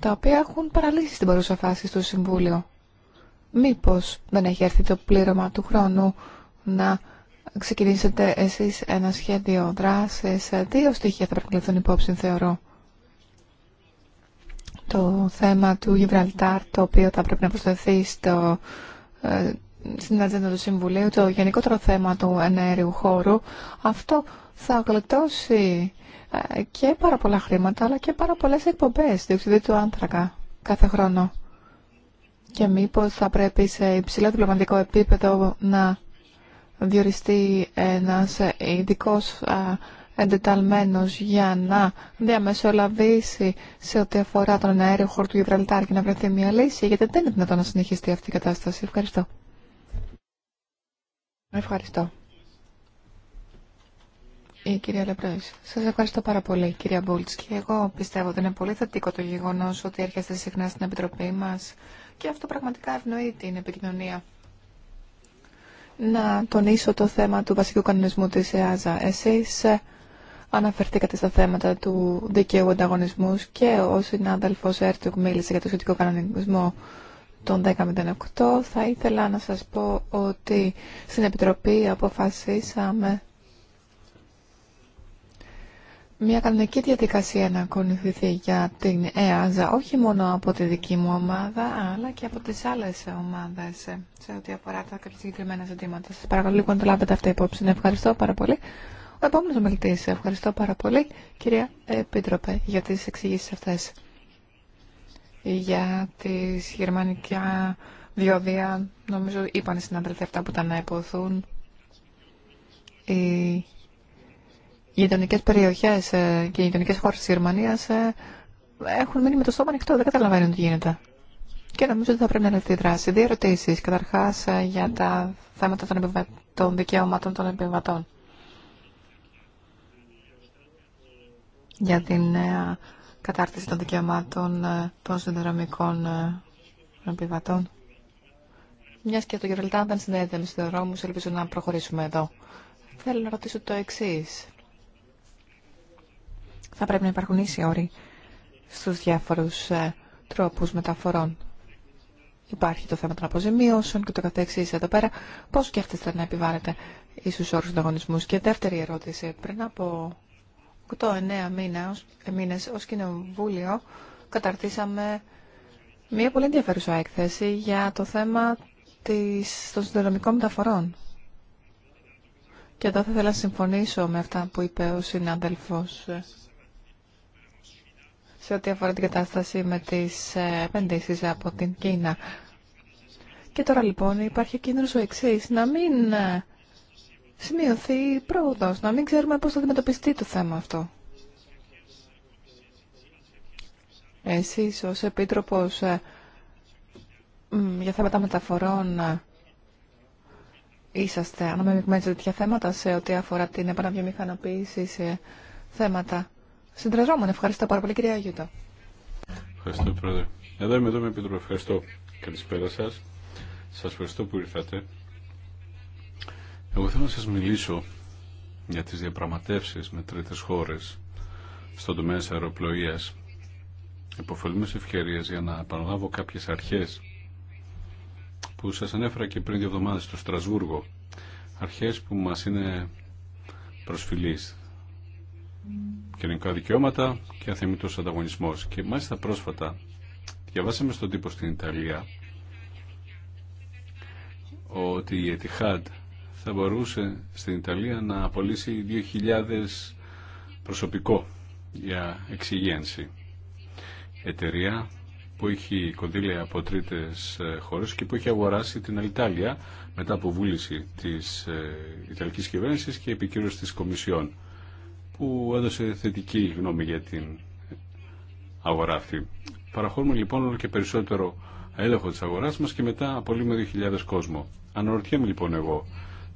τα οποία έχουν παραλύσει στην παρούσα φάση στο Συμβούλιο. Μήπως δεν έχει έρθει το πλήρωμα του χρόνου να ξεκινήσετε εσείς ένα σχέδιο δράσης. Δύο στοιχεία θα πρέπει να λεφθούν υπόψη, θεωρώ το θέμα του Γιβραλτάρ, το οποίο θα πρέπει να προσθεθεί στο, ε, στην ατζέντα του Συμβουλίου, το γενικότερο θέμα του ενέργειου χώρου, αυτό θα γλιτώσει ε, και πάρα πολλά χρήματα, αλλά και πάρα πολλές εκπομπές διοξιδίου του άνθρακα κάθε χρόνο. Και μήπως θα πρέπει σε υψηλό διπλωματικό επίπεδο να διοριστεί ένας ειδικός εντεταλμένος για να διαμεσολαβήσει σε ό,τι αφορά τον αέριο χώρο του Γιβραλτάρ και να βρεθεί μια λύση, γιατί δεν είναι δυνατόν να συνεχιστεί αυτή η κατάσταση. Ευχαριστώ. Ευχαριστώ. Η κυρία Λεπρέης, σας ευχαριστώ πάρα πολύ κυρία Μπούλτς και εγώ πιστεύω ότι είναι πολύ θετικό το γεγονός ότι έρχεστε συχνά στην Επιτροπή μας και αυτό πραγματικά ευνοεί την επικοινωνία. Να τονίσω το θέμα του βασικού κανονισμού της ΕΑΖΑ. Εσείς ε, αναφερθήκατε στα θέματα του δικαίου ανταγωνισμού και ο συνάδελφο Έρτουγκ μίλησε για το σχετικό κανονισμό των 10.08. Θα ήθελα να σας πω ότι στην Επιτροπή αποφασίσαμε μια κανονική διαδικασία να ακολουθηθεί για την ΕΑΖΑ, όχι μόνο από τη δική μου ομάδα, αλλά και από τις άλλες ομάδες σε ό,τι αφορά τα συγκεκριμένα ζητήματα. Σας παρακαλώ λοιπόν να το λάβετε η υπόψη. Ευχαριστώ πάρα πολύ. Επόμενο μελητή. Ευχαριστώ πάρα πολύ, κυρία Επίτροπε, για τι εξηγήσει αυτέ. Για τι γερμανικά διόδια, νομίζω είπαν οι συνάδελφοι αυτά που τα να υποθούν. Οι γειτονικέ περιοχέ ε, και οι γειτονικέ χώρε τη Γερμανία ε, έχουν μείνει με το στόμα ανοιχτό, δεν καταλαβαίνουν τι γίνεται. Και νομίζω ότι θα πρέπει να η δράση. Δύο ερωτήσει. Καταρχά ε, για τα θέματα των, των δικαιωμάτων των επιβατών. για την ε, κατάρτιση των δικαιωμάτων ε, των συνδρομικών ε, επιβατών. Μια και το Γερολιτάν δεν συνδέεται με συνδρόμου, ελπίζω να προχωρήσουμε εδώ. Θέλω να ρωτήσω το εξή. Θα πρέπει να υπάρχουν ίσοι όροι στους διάφορους τρόπους μεταφορών. Υπάρχει το θέμα των αποζημίωσεων και το καθεξής εδώ πέρα. Πώς σκέφτεστε να επιβάλλετε ίσους όρους ανταγωνισμού. Και δεύτερη ερώτηση. Πριν από 8-9 ε, μήνες ως Κοινοβούλιο καταρτήσαμε μια πολύ ενδιαφέρουσα έκθεση για το θέμα της, των συνδρομικών μεταφορών. Και εδώ θα ήθελα να συμφωνήσω με αυτά που είπε ο συνάδελφος ε, σε ό,τι αφορά την κατάσταση με τις ε, επενδύσεις από την Κίνα. Και τώρα λοιπόν υπάρχει κίνδυνος ο εξή να μην σημειωθεί πρόοδος, να μην ξέρουμε πώς θα αντιμετωπιστεί το θέμα αυτό. Εσείς ως Επίτροπος ε, για θέματα μεταφορών ε, είσαστε αναμειγμένοι σε τέτοια θέματα σε ό,τι αφορά την επαναβιομηχανοποίηση σε θέματα. Συντρεζόμουν. Ευχαριστώ πάρα πολύ κυρία Γιούτα. Ευχαριστώ πρόεδρε. Εδώ είμαι εδώ με Επίτροπο. Ευχαριστώ. Καλησπέρα σας. Σας ευχαριστώ που ήρθατε. Εγώ θέλω να σας μιλήσω για τις διαπραγματεύσεις με τρίτες χώρες στον τομέα της αεροπλοείας. Υποφελούμε σε για να επαναλάβω κάποιες αρχές που σας ανέφερα και πριν δύο εβδομάδες στο Στρασβούργο. Αρχές που μας είναι προσφυλής. Κοινωνικά δικαιώματα και αθεμητός ανταγωνισμός. Και μάλιστα πρόσφατα διαβάσαμε στον τύπο στην Ιταλία ότι η Etihad θα μπορούσε στην Ιταλία να απολύσει 2.000 προσωπικό για εξυγένση. Εταιρεία που έχει κονδύλια από τρίτες ε, χώρες και που έχει αγοράσει την Αλιτάλια μετά από βούληση της ε, Ιταλικής κυβέρνησης και επικύρωση της Κομισιόν που έδωσε θετική γνώμη για την αγορά αυτή. Παραχωρούμε λοιπόν όλο και περισσότερο έλεγχο της αγοράς μας και μετά απολύουμε 2.000 κόσμο. Αναρωτιέμαι λοιπόν εγώ,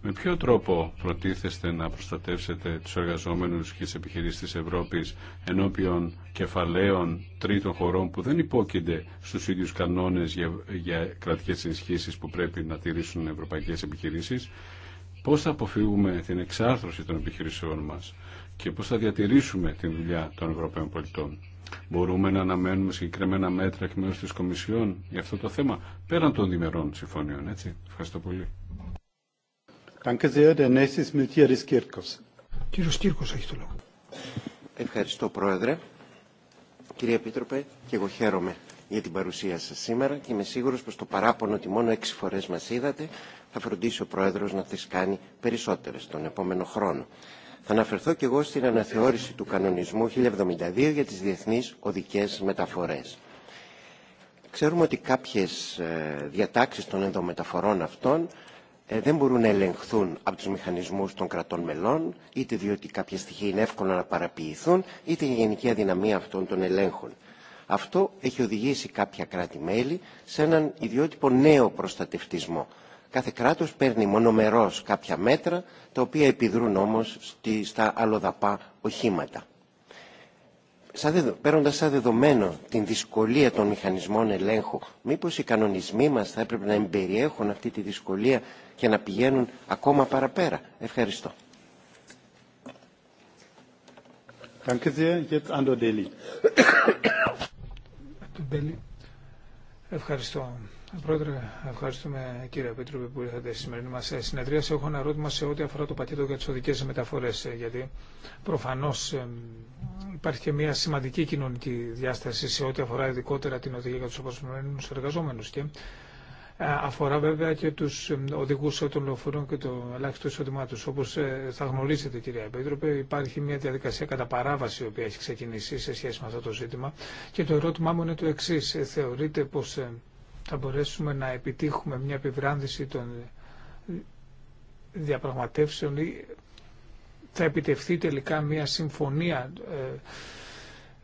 με ποιο τρόπο προτίθεστε να προστατεύσετε τους εργαζόμενους και τις επιχειρήσεις της Ευρώπης ενώπιον κεφαλαίων τρίτων χωρών που δεν υπόκεινται στους ίδιους κανόνες για, για κρατικές ενισχύσεις που πρέπει να τηρήσουν οι ευρωπαϊκές επιχειρήσεις. Πώς θα αποφύγουμε την εξάρθρωση των επιχειρήσεών μας και πώς θα διατηρήσουμε την δουλειά των Ευρωπαίων πολιτών. Μπορούμε να αναμένουμε συγκεκριμένα μέτρα εκ μέρους της Κομισιόν για αυτό το θέμα, πέραν των διμερών συμφωνιών, έτσι. Ευχαριστώ πολύ. Ευχαριστώ Πρόεδρε. Κύριε Επίτροπε, και εγώ χαίρομαι για την παρουσία σας σήμερα και είμαι σίγουρος πως το παράπονο ότι μόνο έξι φορές μας είδατε θα φροντίσει ο Πρόεδρος να τις κάνει περισσότερες τον επόμενο χρόνο. Θα αναφερθώ και εγώ στην αναθεώρηση του κανονισμού 1072 για τις διεθνείς οδικές μεταφορές. Ξέρουμε ότι κάποιες ε, διατάξεις των ενδομεταφορών αυτών ε, δεν μπορούν να ελεγχθούν από τους μηχανισμούς των κρατών μελών, είτε διότι κάποια στοιχεία είναι εύκολα να παραποιηθούν, είτε η γενική αδυναμία αυτών των ελέγχων. Αυτό έχει οδηγήσει κάποια κράτη-μέλη σε έναν ιδιότυπο νέο προστατευτισμό. Κάθε κράτος παίρνει μονομερός κάποια μέτρα, τα οποία επιδρούν όμως στα αλλοδαπά οχήματα. Παίρνοντα σαν δεδομένο την δυσκολία των μηχανισμών ελέγχου, μήπω οι κανονισμοί μα θα έπρεπε να εμπεριέχουν αυτή τη δυσκολία και να πηγαίνουν ακόμα παραπέρα. Ευχαριστώ. Ευχαριστώ. Πρόεδρε, ευχαριστούμε κύριε Επίτροπε που ήρθατε στη σημερινή μα ε, συνεδρία. Έχω ένα ερώτημα σε ό,τι αφορά το πακέτο για τι οδικέ μεταφορέ. Ε, γιατί προφανώ ε, υπάρχει και μια σημαντική κοινωνική διάσταση σε ό,τι αφορά ειδικότερα την οδηγία για του απασχολημένου εργαζόμενου. Και αφορά βέβαια και του οδηγού των λεωφορείων και το ελάχιστο εισόδημά του. Όπω θα γνωρίζετε, κύριε Επίτροπε, υπάρχει μια διαδικασία κατά παράβαση η οποία έχει ξεκινήσει σε σχέση με αυτό το ζήτημα. Και το ερώτημά μου είναι το εξή. Θεωρείτε πω θα μπορέσουμε να επιτύχουμε μια επιβράνδυση των διαπραγματεύσεων ή θα επιτευχθεί τελικά μια συμφωνία ε,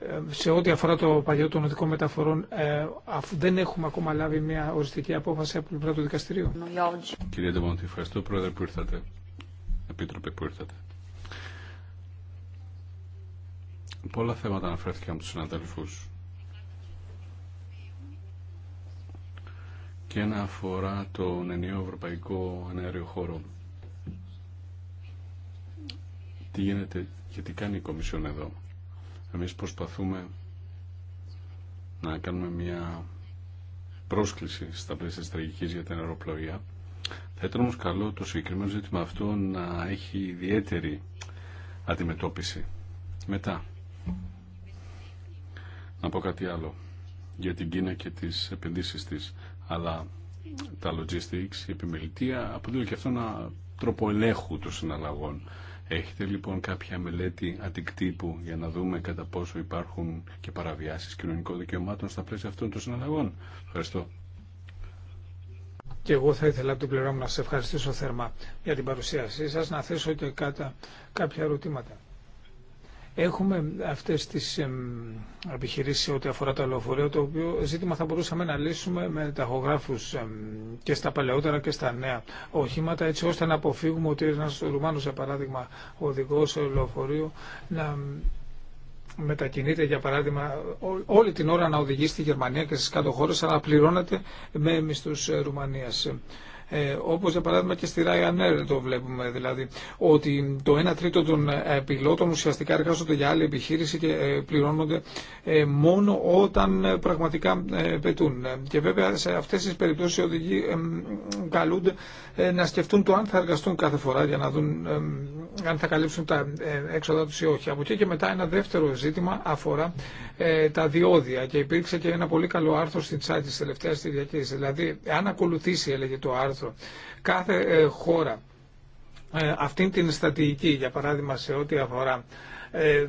ε, σε ό,τι αφορά το παλιό των οδικών μεταφορών, ε, αφού δεν έχουμε ακόμα λάβει μια οριστική απόφαση από την πλευρά του δικαστηρίου. Κύριε Ντεμόντι, ευχαριστώ πρόεδρε που ήρθατε. Επίτροπε που ήρθατε. Πολλά θέματα αναφέρθηκαν από του συναδέλφου και ενα αφορά τον ενιαίο ευρωπαϊκό ενέργειο χώρο. Τι γίνεται και τι κάνει η Κομισιόν εδώ. Εμείς προσπαθούμε να κάνουμε μια πρόσκληση στα πλαίσια της για την αεροπλοεία. Θα ήταν όμως καλό το συγκεκριμένο ζήτημα αυτό να έχει ιδιαίτερη αντιμετώπιση. Μετά, να πω κάτι άλλο για την Κίνα και τις επενδύσεις της αλλά τα logistics, η επιμελητία αποτελούν και αυτό ένα τρόπο ελέγχου των συναλλαγών. Έχετε λοιπόν κάποια μελέτη αντικτύπου για να δούμε κατά πόσο υπάρχουν και παραβιάσεις κοινωνικών δικαιωμάτων στα πλαίσια αυτών των συναλλαγών. Ευχαριστώ. Και εγώ θα ήθελα από την πλευρά μου να σας ευχαριστήσω θερμά για την παρουσίασή σας, να θέσω και κάτα, κάποια ερωτήματα. Έχουμε αυτές τις επιχειρήσει ό,τι αφορά το λεωφορείο, το οποίο ζήτημα θα μπορούσαμε να λύσουμε με ταχογράφου και στα παλαιότερα και στα νέα οχήματα, έτσι ώστε να αποφύγουμε ότι ένα Ρουμάνος, για παράδειγμα, οδηγός λεωφορείου, να μετακινείται για παράδειγμα όλη την ώρα να οδηγεί στη Γερμανία και στις κάτω χώρες αλλά πληρώνεται με μισθου ε, Ρουμανίας. Ε, όπως για παράδειγμα και στη Ryanair το βλέπουμε δηλαδή ότι το 1 τρίτο των ε, πιλότων ουσιαστικά εργάζονται για άλλη επιχείρηση και ε, πληρώνονται ε, μόνο όταν πραγματικά πετούν. Και βέβαια σε αυτές τις περιπτώσεις οι οδηγοί καλούνται να σκεφτούν το αν θα εργαστούν κάθε φορά για να δουν αν θα καλύψουν τα έξοδα τους ή όχι. Από εκεί και μετά ένα δεύτερο ζήτημα αφορά ε, τα διόδια και υπήρξε και ένα πολύ καλό άρθρο στην site της τελευταίας Κυριακής. Δηλαδή, αν ακολουθήσει, έλεγε το άρθρο, κάθε ε, χώρα ε, αυτήν την στατηγική, για παράδειγμα σε ό,τι αφορά ε,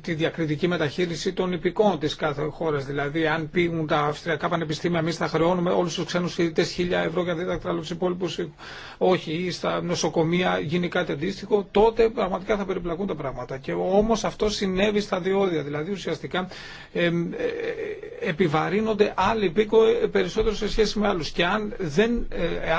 τη διακριτική μεταχείριση των υπηκών τη κάθε χώρα Δηλαδή, αν πήγουν τα αυστριακά πανεπιστήμια, εμεί θα χρεώνουμε όλου του ξένου φοιτητέ χιλιά ευρώ για δίδακτρα, αλλά του υπόλοιπου όχι, ή στα νοσοκομεία γίνει κάτι αντίστοιχο, τότε πραγματικά θα περιπλακούν τα πράγματα. Και όμω αυτό συνέβη στα διόδια. Δηλαδή, ουσιαστικά ε, ε, επιβαρύνονται άλλοι υπήκο περισσότερο σε σχέση με άλλου. Και αν, δεν,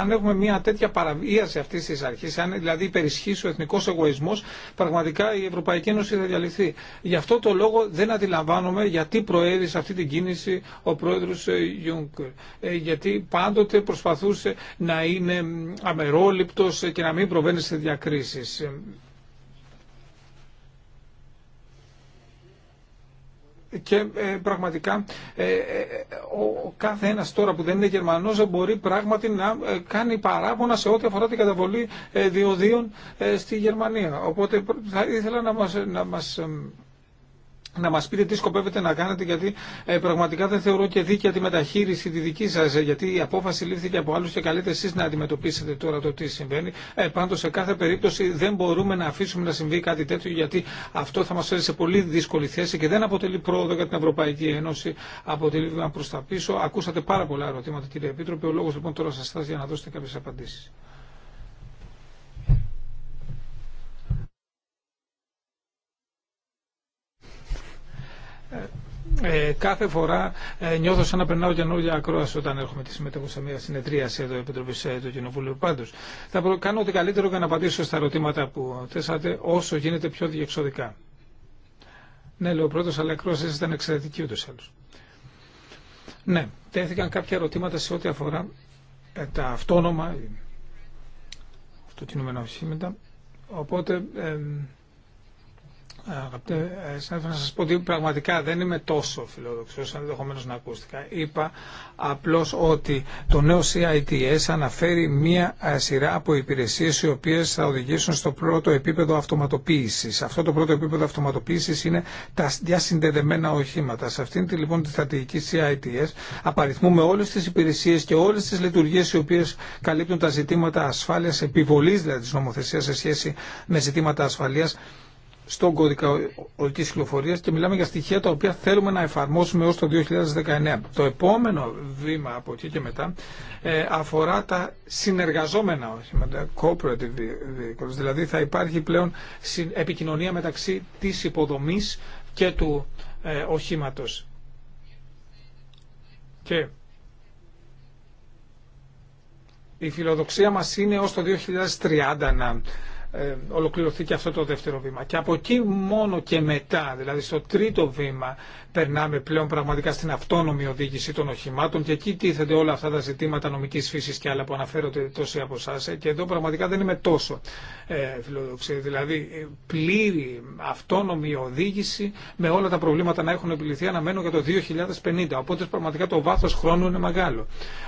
αν έχουμε μια τέτοια παραβίαση αυτή τη αρχή, αν δηλαδή υπερισχύσει ο εθνικό εγωισμό, πραγματικά η Ευρωπαϊκή Ένωση διαλυθεί. Γι' αυτό το λόγο δεν αντιλαμβάνομαι γιατί προέδρει αυτή την κίνηση ο πρόεδρος Γιούγκερ. Ε, γιατί πάντοτε προσπαθούσε να είναι αμερόληπτος και να μην προβαίνει σε διακρίσεις. και ε, πραγματικά ε, ε, ο κάθε ένας τώρα που δεν είναι Γερμανός μπορεί πράγματι να κάνει παράπονα σε ό,τι αφορά την καταβολή διοδίων στη Γερμανία. Οπότε θα ήθελα να μας, να μας να μας πείτε τι σκοπεύετε να κάνετε γιατί ε, πραγματικά δεν θεωρώ και δίκαια τη μεταχείριση τη δική σας ε, γιατί η απόφαση λήφθηκε από άλλους και καλείτε εσείς να αντιμετωπίσετε τώρα το τι συμβαίνει. Ε, πάντως σε κάθε περίπτωση δεν μπορούμε να αφήσουμε να συμβεί κάτι τέτοιο γιατί αυτό θα μας φέρει σε πολύ δύσκολη θέση και δεν αποτελεί πρόοδο για την Ευρωπαϊκή Ένωση. Αποτελεί βήμα προς τα πίσω. Ακούσατε πάρα πολλά ερωτήματα κύριε Επίτροπε. Ο λόγος λοιπόν τώρα σας στάζει για να δώσετε κάποιες απαντήσεις. Ε, κάθε φορά ε, νιώθω σαν να περνάω καινούργια ακρόαση όταν έρχομαι τη συμμετέχω σε μια συνεδρίαση εδώ Επιτροπή ε, του Κοινοβουλίου. Πάντω, θα προ... κάνω ό,τι καλύτερο για να απαντήσω στα ερωτήματα που θέσατε όσο γίνεται πιο διεξοδικά. Ναι, λέω πρώτο, αλλά ακρόαση ήταν εξαιρετική ούτω ή Ναι, τέθηκαν κάποια ερωτήματα σε ό,τι αφορά ε, τα αυτόνομα, ε, αυτοκινούμενα οχήματα. Οπότε. Ε, Αγαπητέ ε, ήθελα να σας πω ότι πραγματικά δεν είμαι τόσο φιλοδοξό, αν ενδεχομένω να ακούστηκα. Είπα απλώς ότι το νέο CITS αναφέρει μία ε, σειρά από υπηρεσίες οι οποίες θα οδηγήσουν στο πρώτο επίπεδο αυτοματοποίησης. Αυτό το πρώτο επίπεδο αυτοματοποίησης είναι τα διασυνδεδεμένα οχήματα. Σε αυτήν λοιπόν τη στρατηγική CITS απαριθμούμε όλες τις υπηρεσίες και όλες τις λειτουργίες οι οποίες καλύπτουν τα ζητήματα ασφάλειας, επιβολή δηλαδή της νομοθεσίας σε σχέση με ζητήματα ασφαλείας στον κώδικα οδική κυκλοφορία και μιλάμε για στοιχεία τα οποία θέλουμε να εφαρμόσουμε ω το 2019. Το επόμενο βήμα από εκεί και μετά ε, αφορά τα συνεργαζόμενα οχήματα, cooperative Δηλαδή θα υπάρχει πλέον επικοινωνία μεταξύ τη υποδομή και του ε, οχήματο. Και η φιλοδοξία μας είναι ως το 2030 να ε, ολοκληρωθεί και αυτό το δεύτερο βήμα. Και από εκεί μόνο και μετά, δηλαδή στο τρίτο βήμα, περνάμε πλέον πραγματικά στην αυτόνομη οδήγηση των οχημάτων και εκεί τίθενται όλα αυτά τα ζητήματα νομικής φύσης και άλλα που αναφέρονται τόσοι από εσά. Ε, και εδώ πραγματικά δεν είμαι τόσο ε, φιλοδοξή. Δηλαδή ε, πλήρη αυτόνομη οδήγηση με όλα τα προβλήματα να έχουν επιληθεί αναμένω για το 2050. Οπότε πραγματικά το βάθος χρόνου είναι μεγάλο.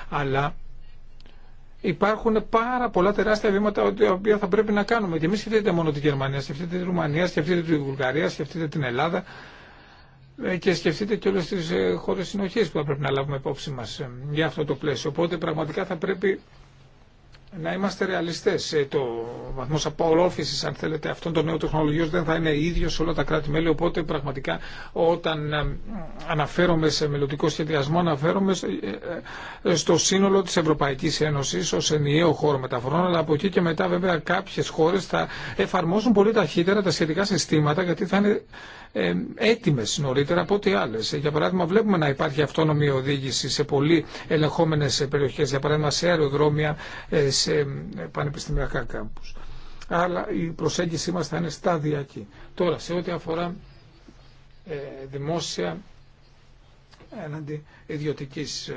Αλλά υπάρχουν πάρα πολλά τεράστια βήματα τα οποία θα πρέπει να κάνουμε. Και μην σκεφτείτε μόνο τη Γερμανία, σκεφτείτε τη Ρουμανία, σκεφτείτε τη Βουλγαρία, σκεφτείτε την Ελλάδα ε, και σκεφτείτε και όλες τις ε, χώρες συνοχής που θα πρέπει να λάβουμε υπόψη μας ε, για αυτό το πλαίσιο. Οπότε πραγματικά θα πρέπει να είμαστε ρεαλιστέ. Ε, το βαθμό απορρόφηση, αν θέλετε, αυτών των νέων τεχνολογιών δεν θα είναι ίδιο σε όλα τα κράτη-μέλη. Οπότε, πραγματικά, όταν ε, αναφέρομαι σε μελλοντικό σχεδιασμό, αναφέρομαι ε, στο σύνολο τη Ευρωπαϊκή Ένωση ω ενιαίο χώρο μεταφορών. Αλλά από εκεί και μετά, βέβαια, κάποιε χώρε θα εφαρμόσουν πολύ ταχύτερα τα σχετικά συστήματα, γιατί θα είναι ε, έτοιμε νωρίτερα από ό,τι άλλε. Ε, για παράδειγμα, βλέπουμε να υπάρχει αυτόνομη οδήγηση σε πολύ ελεγχόμενε ε, περιοχέ, για παράδειγμα σε αεροδρόμια, σε πανεπιστημιακά κάμπου. Αλλά η προσέγγιση μα θα είναι σταδιακή. Τώρα, σε ό,τι αφορά δημόσια έναντι ιδιωτικής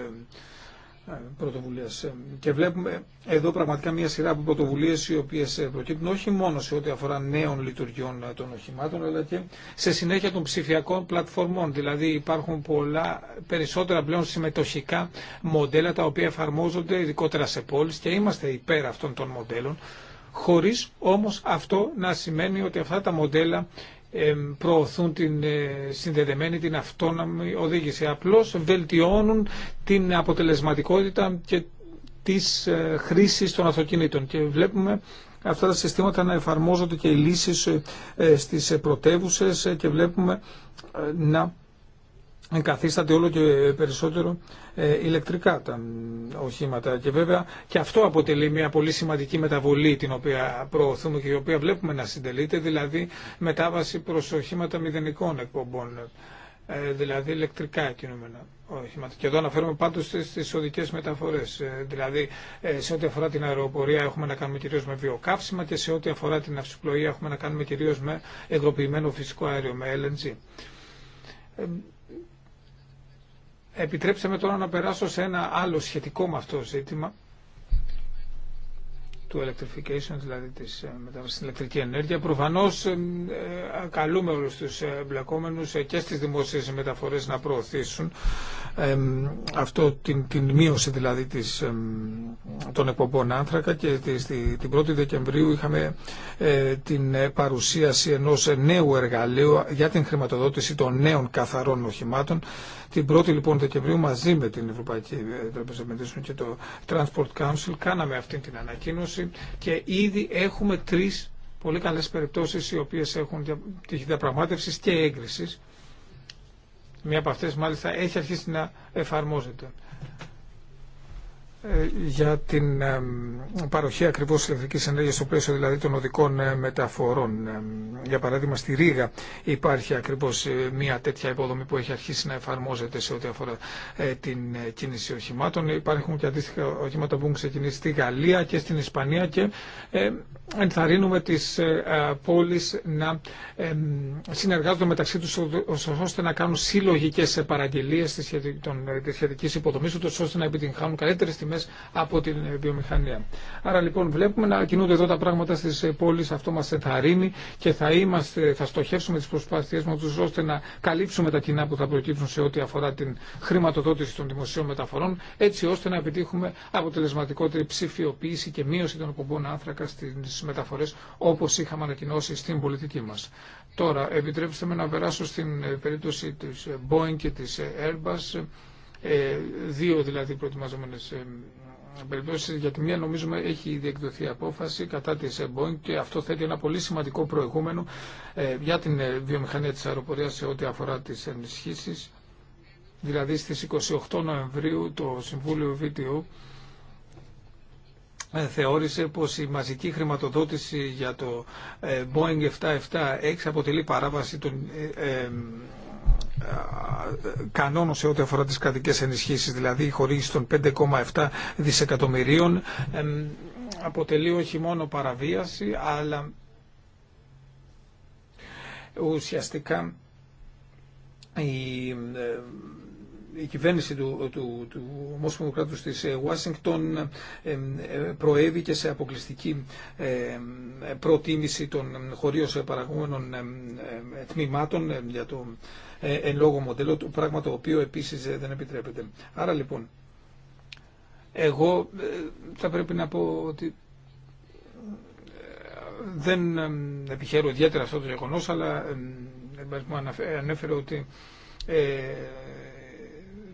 πρωτοβουλία. Ε, και βλέπουμε εδώ πραγματικά μια σειρά από πρωτοβουλίε οι οποίε ε, προκύπτουν όχι μόνο σε ό,τι αφορά νέων λειτουργιών ε, των οχημάτων, αλλά και σε συνέχεια των ψηφιακών πλατφορμών. Δηλαδή υπάρχουν πολλά περισσότερα πλέον συμμετοχικά μοντέλα τα οποία εφαρμόζονται ειδικότερα σε πόλει και είμαστε υπέρ αυτών των μοντέλων χωρίς όμως αυτό να σημαίνει ότι αυτά τα μοντέλα προωθούν την ε, συνδεδεμένη, την αυτόνομη οδήγηση. Απλώς βελτιώνουν την αποτελεσματικότητα και της ε, χρήσης των αυτοκινήτων. Και βλέπουμε αυτά τα συστήματα να εφαρμόζονται και οι λύσεις ε, στις πρωτεύουσε και βλέπουμε να καθίστανται όλο και περισσότερο ε, ηλεκτρικά τα οχήματα. Και βέβαια και αυτό αποτελεί μια πολύ σημαντική μεταβολή την οποία προωθούμε και η οποία βλέπουμε να συντελείται, δηλαδή μετάβαση προς οχήματα μηδενικών εκπομπών, ε, δηλαδή ηλεκτρικά κινούμενα οχήματα. Και εδώ αναφέρομαι πάντως στις οδικές μεταφορές. Ε, δηλαδή σε ό,τι αφορά την αεροπορία έχουμε να κάνουμε κυρίως με βιοκαύσιμα και σε ό,τι αφορά την αυσυπλοεία έχουμε να κάνουμε κυρίως με εγκροποιημένο φυσικό αέριο, με LNG. Επιτρέψτε με τώρα να περάσω σε ένα άλλο σχετικό με αυτό ζήτημα του electrification, δηλαδή της ε, μετάβασης στην ηλεκτρική ενέργεια. Προφανώς ε, ε, καλούμε όλους τους εμπλεκόμενους και στις δημόσιες μεταφορές να προωθήσουν αυτό την, την μείωση δηλαδή της, των εκπομπών άνθρακα και την 1η Δεκεμβρίου είχαμε την παρουσίαση ενός νέου εργαλείου για την χρηματοδότηση των νέων καθαρών οχημάτων την 1η λοιπόν Δεκεμβρίου μαζί με την Ευρωπαϊκή Τράπεζα Επενδύσεων και το Transport Council κάναμε αυτή την ανακοίνωση και ήδη έχουμε τρεις πολύ καλές περιπτώσεις οι οποίες έχουν τύχη και έγκρισης. Μία από αυτές μάλιστα έχει αρχίσει να εφαρμόζεται. Ε, για την παροχή ακριβώς ηλεκτρικής ενέργειας στο πλαίσιο δηλαδή των οδικών ε, μεταφορών. Για παράδειγμα στη Ρήγα υπάρχει ακριβώς ε, μια τέτοια υποδομή που έχει αρχίσει να εφαρμόζεται σε ό,τι αφορά την κίνηση οχημάτων. Υπάρχουν και αντίστοιχα οχήματα που έχουν ξεκινήσει στη Γαλλία και στην Ισπανία και ενθαρρύνουμε τις πόλεις να συνεργάζονται μεταξύ τους ώστε να κάνουν συλλογικές παραγγελίες της σχετικής υποδομής ώστε να επιτυγχάνουν καλύτερες τιμές από την ε, βιομηχανία. Άρα λοιπόν βλέπουμε να κινούνται εδώ τα πράγματα στι ε, πόλει, αυτό μας ενθαρρύνει και θα, είμαστε, θα στοχεύσουμε τι προσπάθειές μας ώστε να καλύψουμε τα κοινά που θα προκύψουν σε ό,τι αφορά την χρηματοδότηση των δημοσίων μεταφορών, έτσι ώστε να επιτύχουμε αποτελεσματικότερη ψηφιοποίηση και μείωση των κομπών άνθρακα στι μεταφορέ όπω είχαμε ανακοινώσει στην πολιτική μα. Τώρα, επιτρέψτε με να περάσω στην ε, περίπτωση τη Boeing και τη Airbus ε, δύο δηλαδή προετοιμαζόμενες ε, περιπτώσει, Για τη μία νομίζουμε έχει ήδη απόφαση κατά της Boeing και αυτό θέτει ένα πολύ σημαντικό προηγούμενο ε, για την βιομηχανία της αεροπορίας σε ό,τι αφορά τις ενισχύσει, Δηλαδή στις 28 Νοεμβρίου το Συμβούλιο ΒΤΟ θεώρησε πως η μαζική χρηματοδότηση για το Boeing 776 αποτελεί παράβαση των κανόνων σε ό,τι αφορά τις κρατικές ενισχύσεις, δηλαδή η χορήγηση των 5,7 δισεκατομμυρίων αποτελεί όχι μόνο παραβίαση, αλλά ουσιαστικά η ε, η κυβέρνηση του, του, του ομόσπονδου της ε, Ουάσιγκτον ε, ε, προέβη και σε αποκλειστική προτίμηση των χωρίως παραγωγμένων τμήματων για το εν λόγω μοντέλο, πράγμα το οποίο επίσης δεν επιτρέπεται. Άρα λοιπόν, εγώ θα πρέπει να πω ότι δεν επιχαίρω ιδιαίτερα αυτό το γεγονό, αλλά ανέφερε ότι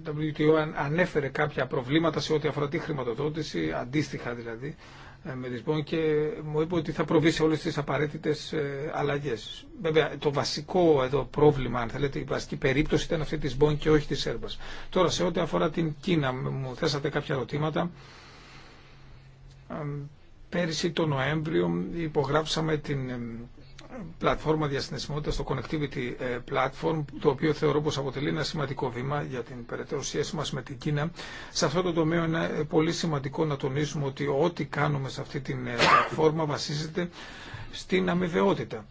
WTO ανέφερε κάποια προβλήματα σε ό,τι αφορά τη χρηματοδότηση, αντίστοιχα δηλαδή ε, με Λισμπόν και μου είπε ότι θα προβεί σε όλες τις απαραίτητες ε, αλλαγές. Βέβαια το βασικό εδώ πρόβλημα, αν θέλετε, η βασική περίπτωση ήταν αυτή της Μπόν και όχι της Έρμπας. Τώρα σε ό,τι αφορά την Κίνα, μου θέσατε κάποια ερωτήματα. Πέρυσι το Νοέμβριο υπογράψαμε την πλατφόρμα διασυναισιμότητας, το Connectivity ε, Platform, το οποίο θεωρώ πως αποτελεί ένα σημαντικό βήμα για την περαιτέρω σχέση μας με την Κίνα. Σε αυτό το τομέα είναι ε, πολύ σημαντικό να τονίσουμε ότι ό,τι κάνουμε σε αυτή την ε, πλατφόρμα βασίζεται στην αμοιβαιότητα.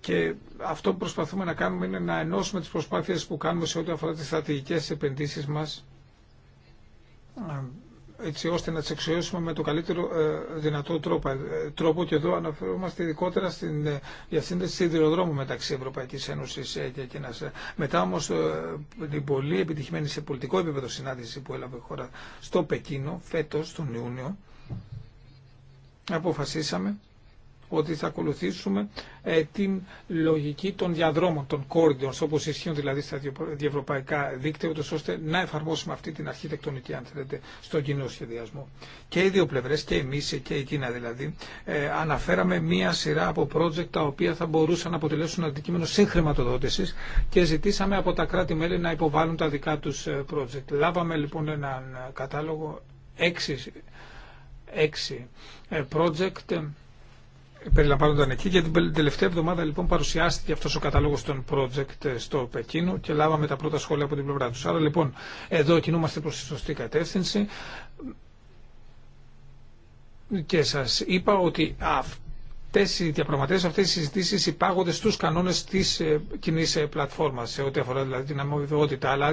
Και αυτό που προσπαθούμε να κάνουμε είναι να ενώσουμε τις προσπάθειες που κάνουμε σε ό,τι αφορά τις στρατηγικές επενδύσεις μας έτσι ώστε να τι αξιώσουμε με το καλύτερο ε, δυνατό ε, τρόπο. Και εδώ αναφερόμαστε ειδικότερα στην διασύνδεση ε, σιδηροδρόμου μεταξύ Ευρωπαϊκή Ένωση και Κίνα. Μετά όμω την πολύ επιτυχημένη σε πολιτικό επίπεδο συνάντηση που έλαβε η χώρα στο Πεκίνο φέτο, τον Ιούνιο, αποφασίσαμε ότι θα ακολουθήσουμε ε, την λογική των διαδρόμων, των corridors, όπως ισχύουν δηλαδή στα διευρωπαϊκά δίκτυα, ώστε να εφαρμόσουμε αυτή την αρχιτεκτονική, αν θέλετε, στον κοινό σχεδιασμό. Και οι δύο πλευρές, και εμείς και η Κίνα δηλαδή, ε, αναφέραμε μία σειρά από project τα οποία θα μπορούσαν να αποτελέσουν αντικείμενο συγχρηματοδότησης και ζητήσαμε από τα κράτη-μέλη να υποβάλουν τα δικά τους ε, project. Λάβαμε λοιπόν έναν κατάλογο έξι project περιλαμβάνονταν εκεί και την τελευταία εβδομάδα λοιπόν παρουσιάστηκε αυτός ο κατάλογος των project ε, στο Πεκίνο και λάβαμε τα πρώτα σχόλια από την πλευρά τους. Άρα λοιπόν εδώ κινούμαστε προς τη σωστή κατεύθυνση και σας είπα ότι αυτό οι διαπραγματεύσει, αυτέ οι συζητήσει υπάγονται στου κανόνε τη ε, κοινή ε, πλατφόρμα, σε ό,τι αφορά δηλαδή την αμοιβαιότητα. Αλλά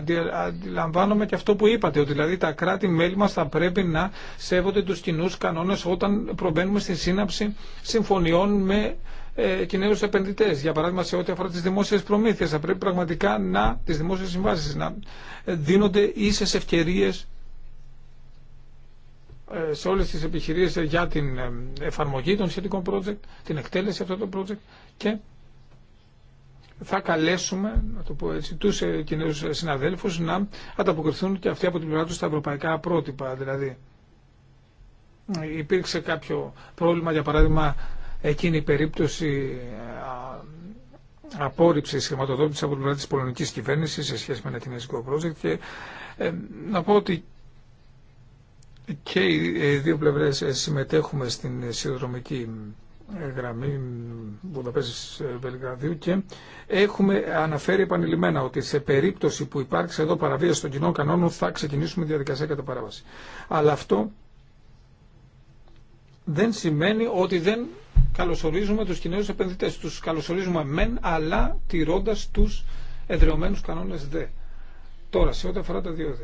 αντιλαμβάνομαι και αυτό που είπατε, ότι δηλαδή τα κράτη-μέλη μα θα πρέπει να σέβονται του κοινού κανόνε όταν προμπαίνουμε στη σύναψη συμφωνιών με ε, κοινέου επενδυτέ. Για παράδειγμα, σε ό,τι αφορά τι δημόσιε προμήθειε, θα πρέπει πραγματικά να τι δημόσιε συμβάσει να ε, δίνονται ίσε ευκαιρίε σε όλες τις επιχειρήσεις για την ε, εφαρμογή των σχετικών project, την εκτέλεση αυτών των project και θα καλέσουμε, να το πω τους ε, κοινούς συναδέλφους να ανταποκριθούν και αυτοί από την πλευρά τους στα ευρωπαϊκά πρότυπα. Δηλαδή, υπήρξε κάποιο πρόβλημα, για παράδειγμα, εκείνη η περίπτωση ε, απόρριψη χρηματοδότηση από την πλευρά τη πολωνικής κυβέρνηση σε σχέση με ένα κινέζικο project. Και να πω ότι και οι δύο πλευρέ ε, συμμετέχουμε στην συνδρομική ε, γραμμή Βουδαπέζης ε, Βελιγραδίου και έχουμε αναφέρει επανειλημμένα ότι σε περίπτωση που υπάρξει εδώ παραβίαση των κοινών κανόνων θα ξεκινήσουμε διαδικασία κατά παράβαση. Αλλά αυτό δεν σημαίνει ότι δεν καλωσορίζουμε τους κοινούς επενδυτές. Τους καλωσορίζουμε μεν, αλλά τηρώντας τους εδρεωμένους κανόνες δε. Τώρα, σε ό,τι αφορά τα δύο δε.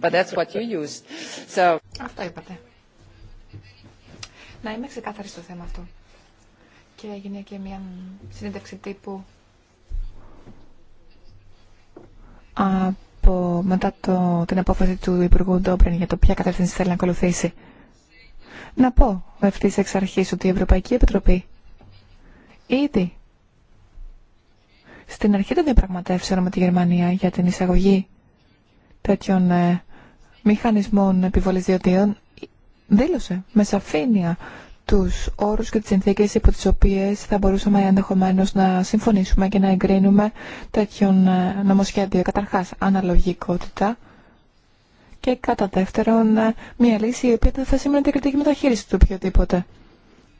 But Αυτό είπατε. Να είμαι ξεκάθαρη στο θέμα αυτό. Και έγινε και μια συνέντευξη τύπου από, μετά το, την απόφαση του Υπουργού Ντόμπριν για το ποια κατεύθυνση θέλει να ακολουθήσει. Να πω ευθύ εξ αρχή ότι η Ευρωπαϊκή Επιτροπή ήδη στην αρχή των διαπραγματεύσεων με τη Γερμανία για την εισαγωγή τέτοιων ε, μηχανισμών επιβολής διοδίων δήλωσε με σαφήνεια τους όρους και τις συνθήκες υπό τις οποίες θα μπορούσαμε ενδεχομένω να συμφωνήσουμε και να εγκρίνουμε τέτοιον ε, νομοσχέδιο. Καταρχάς, αναλογικότητα και κατά δεύτερον, ε, μια λύση η οποία θα σήμαινε την κριτική μεταχείριση του οποιοδήποτε.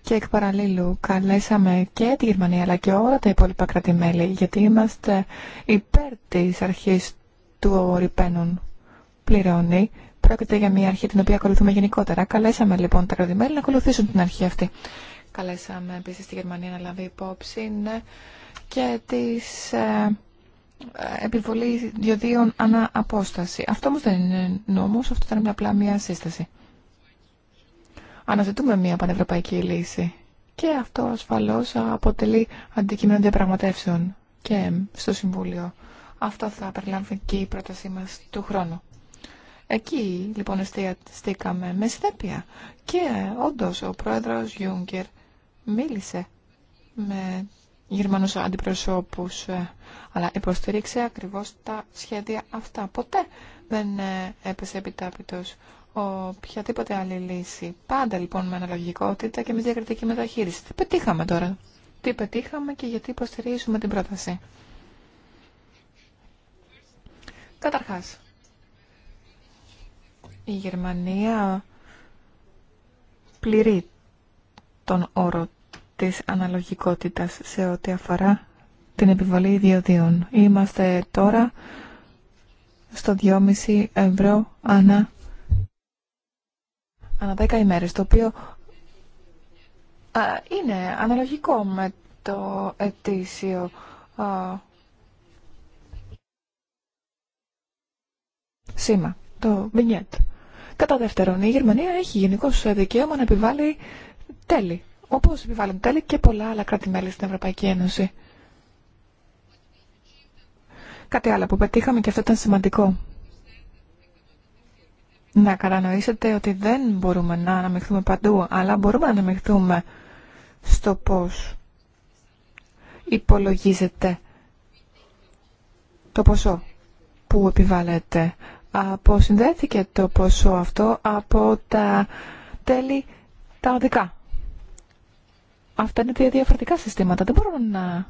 Και εκ παραλλήλου καλέσαμε και τη Γερμανία αλλά και όλα τα υπόλοιπα κρατημέλη γιατί είμαστε υπέρ της αρχής του ορυπαίνων πληρώνει πρόκειται για μια αρχή την οποία ακολουθούμε γενικότερα. Καλέσαμε λοιπόν τα κρατημέλη να ακολουθήσουν την αρχή αυτή. Καλέσαμε επίση τη Γερμανία να λάβει υπόψη ναι, και τη ε, ε, επιβολή διοδίων ανά απόσταση. Αυτό όμω δεν είναι νόμος, αυτό ήταν απλά μια σύσταση. Αναζητούμε μια πανευρωπαϊκή λύση και αυτό ασφαλώς αποτελεί αντικείμενο διαπραγματεύσεων και στο Συμβούλιο. Αυτό θα περιλάμβει και η πρότασή μας του χρόνου. Εκεί λοιπόν εστιαστήκαμε με συνέπεια. Και όντως ο πρόεδρος Γιούγκερ μίλησε με Γερμανούς αντιπροσώπους, ε, αλλά υποστήριξε ακριβώς τα σχέδια αυτά. Ποτέ δεν ε, έπεσε επιτάπητος οποιαδήποτε άλλη λύση. Πάντα λοιπόν με αναλογικότητα και με διακριτική μεταχείριση. Τι πετύχαμε τώρα. Τι πετύχαμε και γιατί υποστηρίζουμε την πρόταση. Καταρχάς, η Γερμανία πληρεί τον όρο της αναλογικότητας σε ό,τι αφορά την επιβολή ιδιωδίων. Είμαστε τώρα στο 2,5 ευρώ ανά, ανά 10 ημέρες, το οποίο είναι αναλογικό με το ετήσιο σήμα το μπινιέτ. Κατά δεύτερον, η Γερμανία έχει γενικώ δικαίωμα να επιβάλλει τέλη, όπως επιβάλλουν τέλη και πολλά άλλα κράτη-μέλη στην Ευρωπαϊκή Ένωση. Κάτι άλλο που πετύχαμε και αυτό ήταν σημαντικό. Να κατανοήσετε ότι δεν μπορούμε να αναμειχθούμε παντού, αλλά μπορούμε να αναμειχθούμε στο πώς υπολογίζεται το ποσό που επιβάλλεται αποσυνδέθηκε το ποσό αυτό από τα τέλη τα οδικά. Αυτά είναι δύο διαφορετικά συστήματα. Δεν μπορώ να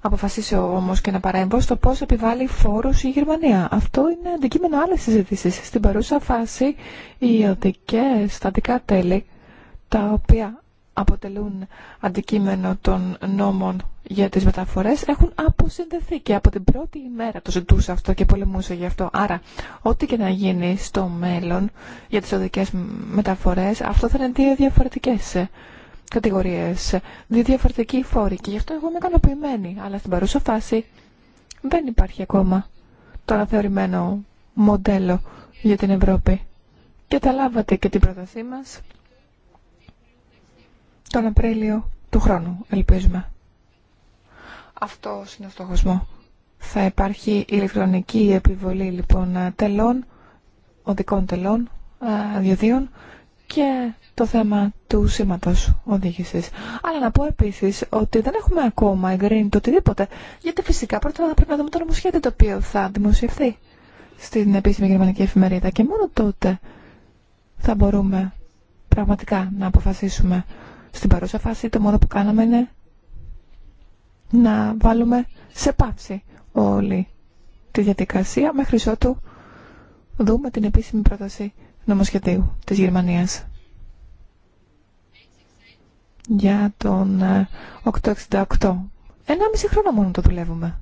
αποφασίσω όμως και να παρέμβω στο πώς επιβάλλει φόρους η Γερμανία. Αυτό είναι αντικείμενο άλλες συζήτηση. Στην παρούσα φάση οι οδικές, τα τέλη, τα οποία αποτελούν αντικείμενο των νόμων για τις μεταφορές έχουν αποσυνδεθεί και από την πρώτη ημέρα το ζητούσε αυτό και πολεμούσε γι' αυτό. Άρα, ό,τι και να γίνει στο μέλλον για τις οδικές μεταφορές, αυτό θα είναι δύο διαφορετικές κατηγορίες, δύο διαφορετικοί φόροι και γι' αυτό εγώ είμαι ικανοποιημένη. Αλλά στην παρούσα φάση δεν υπάρχει ακόμα το αναθεωρημένο μοντέλο για την Ευρώπη. Και τα λάβατε και την πρότασή μας τον Απρίλιο του χρόνου, ελπίζουμε. Αυτό είναι ο στόχος μου. Θα υπάρχει ηλεκτρονική επιβολή λοιπόν τελών, οδικών τελών, ε, διοδίων και το θέμα του σήματος οδήγησης. Αλλά να πω επίσης ότι δεν έχουμε ακόμα εγκρίνει το οτιδήποτε, γιατί φυσικά πρώτα θα πρέπει να δούμε το νομοσχέδιο το οποίο θα δημοσιευθεί στην επίσημη γερμανική εφημερίδα και μόνο τότε θα μπορούμε πραγματικά να αποφασίσουμε στην παρούσα φάση το μόνο που κάναμε είναι να βάλουμε σε πάυση όλη τη διαδικασία μέχρι ότου δούμε την επίσημη πρόταση νομοσχεδίου της Γερμανίας για τον 868. Ε, Ένα μισή χρόνο μόνο το δουλεύουμε.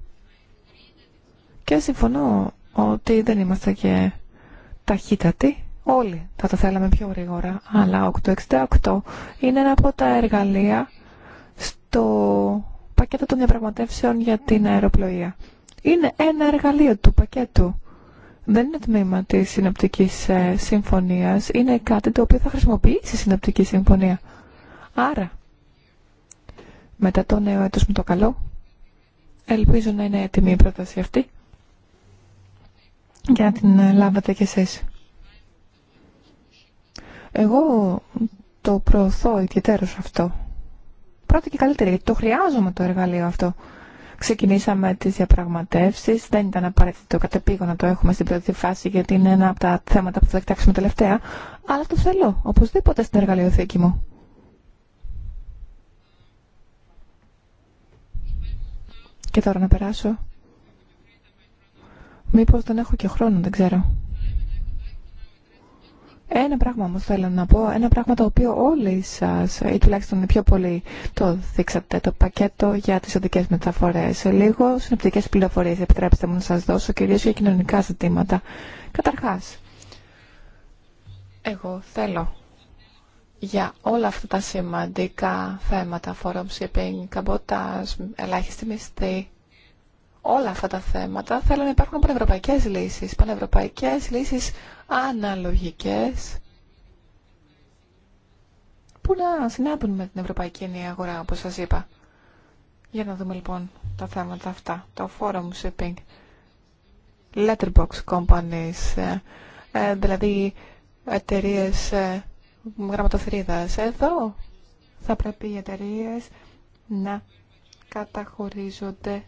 Και συμφωνώ ότι δεν είμαστε και ταχύτατοι. Όλοι θα το θέλαμε πιο γρήγορα, αλλά 868 είναι ένα από τα εργαλεία στο πακέτο των διαπραγματεύσεων για την αεροπλοεία. Είναι ένα εργαλείο του πακέτου. Δεν είναι τμήμα τη συνοπτική ε, συμφωνία. Είναι κάτι το οποίο θα χρησιμοποιήσει η συνοπτική συμφωνία. Άρα, μετά το νέο έτος με το καλό, ελπίζω να είναι έτοιμη η πρόταση αυτή για να την ε, λάβατε κι εσείς. Εγώ το προωθώ ιδιαίτερως αυτό. Πρώτα και καλύτερα, γιατί το χρειάζομαι το εργαλείο αυτό. Ξεκινήσαμε τις διαπραγματεύσει. δεν ήταν απαραίτητο κατεπήγον να το έχουμε στην πρώτη φάση, γιατί είναι ένα από τα θέματα που θα κοιτάξουμε τελευταία, αλλά το θέλω, οπωσδήποτε στην εργαλειοθήκη μου. Και τώρα να περάσω. Μήπως δεν έχω και χρόνο, δεν ξέρω. Ένα πράγμα μου θέλω να πω, ένα πράγμα το οποίο όλοι σας, ή τουλάχιστον πιο πολύ το δείξατε, το πακέτο για τις οδικές μεταφορές. Λίγο συνεπτικές πληροφορίες επιτρέψτε μου να σας δώσω, κυρίως για κοινωνικά ζητήματα. Καταρχάς, εγώ θέλω για όλα αυτά τα σημαντικά θέματα, forum shipping, καμπότας, ελάχιστη μισθή, όλα αυτά τα θέματα θέλω να υπάρχουν πανευρωπαϊκές λύσεις, πανευρωπαϊκές λύσεις αναλογικές που να συνάπτουν με την Ευρωπαϊκή Ενιαία Αγορά, όπως σας είπα. Για να δούμε λοιπόν τα θέματα αυτά. Το Forum Shipping, Letterbox Companies, ε, ε, δηλαδή εταιρείε γραμματοθρίδας. Εδώ θα πρέπει οι εταιρείες να καταχωρίζονται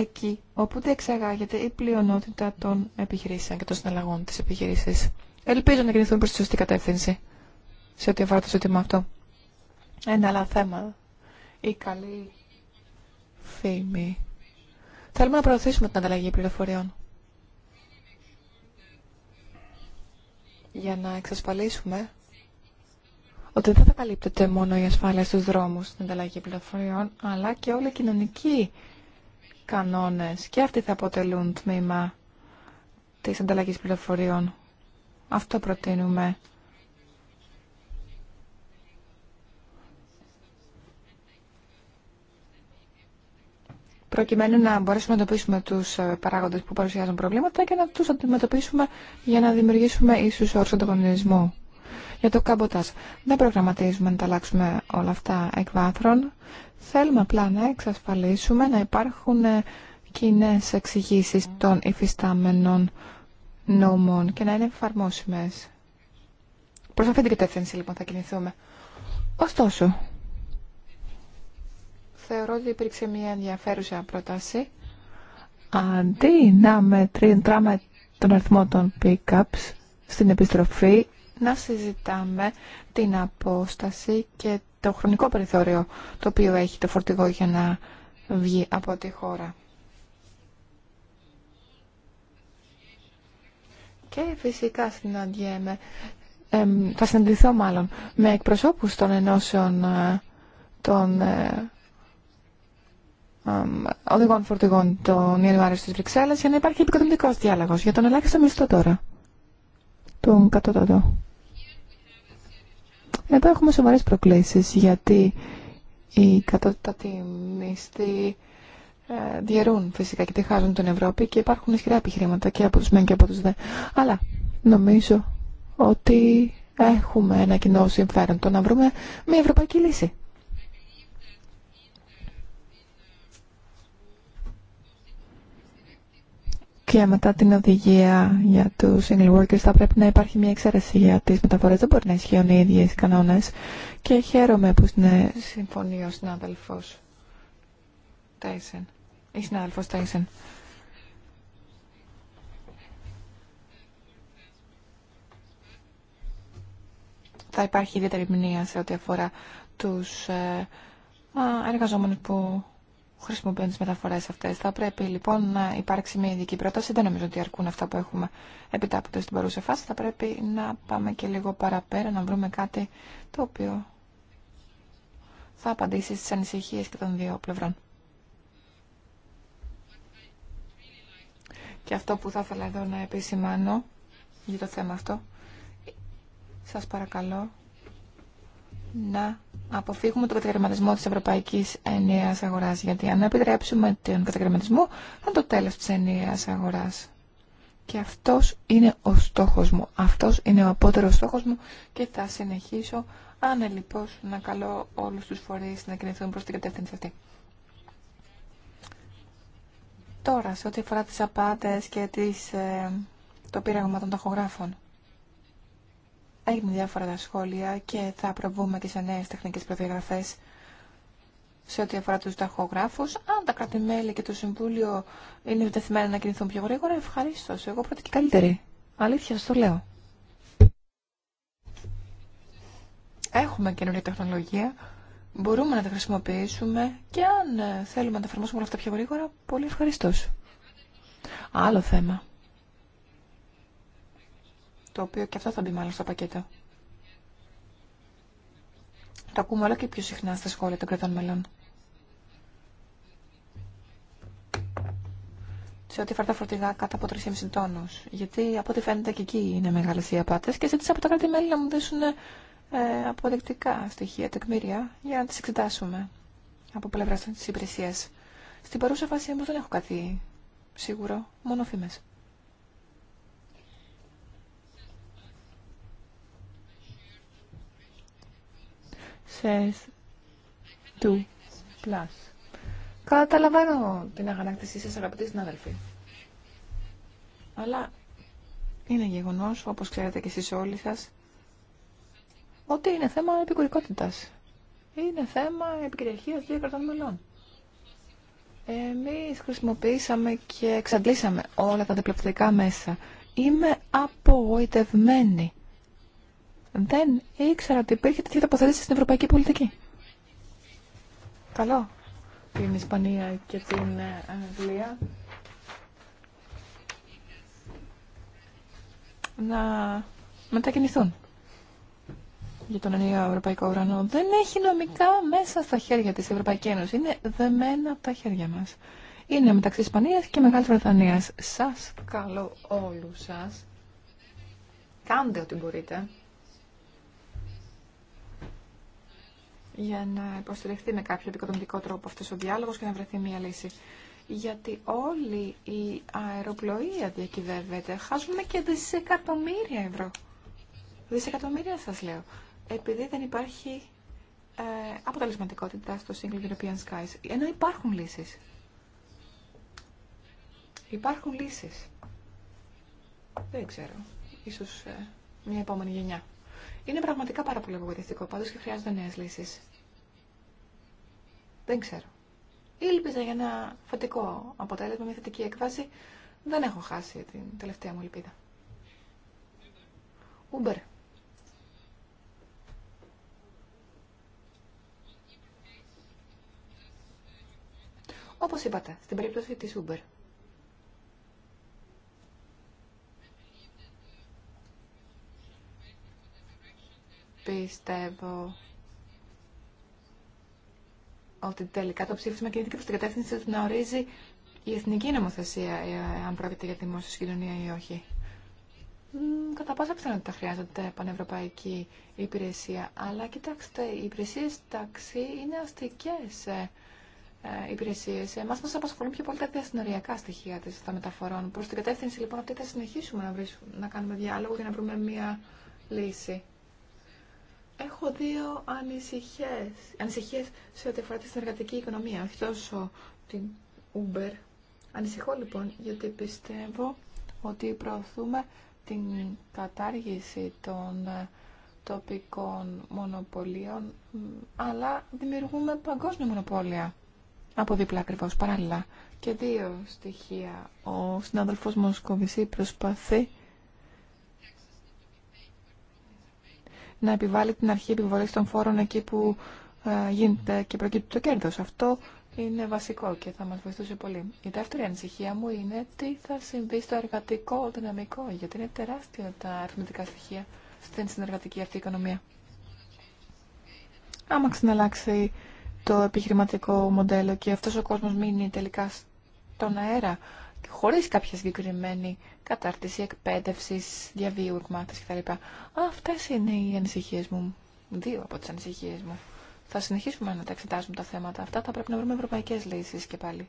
εκεί όπου διεξαγάγεται η πλειονότητα των επιχειρήσεων και των συναλλαγών τη επιχειρήση. Ελπίζω να κινηθούμε προς τη σωστή κατεύθυνση σε ό,τι αφορά το ζήτημα αυτό. Ένα άλλο θέμα. Η καλή φήμη. Θέλουμε να προωθήσουμε την ανταλλαγή πληροφοριών. Για να εξασφαλίσουμε ότι δεν θα καλύπτεται μόνο η ασφάλεια στους δρόμους στην ανταλλαγή πληροφοριών, αλλά και όλη η κοινωνική κανόνες και αυτοί θα αποτελούν τμήμα της ανταλλαγής πληροφοριών. Αυτό προτείνουμε. προκειμένου να μπορέσουμε να εντοπίσουμε τους ε, παράγοντες που παρουσιάζουν προβλήματα και να τους αντιμετωπίσουμε για να δημιουργήσουμε ίσους όρους ανταγωνισμού για το καμποτάζ. Δεν προγραμματίζουμε να τα αλλάξουμε όλα αυτά εκ βάθρων. Θέλουμε απλά να εξασφαλίσουμε να υπάρχουν ε, κοινέ εξηγήσει των υφιστάμενων νόμων και να είναι εφαρμόσιμε. Προ αυτή την κατεύθυνση λοιπόν θα κινηθούμε. Ωστόσο, θεωρώ ότι υπήρξε μια ενδιαφέρουσα πρόταση. Αντί να μετρήσουμε τον αριθμό των pickups στην επιστροφή, να συζητάμε την απόσταση και το χρονικό περιθώριο το οποίο έχει το φορτηγό για να βγει από τη χώρα. Και φυσικά συναντιέμαι, ε, θα συναντηθώ μάλλον με εκπροσώπους των ενώσεων ε, των ε, οδηγών φορτηγών των Ιανουάριο στις Βρυξέλλες για να υπάρχει επικοδομητικός διάλογος για τον ελάχιστο μισθό τώρα, τον κατώτατο. Εδώ έχουμε σοβαρές προκλήσεις γιατί οι κατώτατοι μισθοί ε, διαιρούν φυσικά και τεχάζουν τον την Ευρώπη και υπάρχουν ισχυρά επιχειρήματα και από τους μεν και από τους δε. Αλλά νομίζω ότι έχουμε ένα κοινό συμφέρον το να βρούμε μια ευρωπαϊκή λύση. και μετά την οδηγία για του single workers θα πρέπει να υπάρχει μια εξαίρεση για τι μεταφορέ. Δεν μπορεί να ισχύουν οι ίδιε οι κανόνε. Και χαίρομαι που είναι συμφωνεί ο συνάδελφο Τέισεν. Η συνάδελφο Τέισεν. Θα υπάρχει ιδιαίτερη μνήμα σε ό,τι αφορά τους ε, εργαζόμενου που χρησιμοποιούν τι μεταφορέ αυτέ. Θα πρέπει λοιπόν να υπάρξει μια ειδική πρόταση. Δεν νομίζω ότι αρκούν αυτά που έχουμε επιτάπητο στην παρούσα φάση. Θα πρέπει να πάμε και λίγο παραπέρα, να βρούμε κάτι το οποίο θα απαντήσει στι ανησυχίε και των δύο πλευρών. Και αυτό που θα ήθελα εδώ να επισημάνω για το θέμα αυτό, σας παρακαλώ να αποφύγουμε τον καταγραμματισμό της Ευρωπαϊκής Ενιαίας Αγοράς. Γιατί αν επιτρέψουμε τον καταγραμματισμό, θα το τέλος της Ενιαίας Αγοράς. Και αυτός είναι ο στόχος μου. Αυτός είναι ο απότερος στόχος μου και θα συνεχίσω ανελειπώς να καλώ όλους τους φορείς να κινηθούν προς την κατεύθυνση αυτή. Τώρα, σε ό,τι αφορά τις απάτες και τις, ε, το πείραγμα των ταχογράφων. Έγινε διάφορα τα σχόλια και θα προβούμε και σε νέες τεχνικές προδιαγραφέ σε ό,τι αφορά τους ταχογράφους. Αν τα κρατημέλη και το Συμβούλιο είναι βιτεθειμένα να κινηθούν πιο γρήγορα, ευχαρίστω. Εγώ πρώτα και καλύτερη. Αλήθεια, σας το λέω. Έχουμε καινούργια τεχνολογία. Μπορούμε να τα χρησιμοποιήσουμε και αν θέλουμε να τα εφαρμόσουμε όλα αυτά πιο γρήγορα, πολύ ευχαριστώ. Άλλο θέμα το οποίο και αυτό θα μπει μάλλον στο πακέτο. Το ακούμε όλο και πιο συχνά στα σχόλια των κρατών μελών. σε ό,τι φέρνει τα φορτηγά κάτω από 3,5 τόνου. Γιατί από ό,τι φαίνεται και εκεί είναι μεγάλε οι απάτε και ζήτησα από τα κράτη-μέλη να μου δώσουν ε, αποδεκτικά στοιχεία, τεκμήρια, για να τι εξετάσουμε από πλευρά τη υπηρεσία. Στην παρούσα φάση όμω δεν έχω κάτι σίγουρο, μόνο φήμε. says to plus. Καταλαβαίνω την αγανάκτησή σας αγαπητοί συνάδελφοι. Αλλά είναι γεγονός, όπως ξέρετε και εσείς όλοι σας, ότι είναι θέμα επικουρικότητας. Είναι θέμα επικυριαρχίας δύο κρατών μελών. Εμείς χρησιμοποιήσαμε και εξαντλήσαμε όλα τα διπλωματικά μέσα. Είμαι απογοητευμένη δεν ήξερα ότι υπήρχε τέτοια τοποθέτηση στην ευρωπαϊκή πολιτική. Καλό. Την Ισπανία και την ε, Αγγλία. Να μετακινηθούν για τον ενιαίο ευρωπαϊκό ουρανό. Δεν έχει νομικά μέσα στα χέρια της Ευρωπαϊκή Ένωση. Είναι δεμένα τα χέρια μας. Είναι μεταξύ Ισπανίας και Μεγάλης Βρετανίας. Σας καλώ όλους σας. Κάντε ό,τι μπορείτε. για να υποστηριχθεί με κάποιο επικοδομητικό τρόπο αυτό ο διάλογο και να βρεθεί μια λύση. Γιατί όλη η αεροπλοεία διακυβεύεται. χάζουμε και δισεκατομμύρια ευρώ. Δισεκατομμύρια σα λέω. Επειδή δεν υπάρχει ε, αποτελεσματικότητα στο Single European Skies. Ενώ υπάρχουν λύσει. Υπάρχουν λύσει. Δεν ξέρω. Ίσως ε, μια επόμενη γενιά. Είναι πραγματικά πάρα πολύ απογοητευτικό πάντω και χρειάζονται νέε λύσει. Δεν ξέρω. Ήλπιζα για ένα θετικό αποτέλεσμα, μια θετική εκβάση. Δεν έχω χάσει την τελευταία μου ελπίδα. Uber. Όπως είπατε, στην περίπτωση της Uber. Πιστεύω ότι τελικά το ψήφισμα κινείται προ την κατεύθυνση ότι να ορίζει η εθνική νομοθεσία, ε, αν πρόκειται για δημόσια συγκοινωνία ή όχι. Κατά πάσα πιθανότητα χρειάζεται πανευρωπαϊκή υπηρεσία, αλλά κοιτάξτε, οι υπηρεσίε ταξί είναι αστικέ ε, ε, υπηρεσίες. Εμάς μας απασχολούν πιο πολύ τα διασυνοριακά στοιχεία τη των μεταφορών. Προ την κατεύθυνση λοιπόν αυτή θα συνεχίσουμε να, βρίσουμε, να κάνουμε διάλογο για να βρούμε μια λύση. Έχω δύο ανησυχίες, ανησυχίες σε ό,τι αφορά τη συνεργατική οικονομία, όχι τόσο την Uber. Ανησυχώ λοιπόν, γιατί πιστεύω ότι προωθούμε την κατάργηση των ε, τοπικών μονοπωλίων, αλλά δημιουργούμε παγκόσμια μονοπόλια από δίπλα ακριβώ παράλληλα. Και δύο στοιχεία. Ο συνάδελφος Μοσκοβισή προσπαθεί να επιβάλλει την αρχή επιβολή των φόρων εκεί που ε, γίνεται και προκύπτει το κέρδο. Αυτό είναι βασικό και θα μας βοηθούσε πολύ. Η δεύτερη ανησυχία μου είναι τι θα συμβεί στο εργατικό δυναμικό, γιατί είναι τεράστια τα αριθμητικά στοιχεία στην συνεργατική αυτή οικονομία. Άμα ξαναλλάξει το επιχειρηματικό μοντέλο και αυτός ο κόσμος μείνει τελικά στον αέρα, χωρίς κάποια συγκεκριμένη κατάρτιση, εκπαίδευση, διαβίου τα κτλ. Αυτέ είναι οι ανησυχίε μου, δύο από τι ανησυχίε μου. Θα συνεχίσουμε να τα εξετάζουμε τα θέματα αυτά, θα πρέπει να βρούμε ευρωπαϊκές λύσεις και πάλι.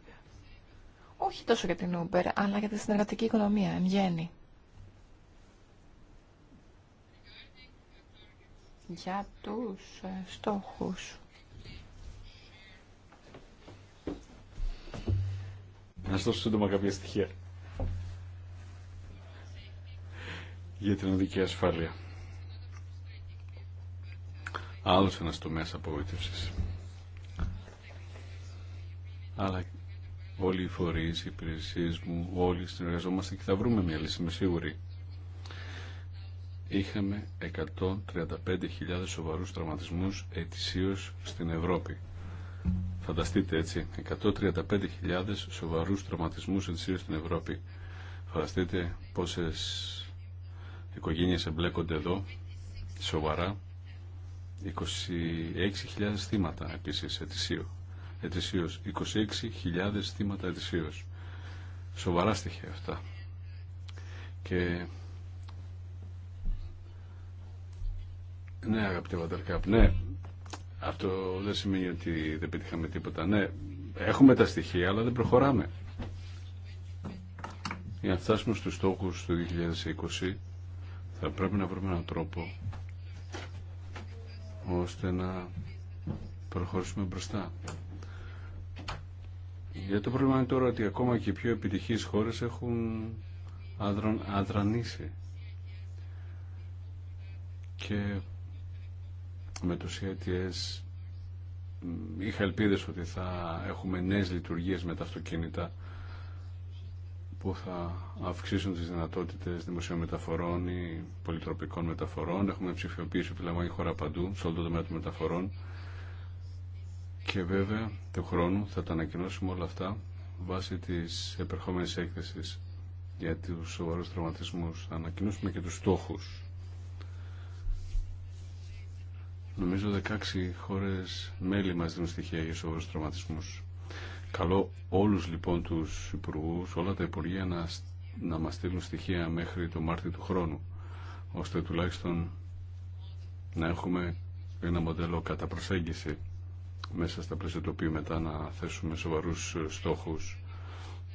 Όχι τόσο για την Uber, αλλά για τη συνεργατική οικονομία εν γέννη. Για τους ε, στόχους. Να σας δώσω σύντομα κάποια στοιχεία για την οδική ασφάλεια. Άλλος ένας τομέας απογοήτευσης. Αλλά όλοι οι φορείς, οι υπηρεσίες μου, όλοι συνεργαζόμαστε και θα βρούμε μια λύση, είμαι σίγουρη. Είχαμε 135.000 σοβαρούς τραυματισμούς ετησίως στην Ευρώπη. Φανταστείτε έτσι, 135.000 σοβαρούς τραυματισμούς ετησίω στην Ευρώπη. Φανταστείτε πόσες οικογένειες εμπλέκονται εδώ, σοβαρά. 26.000 θύματα επίσης ετησίω. ετησίως. 26.000 θύματα ετησίως. Σοβαρά στοιχεία αυτά. Και ναι, αγαπητέ Βαντερκάπ, ναι, αυτό δεν σημαίνει ότι δεν πετύχαμε τίποτα. Ναι, έχουμε τα στοιχεία, αλλά δεν προχωράμε. Για να φτάσουμε στους στόχους του 2020, θα πρέπει να βρούμε έναν τρόπο ώστε να προχωρήσουμε μπροστά. Γιατί το πρόβλημα είναι τώρα ότι ακόμα και οι πιο επιτυχείς χώρες έχουν αδρανίσει. Και με το CITS είχα ελπίδες ότι θα έχουμε νέες λειτουργίες με τα αυτοκίνητα που θα αυξήσουν τις δυνατότητες δημοσίων ή πολυτροπικών μεταφορών. Έχουμε ψηφιοποίηση η χώρα παντού, σε όλο το τομέα των μεταφορών. Και βέβαια, του χρόνου θα τα ανακοινώσουμε όλα αυτά βάσει της επερχόμενης έκθεσης για τους σοβαρούς τραυματισμούς. Θα ανακοινώσουμε και τους στόχους Νομίζω 16 χώρες μέλη μας δίνουν στοιχεία για σοβαρούς τραυματισμούς. Καλό όλους λοιπόν τους υπουργού, όλα τα υπουργεία να, να μας στείλουν στοιχεία μέχρι το Μάρτιο του χρόνου, ώστε τουλάχιστον να έχουμε ένα μοντέλο κατά προσέγγιση μέσα στα πλαίσια του οποίου μετά να θέσουμε σοβαρούς ε, στόχους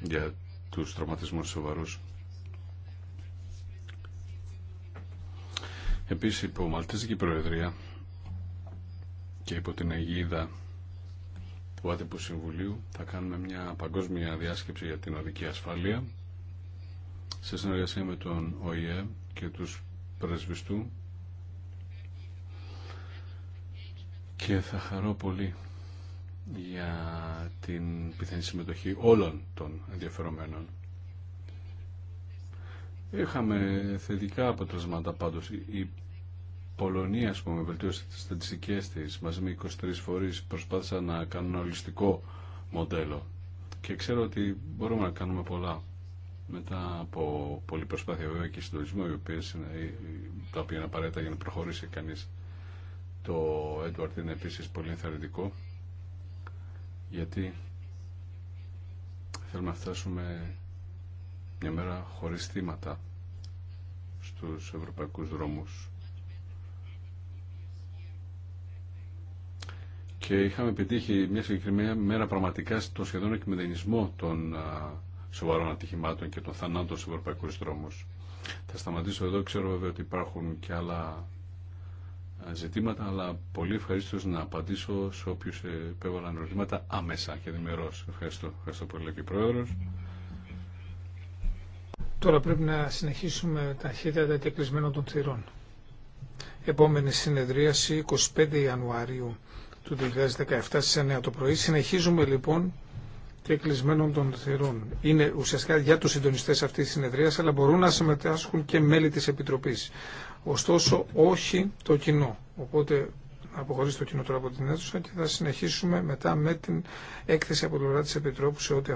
για τους τραυματισμούς σοβαρούς. Επίσης, υπό Μαλτίζικη Προεδρία και υπό την αιγίδα του Άτυπου Συμβουλίου θα κάνουμε μια παγκόσμια διάσκεψη για την οδική ασφάλεια σε συνεργασία με τον ΟΗΕ και τους πρεσβιστού και θα χαρώ πολύ για την πιθανή συμμετοχή όλων των ενδιαφερομένων. Είχαμε θετικά αποτελεσμάτα πάντως. Η Πολωνία, α πούμε, βελτίωσε τι στατιστικές τη μαζί με 23 φορεί προσπάθησαν να κάνουν ολιστικό μοντέλο και ξέρω ότι μπορούμε να κάνουμε πολλά μετά από πολλή προσπάθεια βέβαια και συντονισμό τα οποία είναι απαραίτητα για να προχωρήσει κανείς το Edward είναι επίσης πολύ ενθαρρυντικό γιατί θέλουμε να φτάσουμε μια μέρα χωρίς θύματα στους ευρωπαϊκούς δρόμους και είχαμε πετύχει μια συγκεκριμένη μέρα πραγματικά στο σχεδόν εκμεδενισμό των σοβαρών ατυχημάτων και των θανάτων στους ευρωπαϊκούς δρόμους. Θα σταματήσω εδώ, ξέρω βέβαια ότι υπάρχουν και άλλα ζητήματα, αλλά πολύ ευχαριστώ να απαντήσω σε όποιους επέβαλαν ερωτήματα άμεσα και δημερώς. Ευχαριστώ. Ευχαριστώ πολύ και Πρόεδρος. Τώρα πρέπει να συνεχίσουμε ταχύτατα τα κλεισμένο των θυρών. Επόμενη συνεδρίαση 25 Ιανουαρίου του 2017 στις 9 το πρωί. Συνεχίζουμε λοιπόν και κλεισμένων των θερών. Είναι ουσιαστικά για τους συντονιστές αυτή τη συνεδρία, αλλά μπορούν να συμμετάσχουν και μέλη της Επιτροπής. Ωστόσο, όχι το κοινό. Οπότε, αποχωρήσει το κοινό τώρα από την αίθουσα και θα συνεχίσουμε μετά με την έκθεση από το της Επιτρόπου σε ό,τι